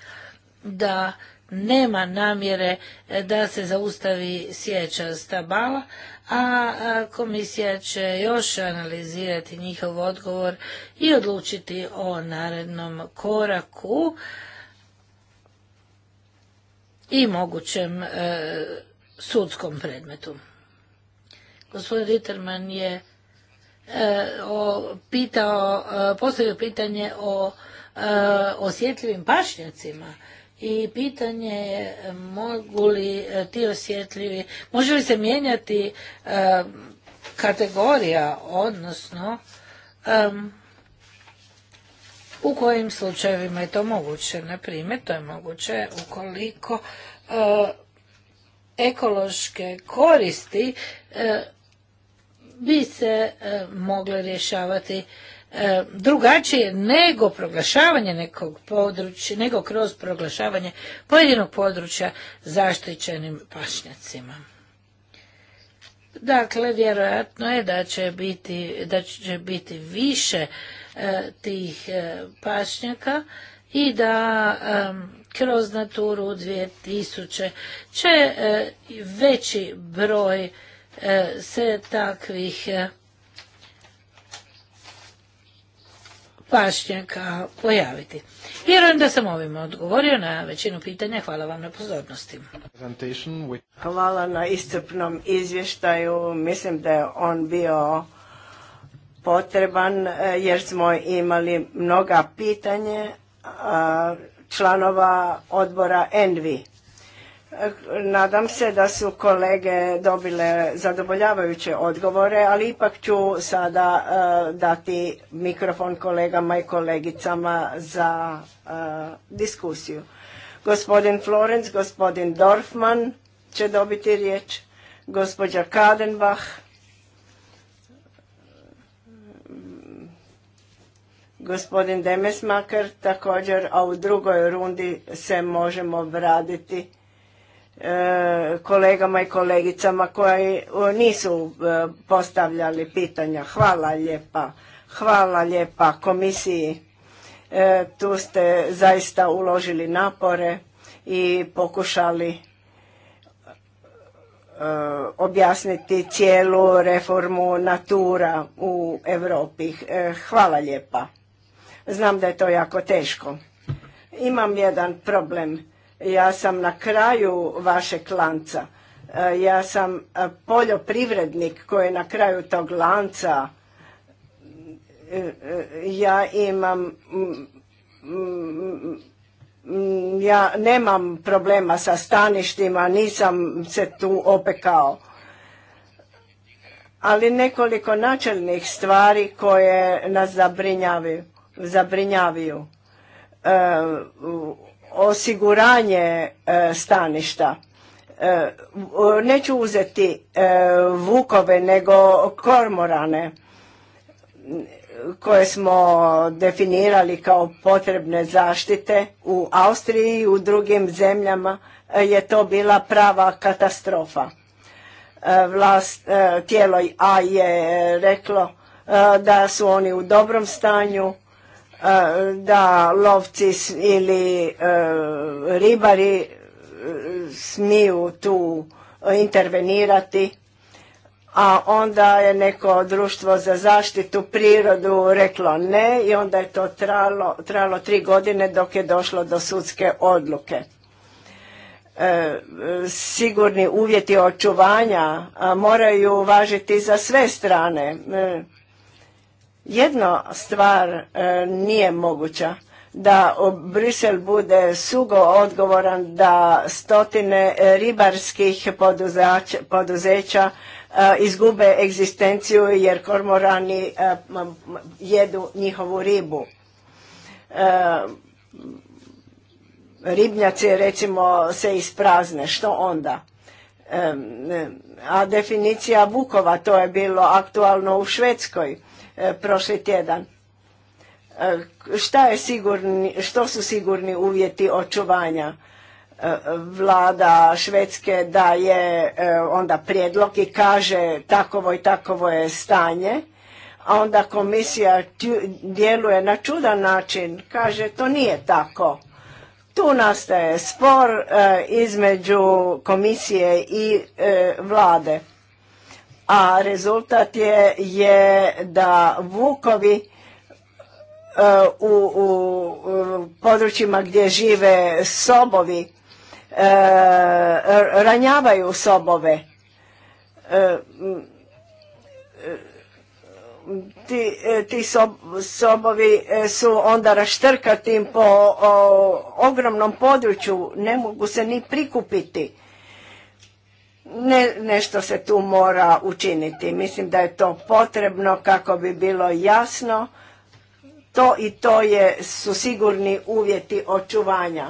da nema namjere da se zaustavi sjeća stabala, a komisija će još analizirati njihov odgovor i odlučiti o narednom koraku i mogućem e, sudskom predmetu. Gospodin Ritterman je e, pitao, e, postavio pitanje o e, osjetljivim pašnjacima i pitanje je mogu li ti osjetljivi, može li se mijenjati kategorija, odnosno u kojim slučajevima je to moguće. Na primjer, to je moguće ukoliko ekološke koristi bi se e, mogle rješavati e, drugačije nego proglašavanje nekog područja, nego kroz proglašavanje pojedinog područja zaštićenim pašnjacima. Dakle, vjerojatno je da će biti, da će biti više e, tih pašnjaka i da kroz Naturu 2000 će veći broj E, se takvih e, pašnjaka pojaviti. Vjerujem da sam ovim odgovorio na većinu pitanja. Hvala vam na pozornosti. Hvala na istupnom izvještaju. Mislim da je on bio potreban e, jer smo imali mnoga pitanje članova odbora ENVI. Nadam se da su kolege dobile zadovoljavajuće odgovore, ali ipak ću sada e, dati mikrofon kolegama i kolegicama za e, diskusiju. Gospodin Florenc, gospodin Dorfman će dobiti riječ, gospođa Kadenbach, gospodin Demesmaker također, a u drugoj rundi se možemo vratiti E, kolegama i kolegicama koji e, nisu e, postavljali pitanja. Hvala lijepa. Hvala lijepa komisiji. Tu ste zaista uložili napore i pokušali objasniti cijelu reformu natura u Europi. Hvala lijepa. Znam da je to jako teško. Imam jedan problem ja sam na kraju vašeg lanca. E, ja sam e, poljoprivrednik koji je na kraju tog lanca. E, ja imam ja nemam problema sa staništima, nisam se tu opekao. Ali nekoliko načelnih stvari koje nas zabrinjavaju. zabrinjavaju osiguranje e, staništa. E, neću uzeti e, vukove nego kormorane koje smo definirali kao potrebne zaštite u Austriji i u drugim zemljama je to bila prava katastrofa. Vlast, tijelo A je reklo da su oni u dobrom stanju, Eh, da lovci ili eh, ribari eh, smiju tu intervenirati, a onda je neko društvo za zaštitu prirodu reklo ne i onda je to tralo, tri godine dok je došlo do sudske odluke. sigurni uvjeti očuvanja moraju važiti za sve strane. Jedna stvar e, nije moguća da Brisel bude sugo odgovoran da stotine ribarskih poduzeća e, izgube egzistenciju jer kormorani e, jedu njihovu ribu. Ribnjaci recimo se isprazne, što onda? A definicija vukova, to je bilo aktualno u Švedskoj E, prošli tjedan. E, šta je sigurni, što su sigurni uvjeti očuvanja? E, vlada Švedske daje onda prijedlog i kaže takovo i takovo je stanje, a onda komisija djeluje na čudan način, kaže to nije tako. Tu nastaje spor između komisije i vlade a rezultat je, je da vukovi e, u, u, područjima gdje žive sobovi e, ranjavaju sobove e, ti, ti sobovi su onda raštrkati po ogromnom području ne mogu se ni prikupiti ne, nešto se tu mora učiniti. Mislim da je to potrebno kako bi bilo jasno. To i to je, su sigurni uvjeti očuvanja.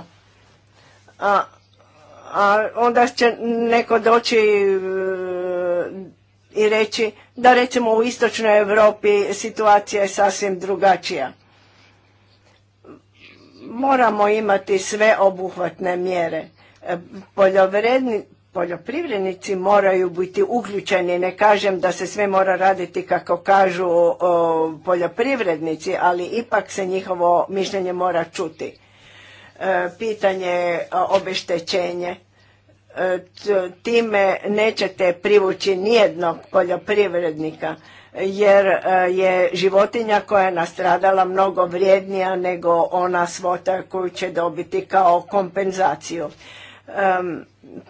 A, a onda će neko doći e, i reći da recimo u istočnoj Europi situacija je sasvim drugačija. Moramo imati sve obuhvatne mjere. E, poljoprivrednici moraju biti uključeni, ne kažem da se sve mora raditi kako kažu poljoprivrednici, ali ipak se njihovo mišljenje mora čuti. E, pitanje e, obeštećenje, e, time nećete privući nijednog poljoprivrednika, jer je životinja koja je nastradala mnogo vrijednija nego ona svota koju će dobiti kao kompenzaciju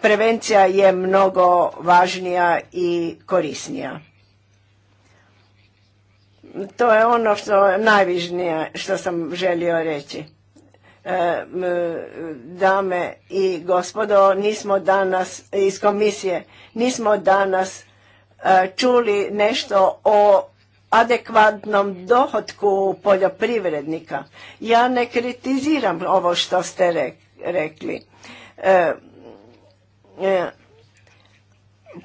prevencija je mnogo važnija i korisnija. To je ono što najvižnije što sam želio reći. E, dame i gospodo, nismo danas iz komisije, nismo danas e, čuli nešto o adekvatnom dohotku poljoprivrednika. Ja ne kritiziram ovo što ste rekli. E, E,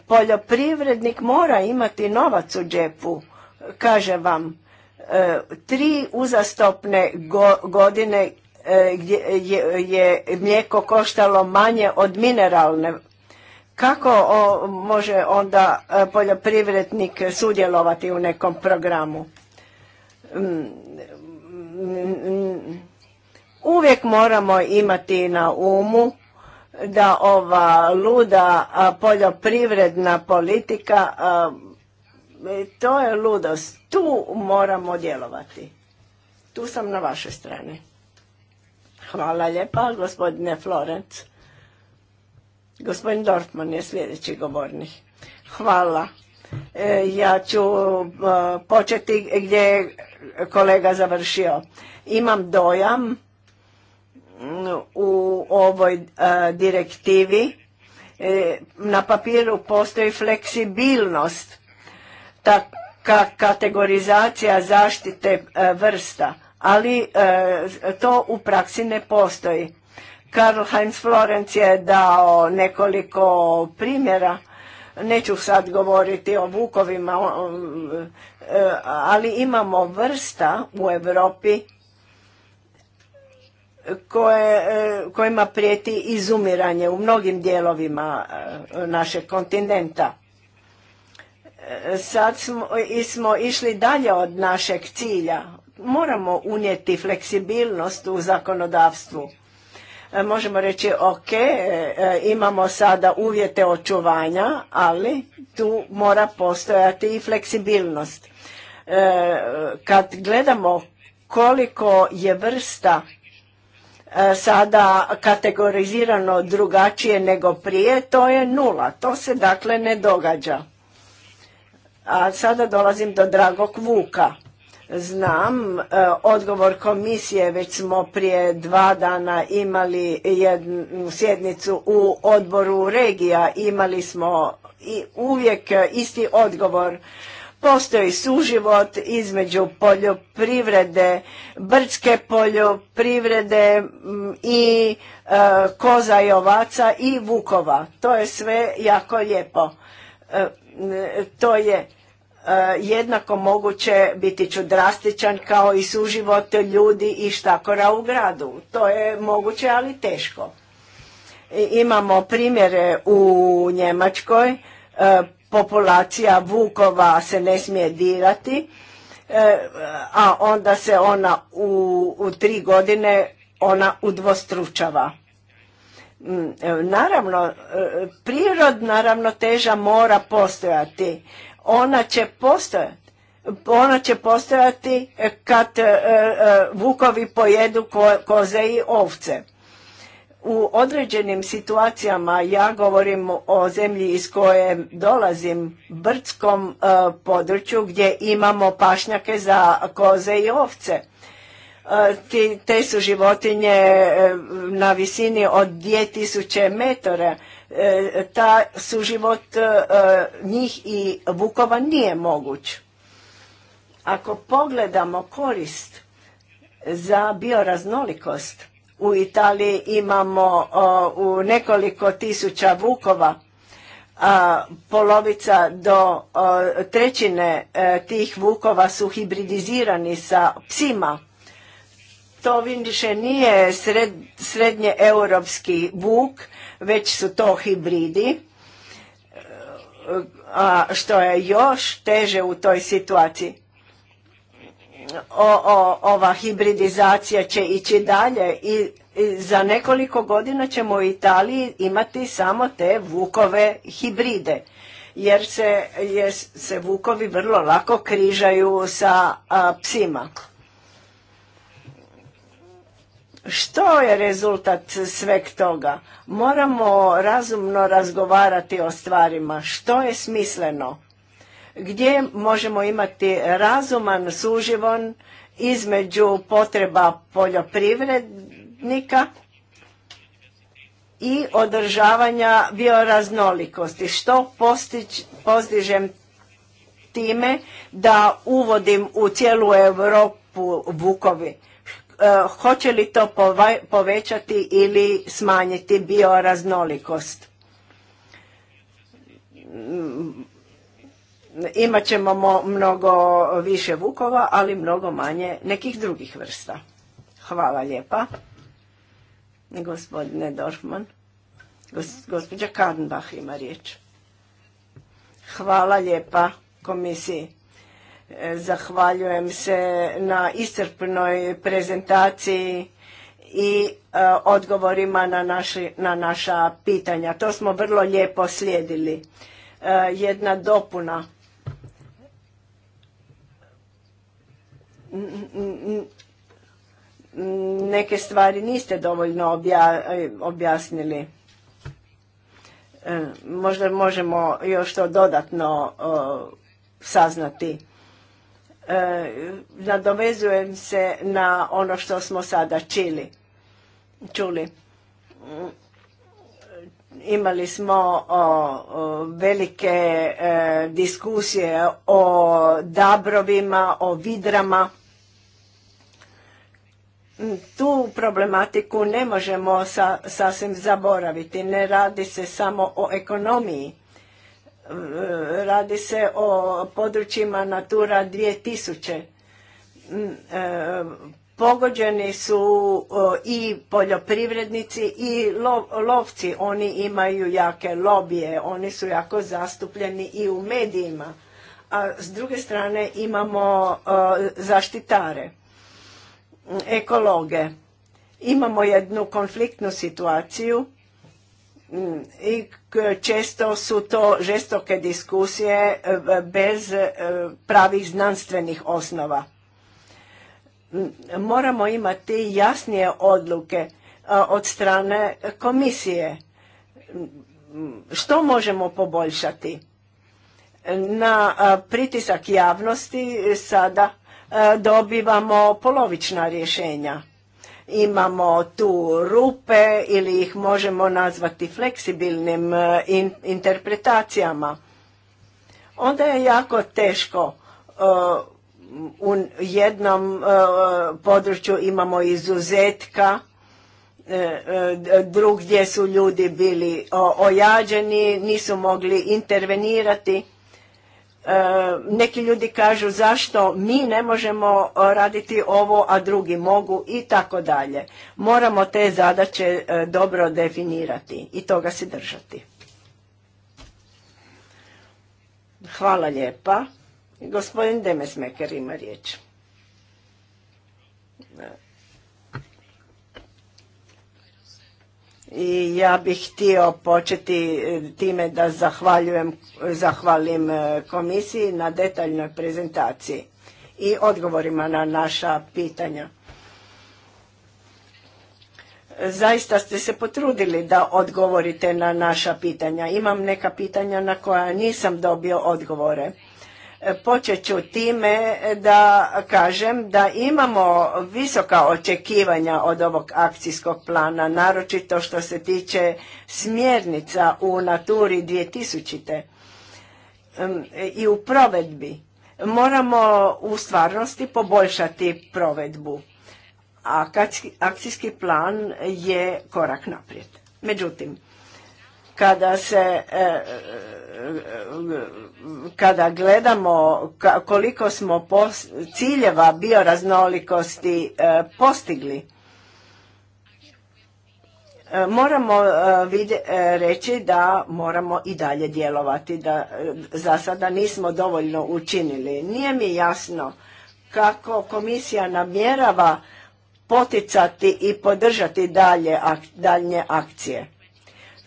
poljoprivrednik mora imati novac u džepu, kaže vam, e, tri uzastopne godine e, gdje je mlijeko koštalo manje od mineralne. Kako može onda poljoprivrednik sudjelovati u nekom programu? Mm, mm, mm, Uvijek moramo imati na umu da ova luda poljoprivredna politika, e, to je ludost. Tu moramo djelovati. Tu sam na vašoj strani. Hvala lijepa, gospodine Florenc. Gospodin Dorfman je sljedeći govornik. Hvala. E, ja ću e, početi gdje je kolega završio. Imam dojam u ovoj e, direktivi e, na papiru postoji fleksibilnost ta kategorizacija zaštite e, vrsta ali to u praksi ne postoji Karl Heinz Florenc je dao nekoliko primjera neću sad govoriti o vukovima ali imamo vrsta u Europi koje, e, kojima prijeti izumiranje u mnogim dijelovima e, našeg kontinenta. E, sad smo, smo išli dalje od našeg cilja. Moramo unijeti fleksibilnost u zakonodavstvu. Možemo reći, ok, imamo sada uvjete očuvanja, ali tu mora postojati i fleksibilnost. Kad gledamo koliko je vrsta E, sada kategorizirano drugačije nego prije, to je nula. To se dakle ne događa. A sada dolazim do dragog Vuka. Znam, e, odgovor komisije, već smo prije dva dana imali jednu sjednicu u odboru regija, imali smo i uvijek isti odgovor Postoji suživot između poljoprivrede, brdske poljoprivrede mm, i e, koza i ovaca i vukova. To je sve jako lijepo. E, to je e, jednako moguće biti ću drastičan kao i suživot ljudi i štakora u gradu. To je moguće, ali teško. Imamo primjere u Njemačkoj e, populacija vukova se ne smije dirati, e, a onda se ona u, u tri godine ona udvostručava. Mm, e, naravno, e, prirodna ravnoteža mora postojati. Ona će postojati ona će postojati kad vukovi pojedu koze i ovce u određenim situacijama, ja govorim o zemlji iz koje dolazim, brdskom e, području gdje imamo pašnjake za koze i ovce. E, te su životinje e, na visini od 2000 metara. Ta su život njih i vukova nije moguć. Ako pogledamo korist za bioraznolikost, u Italiji imamo u nekoliko tisuća vukova, a polovica do trećine e, tih vukova su hibridizirani sa psima. To više nije srednje europski vuk, već su to hibridi e, a što je još teže u toj situaciji ova hibridizacija će ići dalje i, za nekoliko godina ćemo u Italiji imati samo te vukove hibride jer se, se vukovi vrlo lako križaju sa psima. Što je rezultat sveg toga? Moramo razumno razgovarati o stvarima. Što je smisleno? gdje možemo imati razuman suživon između potreba poljoprivrednika i održavanja bioraznolikosti. Što postižem time da uvodim u cijelu Europu vukovi? E, hoće li to povećati ili smanjiti bioraznolikost? Imat ćemo mnogo više vukova, ali mnogo manje nekih drugih vrsta. Hvala lijepa. Gospodine Dorfman. Gospodja gospođa ima riječ. Hvala lijepa komisiji. E, zahvaljujem se na iscrpnoj prezentaciji i e, odgovorima na, naša pitanja. To smo vrlo lijepo slijedili. E, jedna dopuna neke stvari niste dovoljno objasnili. E, možda možemo još to dodatno saznati. E, nadovezujem se na ono što smo sada čili, čuli. Imali smo velike e, diskusije o dabrovima, o vidrama tu problematiku ne možemo sasvim zaboraviti. Ne radi se samo o ekonomiji. Radi se o područjima Natura 2000. Mm, e, pogođeni su i poljoprivrednici i lovci. Oni imaju jake lobije. Oni su jako zastupljeni i u medijima. A s druge strane imamo zaštitare ekologe. Imamo jednu konfliktnu situaciju mm, i često su to žestoke diskusije e, bez e, pravih znanstvenih osnova. Mm, moramo imati jasnije odluke e, od strane komisije. Mm, što možemo poboljšati? Na pritisak javnosti sada E, dobivamo polovična rješenja. Imamo tu rupe ili ih možemo nazvati fleksibilnim e, interpretacijama. Onda je jako teško e, u jednom području imamo izuzetka, drugdje su ljudi bili ojađeni, nisu mogli intervenirati E, neki ljudi kažu zašto mi ne možemo e, raditi ovo, a drugi mogu i tako dalje. Moramo te zadaće e, dobro definirati i toga se držati. Hvala lijepa. Gospodin Demesmeker ima riječ. I ja bih htio početi e, time da zahvaljujem, zahvalim e, komisiji na detaljnoj prezentaciji i odgovorima na naša pitanja. Zaista ste se potrudili da odgovorite na naša pitanja. Imam neka pitanja na koja nisam dobio odgovore. Počet ću time da kažem da imamo visoka očekivanja od ovog akcijskog plana, naročito što se tiče smjernica u Naturi 2000. I u provedbi moramo u stvarnosti poboljšati provedbu. A akcijski plan je korak naprijed. Međutim, kada se e, kada gledamo koliko smo ciljeva bioraznolikosti e, postigli e, moramo e, reći da moramo i dalje djelovati da za sada nismo dovoljno učinili nije mi jasno kako komisija namjerava poticati i podržati dalje akcije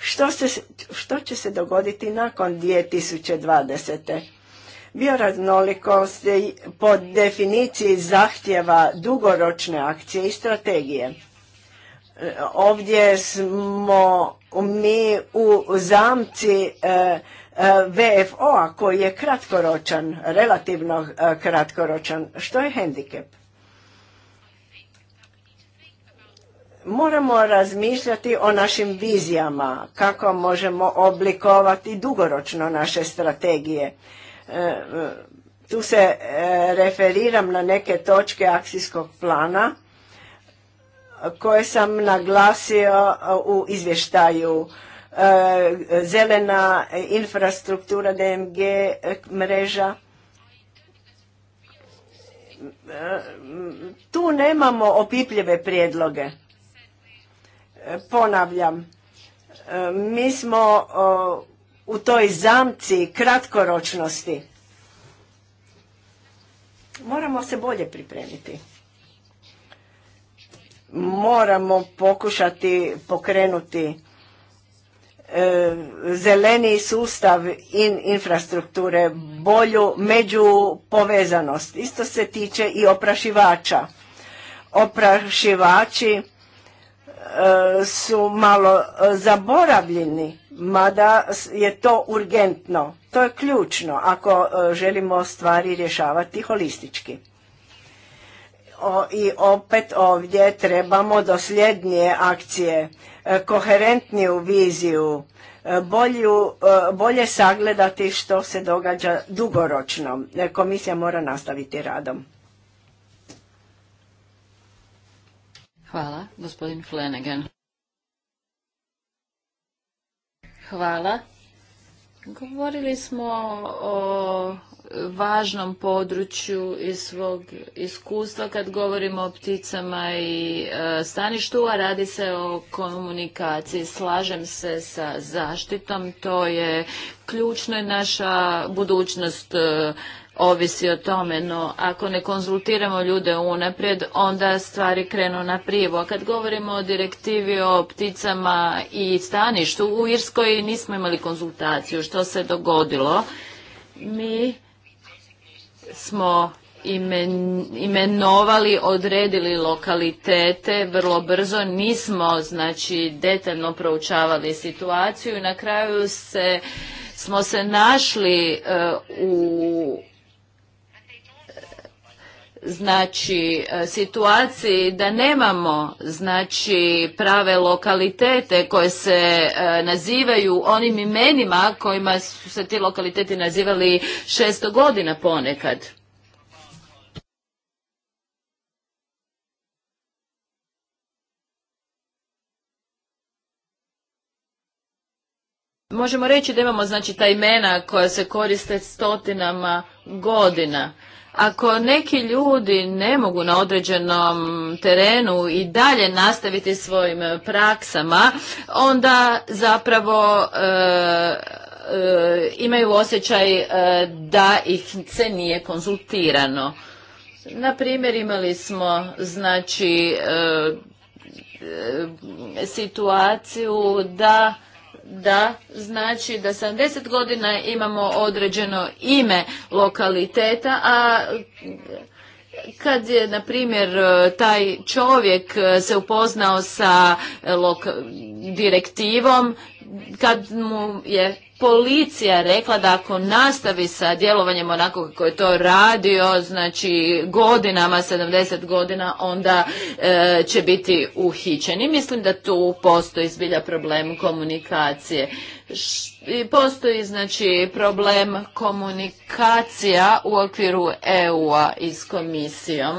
što, se, što će se dogoditi nakon 2020. Bioraznolikost po definiciji zahtjeva dugoročne akcije i strategije. E, ovdje smo mi u zamci e, e, VFO-a koji je kratkoročan, relativno kratkoročan. Što je hendikep? Moramo razmišljati o našim vizijama, kako možemo oblikovati dugoročno naše strategije. E, tu se e, referiram na neke točke akcijskog plana koje sam naglasio u izvještaju e, zelena infrastruktura DMG mreža. Tu nemamo opipljive prijedloge Ponavljam, mi smo u toj zamci kratkoročnosti. Moramo se bolje pripremiti. Moramo pokušati pokrenuti e, zeleni sustav in infrastrukture, bolju međupovezanost. Isto se tiče i oprašivača. Oprašivači E, su malo e, zaboravljeni, mada je to urgentno. To je ključno ako e, želimo stvari rješavati holistički. O, I opet ovdje trebamo dosljednije akcije, koherentniju viziju, bolje sagledati što se događa dugoročno. Komisija mora nastaviti radom. Hvala, gospodin Flanagan. Hvala. Govorili smo o važnom području iz svog iskustva kad govorimo o pticama i e, staništu, a radi se o komunikaciji. Slažem se sa zaštitom, to je ključno i naša budućnost e, ovisi o tome, no ako ne konzultiramo ljude unaprijed, onda stvari krenu na prijevo. A kad govorimo o direktivi o pticama i staništu, u Irskoj nismo imali konzultaciju. Što se dogodilo? Mi smo imenovali, odredili lokalitete vrlo brzo, nismo znači detaljno proučavali situaciju i na kraju se smo se našli e, u znači e, situaciji da nemamo znači prave lokalitete koje se e, nazivaju onim imenima kojima su se ti lokaliteti nazivali 600 godina ponekad. Možemo reći da imamo znači ta imena koja se koriste stotinama godina ako neki ljudi ne mogu na određenom terenu i dalje nastaviti svojim praksama, onda zapravo e, e, imaju osjećaj e, da ih se nije konzultirano. Na primjer imali smo znači situaciju da da znači da 70 godina imamo određeno ime lokaliteta, a kad je, na primjer, e, taj čovjek e, se upoznao sa e, direktivom, kad mu je policija rekla da ako nastavi sa djelovanjem onako kako je to radio, znači godinama, 70 godina, onda će biti uhićen. I mislim da tu postoji zbilja problem komunikacije. Postoji znači problem komunikacija u okviru EU-a i s komisijom.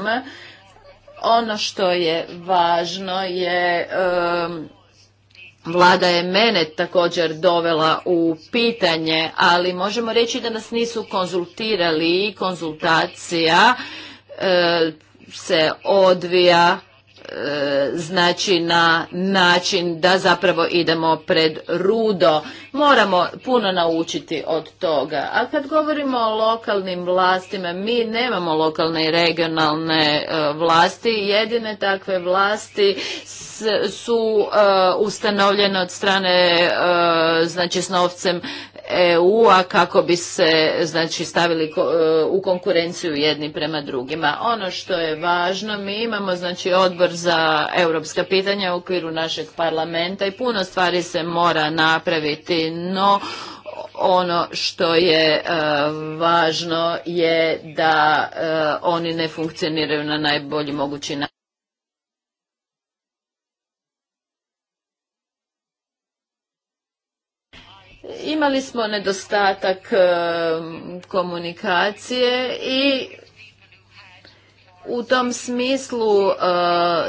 Ono što je važno je Vlada je mene također dovela u pitanje, ali možemo reći da nas nisu konzultirali i konzultacija e, se odvija E, znači na način da zapravo idemo pred rudo. Moramo puno naučiti od toga. A kad govorimo o lokalnim vlastima, mi nemamo lokalne i regionalne e, vlasti. Jedine takve vlasti su e, ustanovljene od strane znači s novcem EU-a kako bi se znači stavili u konkurenciju jedni prema drugima. Ono što je važno, mi imamo znači odbor za europska pitanja u okviru našeg parlamenta i puno stvari se mora napraviti, no ono što je e, važno je da e, oni ne funkcioniraju na najbolji mogući način. Imali smo nedostatak e, komunikacije i u tom smislu e,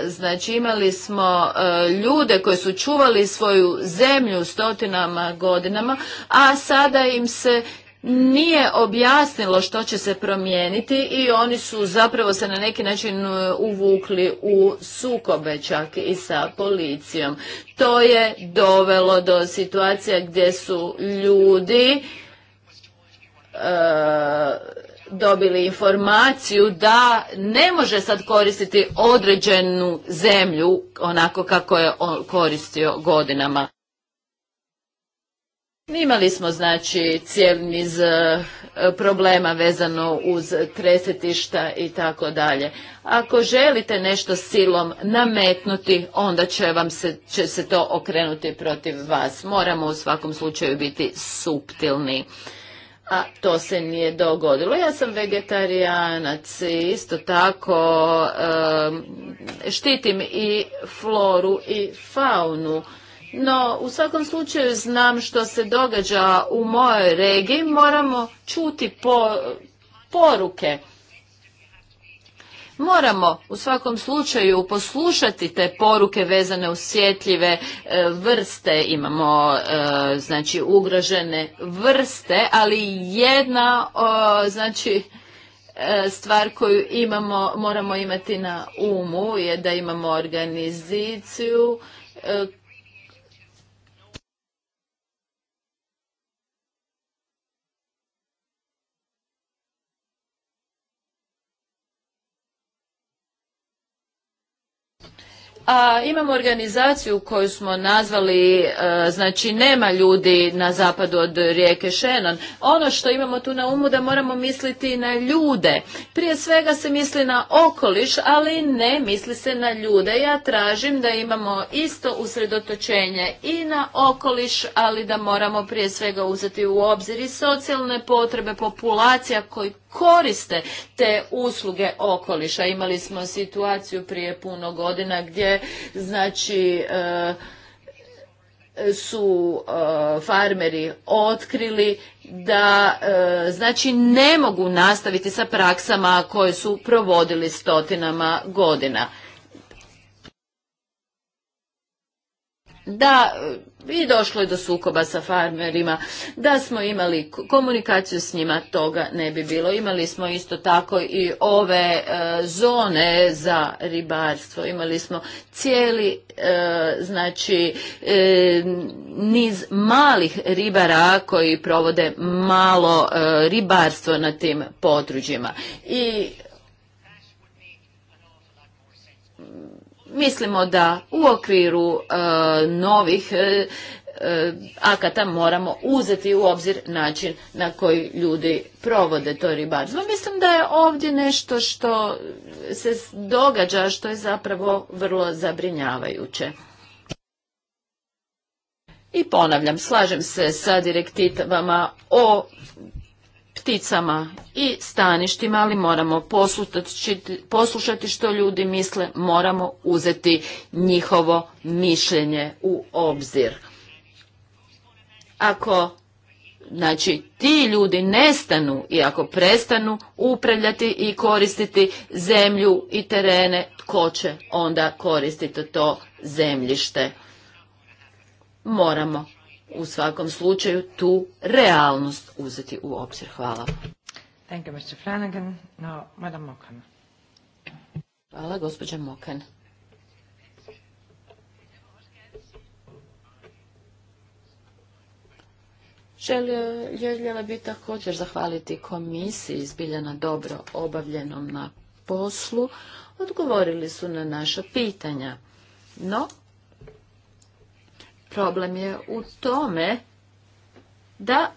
znači imali smo e, ljude koji su čuvali svoju zemlju stotinama godinama, a sada im se nije objasnilo što će se promijeniti i oni su zapravo se na neki način e, uvukli u sukobe čak i sa policijom. To je dovelo do situacija gdje su ljudi dobili informaciju da ne može sad koristiti određenu zemlju onako kako je koristio godinama. Imali smo znači cijeli niz e, problema vezano uz tresetišta i tako dalje. Ako želite nešto silom nametnuti, onda će vam se, će se to okrenuti protiv vas. Moramo u svakom slučaju biti suptilni a to se nije dogodilo. Ja sam vegetarijanac i isto tako štitim i floru i faunu. No, u svakom slučaju znam što se događa u mojoj regiji, moramo čuti poruke Moramo u svakom slučaju poslušati te poruke vezane u sjetljive e, vrste, imamo e, znači ugrožene vrste, ali jedna znači e, stvar koju imamo, moramo imati na umu je da imamo organizaciju a imamo organizaciju koju smo nazvali, e, znači nema ljudi na zapadu od rijeke Šenon. Ono što imamo tu na umu da moramo misliti na ljude. Prije svega se misli na okoliš, ali ne misli se na ljude. Ja tražim da imamo isto usredotočenje i na okoliš, ali da moramo prije svega uzeti u obzir i socijalne potrebe populacija koji koriste te usluge okoliša. Imali smo situaciju prije puno godina gdje znači e, su e, farmeri otkrili da e, znači ne mogu nastaviti sa praksama koje su provodili stotinama godina. Da i došlo je do sukoba sa farmerima. Da smo imali komunikaciju s njima, toga ne bi bilo. Imali smo isto tako i ove e, zone za ribarstvo. Imali smo cijeli e, znači e, niz malih ribara koji provode malo ribarstvo na tim područjima. I mislimo da u okviru e, novih e, e, akata moramo uzeti u obzir način na koji ljudi provode to ribarstvo. Mislim da je ovdje nešto što se događa, što je zapravo vrlo zabrinjavajuće. I ponavljam, slažem se sa direktivama o pticama i staništima, ali moramo poslušati, što ljudi misle, moramo uzeti njihovo mišljenje u obzir. Ako Znači, ti ljudi nestanu i ako prestanu upravljati i koristiti zemlju i terene, tko će onda koristiti to zemljište? Moramo u svakom slučaju tu realnost uzeti u obzir. Hvala. Thank you, Mr. Flanagan. Madam Mokan. Hvala, gospođa Mokan. Željela bi također zahvaliti komisiji zbilja na dobro obavljenom na poslu. Odgovorili su na naša pitanja. No, Problem je u tome da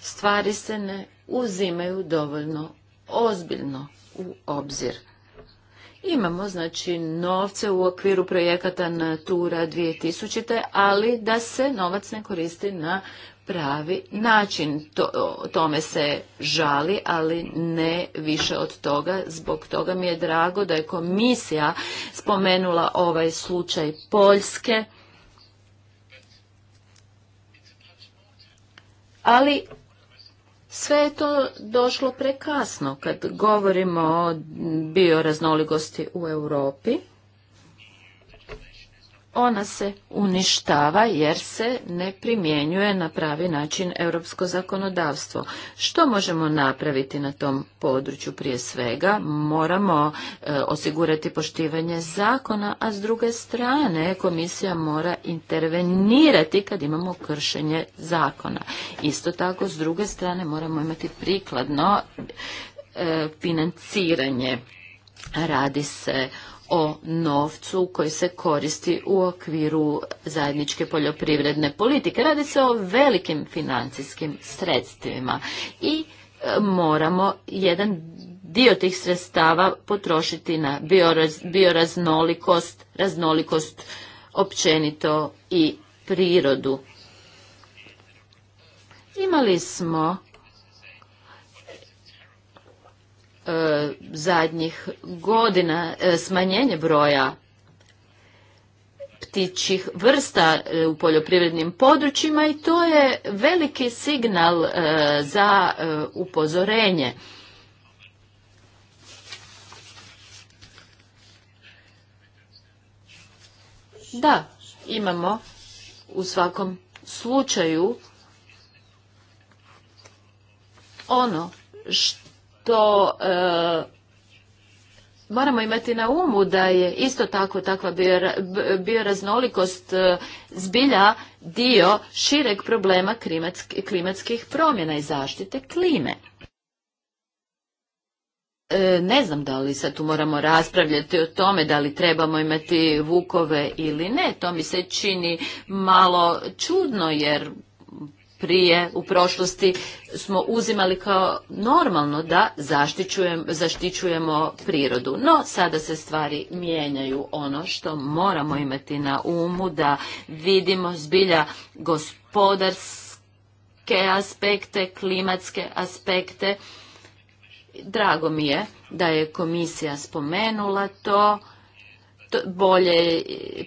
stvari se ne uzimaju dovoljno ozbiljno u obzir. Imamo znači novce u okviru projekata Natura 2000, ali da se novac ne koristi na pravi način. To, tome se žali, ali ne više od toga. Zbog toga mi je drago da je komisija spomenula ovaj slučaj Poljske. ali sve je to došlo prekasno kad govorimo o bioraznolikosti u Europi ona se uništava jer se ne primjenjuje na pravi način europsko zakonodavstvo. Što možemo napraviti na tom području prije svega? Moramo e, osigurati poštivanje zakona, a s druge strane komisija mora intervenirati kad imamo kršenje zakona. Isto tako s druge strane moramo imati prikladno e, financiranje. Radi se o novcu koji se koristi u okviru zajedničke poljoprivredne politike. Radi se o velikim financijskim sredstvima i e, moramo jedan dio tih sredstava potrošiti na bioraznolikost, raznolikost općenito i prirodu. Imali smo E, zadnjih godina e, smanjenje broja ptičih vrsta e, u poljoprivrednim područjima i to je veliki signal za upozorenje. Da, imamo u svakom slučaju ono što to e, moramo imati na umu da je isto tako takva bioraznolikost e, zbilja dio šireg problema klimatskih promjena i zaštite klime. E, ne znam da li sad tu moramo raspravljati o tome da li trebamo imati vukove ili ne. To mi se čini malo čudno jer prije u prošlosti smo uzimali kao normalno da zaštićujemo prirodu. No, sada se stvari mijenjaju. Ono što moramo imati na umu da vidimo zbilja gospodarske aspekte, klimatske aspekte. Drago mi je da je komisija spomenula to bolje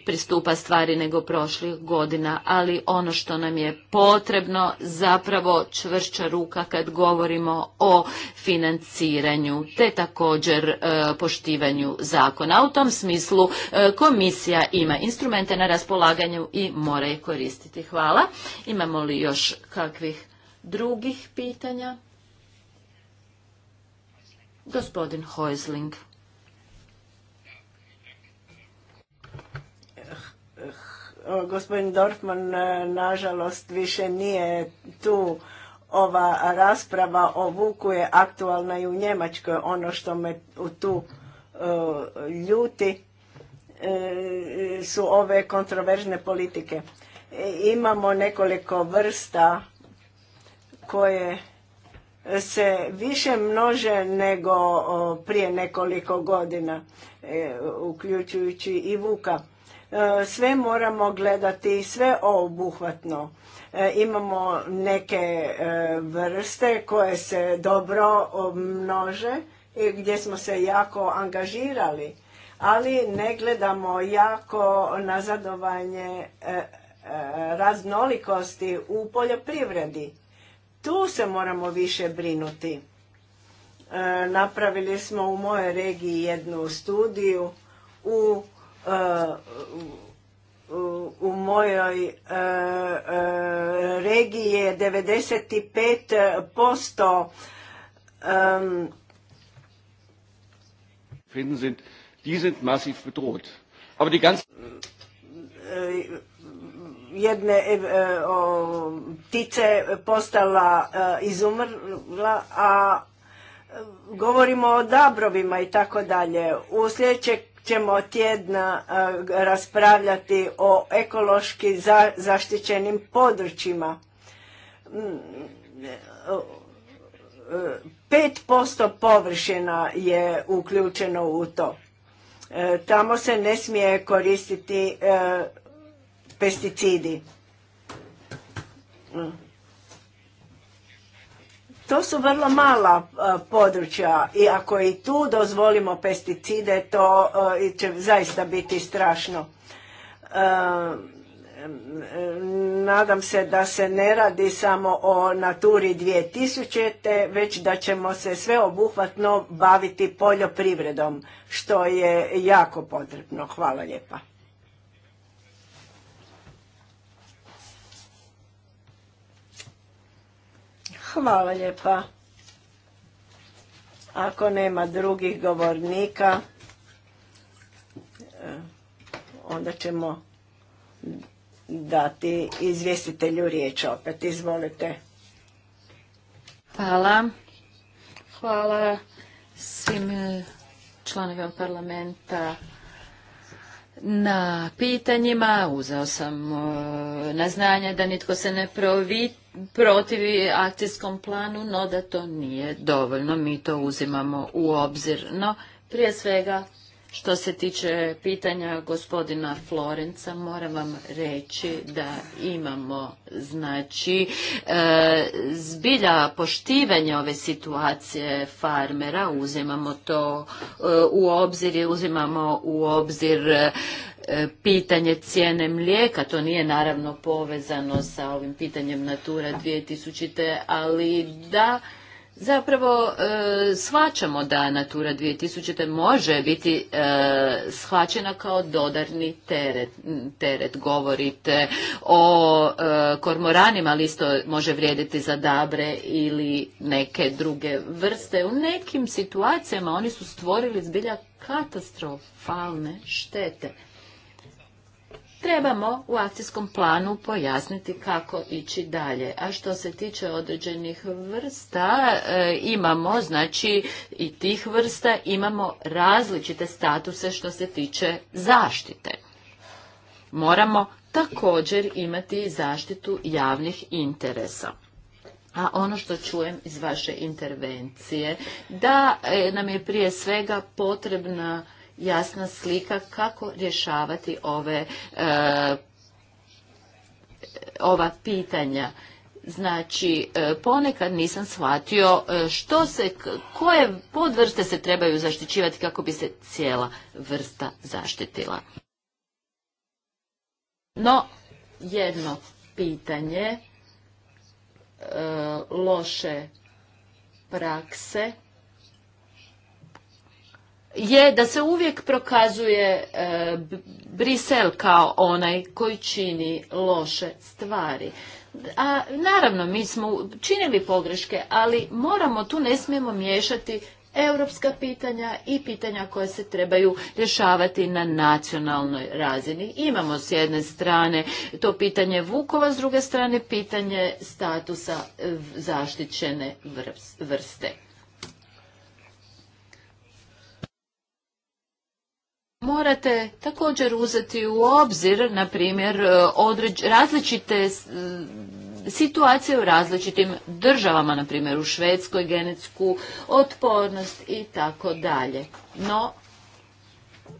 pristupa stvari nego prošlih godina, ali ono što nam je potrebno zapravo čvršća ruka kad govorimo o financiranju te također e, poštivanju zakona. U tom smislu e, komisija ima instrumente na raspolaganju i mora je koristiti. Hvala. Imamo li još kakvih drugih pitanja? Gospodin Hojzling. Gospodin Dorfman e, nažalost više nije tu. Ova rasprava o Vuku je aktualna i u Njemačkoj. Ono što me tu e, ljuti e, su ove kontroverzne politike. Imamo nekoliko vrsta koje se više množe nego prije nekoliko godina, uključujući i Vuka. E, sve moramo gledati sve obuhvatno. E, imamo neke e, vrste koje se dobro množe i gdje smo se jako angažirali, ali ne gledamo jako nazadovanje raznolikosti u poljoprivredi. Tu se moramo više brinuti. Napravili smo u mojoj regiji jednu studiju u u, mojoj e, e, regiji je 95% finden sind, die sind massiv bedroht. Aber die ganze e, jedne o, ptice postala izumrla, a govorimo o dabrovima i tako dalje. U sljedećeg ćemo tjedna e, raspravljati o ekološki zaštićenim područjima. 5% mm, e, e, površina je uključeno u to. Tamo se ne smije koristiti pesticidi. Mm. To su vrlo mala e, područja i ako i tu dozvolimo pesticide, to e, će zaista biti strašno. E, nadam se da se ne radi samo o Naturi 2000, već da ćemo se sveobuhvatno baviti poljoprivredom, što je jako potrebno. Hvala lijepa. Hvala lijepa. Ako nema drugih govornika, e, onda ćemo dati izvjestitelju riječ opet. Izvolite. Hvala. Hvala svim članovima parlamenta na pitanjima, uzeo sam e, na znanje da nitko se ne protivi akcijskom planu, no da to nije dovoljno, mi to uzimamo u obzir. No, prije svega što se tiče pitanja gospodina Florenca, moram vam reći da imamo znači e, zbilja poštivanje ove situacije farmera, uzimamo to e, u obzir i uzimamo u obzir e, pitanje cijene mlijeka, to nije naravno povezano sa ovim pitanjem Natura 2000, ali da zapravo e, shvaćamo da Natura 2000 može biti e, shvaćena kao dodarni teret. teret. Govorite o e, kormoranima, ali isto može vrijediti za dabre ili neke druge vrste. U nekim situacijama oni su stvorili zbilja katastrofalne štete trebamo u akcijskom planu pojasniti kako ići dalje. A što se tiče određenih vrsta, e, imamo, znači i tih vrsta, imamo različite statuse što se tiče zaštite. Moramo također imati zaštitu javnih interesa. A ono što čujem iz vaše intervencije, da e, nam je prije svega potrebna jasna slika kako rješavati ove e, ova pitanja znači e, ponekad nisam shvatio e, što se koje podvrste se trebaju zaštićivati kako bi se cijela vrsta zaštitila no jedno pitanje loše prakse je da se uvijek prokazuje e, Brisel kao onaj koji čini loše stvari. A naravno mi smo činili pogreške, ali moramo tu ne smijemo miješati europska pitanja i pitanja koje se trebaju rješavati na nacionalnoj razini. Imamo s jedne strane to pitanje Vukova, s druge strane pitanje statusa zaštićene vrste. morate također uzeti u obzir, na primjer, e, različite e, situacije u različitim državama, na primjer u Švedskoj, genetsku otpornost i tako dalje. No,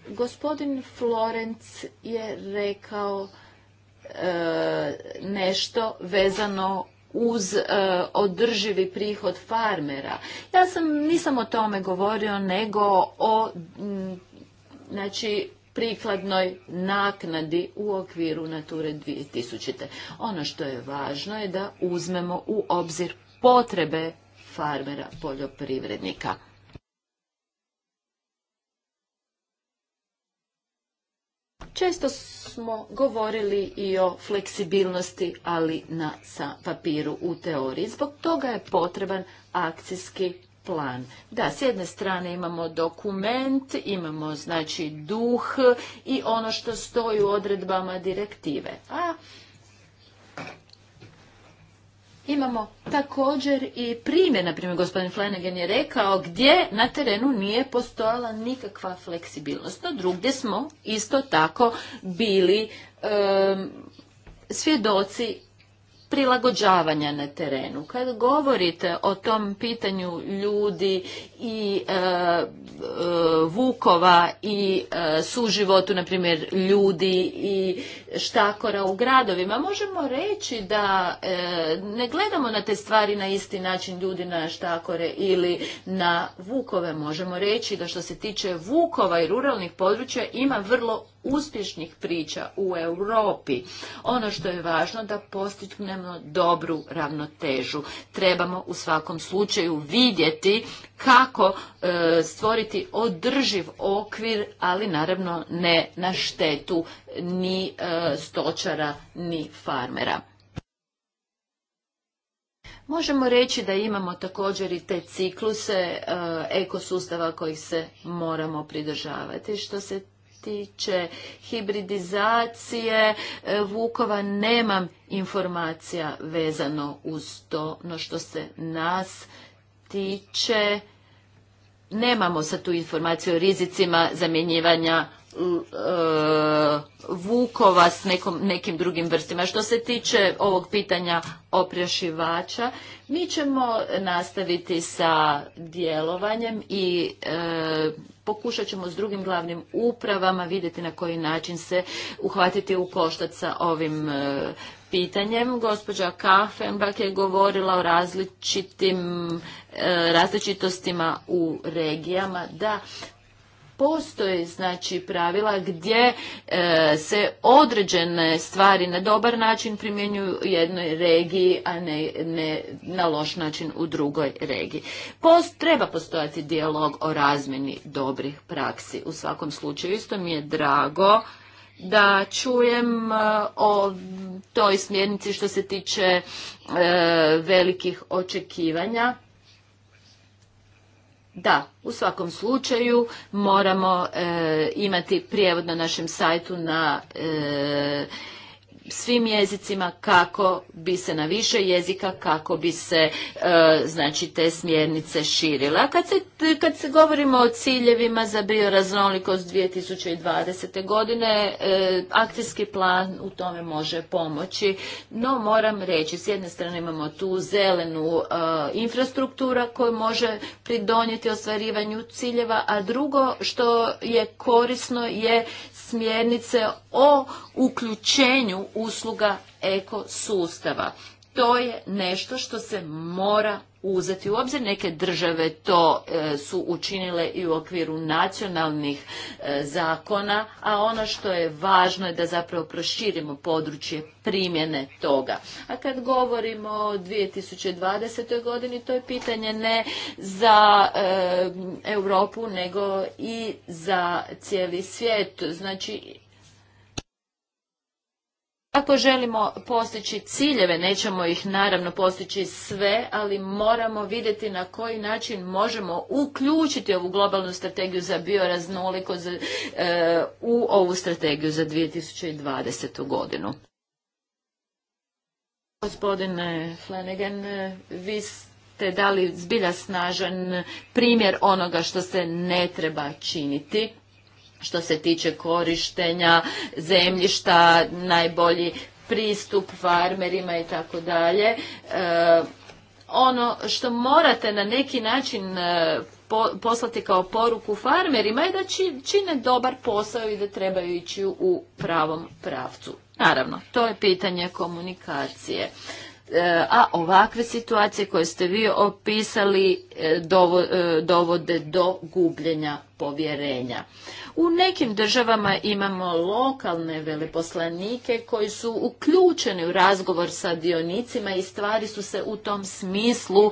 gospodin Florenc je rekao e, nešto vezano uz održivi prihod farmera. Ja sam nisam o tome govorio nego o znači prikladnoj naknadi u okviru Nature 2000. Ono što je važno je da uzmemo u obzir potrebe farmera poljoprivrednika. Često smo govorili i o fleksibilnosti, ali na papiru u teoriji. Zbog toga je potreban akcijski plan. Da, s jedne strane imamo dokument, imamo znači duh i ono što stoji u odredbama direktive. A imamo također i primjer, na primjer gospodin Flanagan je rekao, gdje na terenu nije postojala nikakva fleksibilnost. No drugdje smo isto tako bili svjedoci prilagođavanja na terenu. Kad govorite o tom pitanju ljudi i e, e, vukova i e, suživotu, na primjer ljudi i štakora u gradovima, možemo reći da ne gledamo na te stvari na isti način ljudi na štakore ili na vukove. Možemo reći da što se tiče vukova i ruralnih područja ima vrlo uspješnih priča u Europi. Ono što je važno da postignemo dobru ravnotežu. Trebamo u svakom slučaju vidjeti kako e, stvoriti održiv okvir, ali naravno ne na štetu ni e, stočara ni farmera. Možemo reći da imamo također i te cikluse e, ekosustava kojih se moramo pridržavati. Što se tiče hibridizacije e, Vukova nemam informacija vezano uz to, no što se nas tiče nemamo sad tu informaciju o rizicima zamjenjivanja E, vukova s nekom, nekim drugim vrstima. Što se tiče ovog pitanja oprašivača, mi ćemo nastaviti sa djelovanjem i e, pokušat ćemo s drugim glavnim upravama vidjeti na koji način se uhvatiti u koštac sa ovim e, pitanjem. Gospođa Kafenbak je govorila o različitim e, različitostima u regijama. Da, postoje znači pravila gdje e, se određene stvari na dobar način primjenjuju u jednoj regiji, a ne, ne na loš način u drugoj regiji. Post, treba postojati dijalog o razmjeni dobrih praksi. U svakom slučaju isto mi je drago da čujem e, o toj smjernici što se tiče e, velikih očekivanja da, u svakom slučaju moramo e, imati prijevod na našem sajtu na e, svim jezicima kako bi se na više jezika kako bi se e, znači te smjernice širile. A kad se, kad se govorimo o ciljevima za bioraznolikost 2020. godine e, akcijski plan u tome može pomoći. No moram reći s jedne strane imamo tu zelenu e, infrastruktura koja može pridonijeti ostvarivanju ciljeva, a drugo što je korisno je smjernice o uključenju usluga eko sustava to je nešto što se mora uzeti u obzir. Neke države to e, su učinile i u okviru nacionalnih e, zakona, a ono što je važno je da zapravo proširimo područje primjene toga. A kad govorimo o 2020. godini, to je pitanje ne za e, Europu, nego i za cijeli svijet. Znači, ako želimo postići ciljeve, nećemo ih naravno postići sve, ali moramo vidjeti na koji način možemo uključiti ovu globalnu strategiju za bioraznolikost e, u ovu strategiju za 2020. godinu. Gospodine Flanagan, vi ste dali zbilja snažan primjer onoga što se ne treba činiti što se tiče korištenja zemljišta, najbolji pristup farmerima i tako dalje. E, ono što morate na neki način e, poslati kao poruku farmerima je da čine dobar posao i da trebaju ići u pravom pravcu. Naravno, to je pitanje komunikacije. E, a ovakve situacije koje ste vi opisali dovode do gubljenja povjerenja. U nekim državama imamo lokalne veleposlanike koji su uključeni u razgovor sa dionicima i stvari su se u tom smislu e,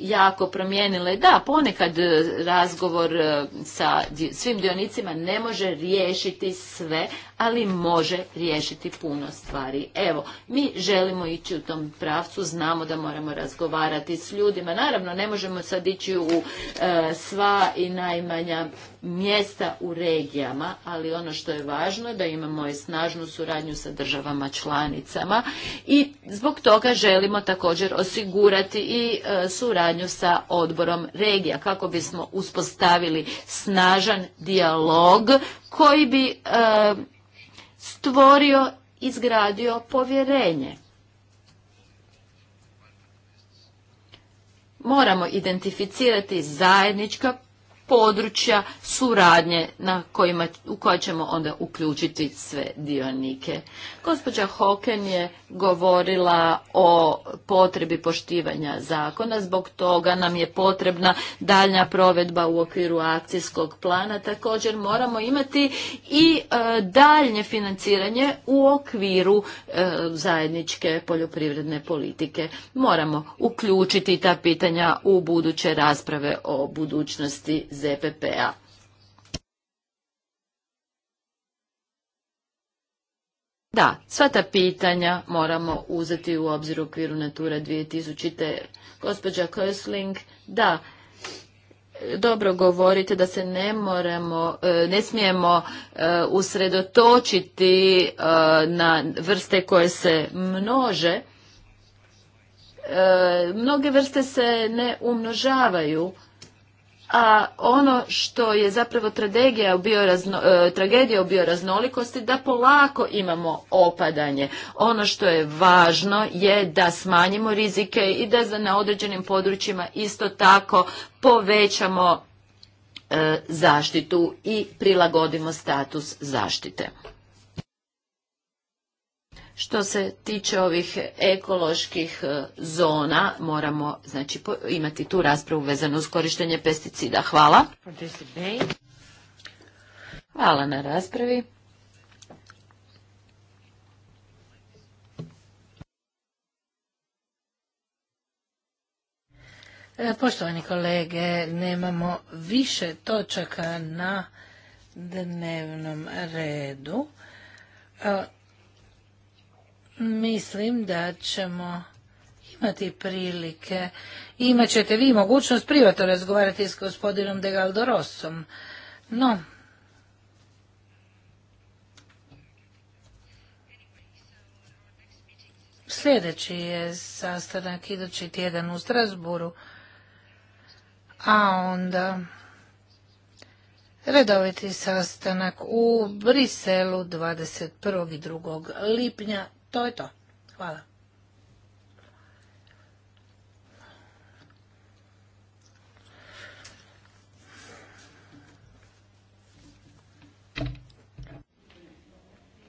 jako promijenile. Da, ponekad e, razgovor e, sa svim dionicima ne može riješiti sve, ali može riješiti puno stvari. Evo, mi želimo ići u tom pravcu, znamo da moramo razgovarati s ljudima. Naravno, ne možemo sad ići u e, sva i najmanja mjesta u regijama, ali ono što je važno je da imamo i snažnu suradnju sa državama članicama i zbog toga želimo također osigurati i e, suradnju sa odborom regija kako bismo uspostavili snažan dijalog koji bi e, stvorio, izgradio povjerenje. Moramo identificirati zajednička područja suradnje na kojima, u koja ćemo onda uključiti sve dionike. Gospođa Hoken je govorila o potrebi poštivanja zakona, zbog toga nam je potrebna daljnja provedba u okviru akcijskog plana. Također moramo imati i e, daljnje financiranje u okviru e, zajedničke poljoprivredne politike. Moramo uključiti ta pitanja u buduće rasprave o budućnosti ZPP-a. Da, sva ta pitanja moramo uzeti u obzir u okviru Natura 2000. Gospodža gospođa Kösling, da, dobro govorite da se ne moramo, e, ne smijemo e, usredotočiti e, na vrste koje se množe. Mnoge vrste se ne umnožavaju, a ono što je zapravo tragedija u, biorazno, e, tragedija u bioraznolikosti da polako imamo opadanje. Ono što je važno je da smanjimo rizike i da za, na određenim područjima isto tako povećamo e, zaštitu i prilagodimo status zaštite. Što se tiče ovih ekoloških e, zona, moramo znači, imati tu raspravu vezanu uz korištenje pesticida. Hvala. Hvala na raspravi. E, poštovani kolege, nemamo više točaka na dnevnom redu. E, mislim da ćemo imati prilike. Imat ćete vi mogućnost privatno razgovarati s gospodinom De Galdorosom. No, Sljedeći je sastanak idući tjedan u Strasburu, a onda redoviti sastanak u Briselu 21. i 2. lipnja to je to. Hvala.